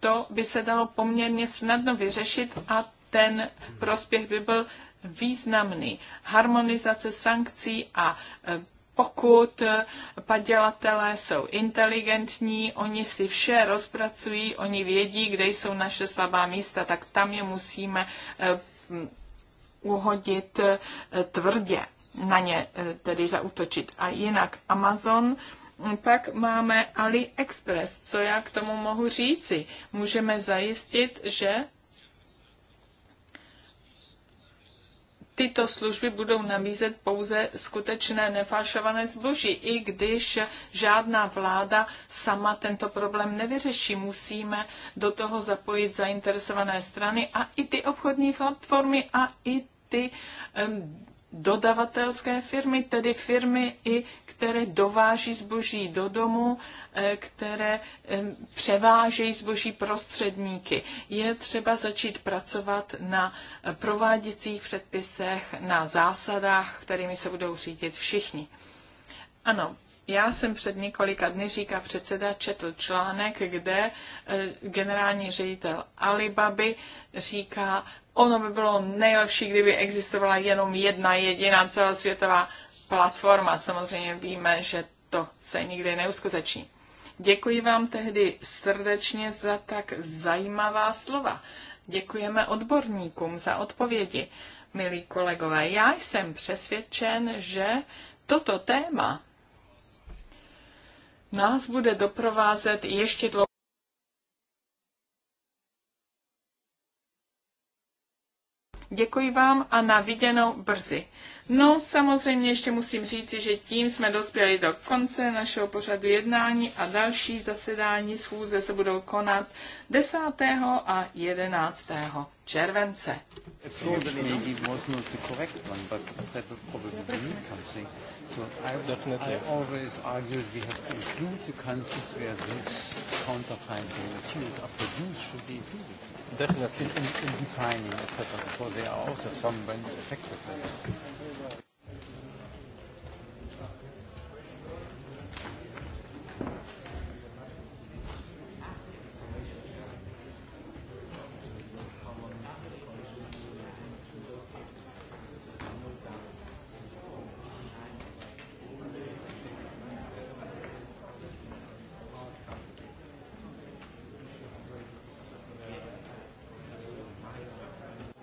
to by se dalo poměrně snadno vyřešit a ten prospěch by byl významný. Harmonizace sankcí a e, pokud e, padělatelé jsou inteligentní, oni si vše rozpracují, oni vědí, kde jsou naše slabá místa, tak tam je musíme e, uhodit tvrdě, na ně tedy zautočit. A jinak Amazon, pak máme AliExpress. Co já k tomu mohu říci? Můžeme zajistit, že tyto služby budou nabízet pouze skutečné nefalšované zboží, i když žádná vláda sama tento problém nevyřeší. Musíme do toho zapojit zainteresované strany a i ty obchodní platformy a i ty um, dodavatelské firmy, tedy firmy i které dováží zboží do domu, eh, které převážejí zboží prostředníky. Je třeba začít pracovat na eh, prováděcích předpisech, na zásadách, kterými se budou řídit všichni. Ano, já jsem před několika dny, říká předseda, četl článek, kde eh, generální ředitel Alibaby říká, Ono by bylo nejlepší, kdyby existovala jenom jedna jediná celosvětová platforma. Samozřejmě víme, že to se nikdy neuskuteční. Děkuji vám tehdy srdečně za tak zajímavá slova. Děkujeme odborníkům za odpovědi. Milí kolegové, já jsem přesvědčen, že toto téma nás bude doprovázet ještě dlouho. Děkuji vám a na viděnou brzy. No, samozřejmě ještě musím říci, že tím jsme dospěli do konce našeho pořadu jednání a další zasedání schůze se budou konat 10. a 11. července. So I, Definitely. I always argued we have to include the countries where these counterfeiting materials are produced should be included definitely in, in defining, etc., because there are also some benefits effective.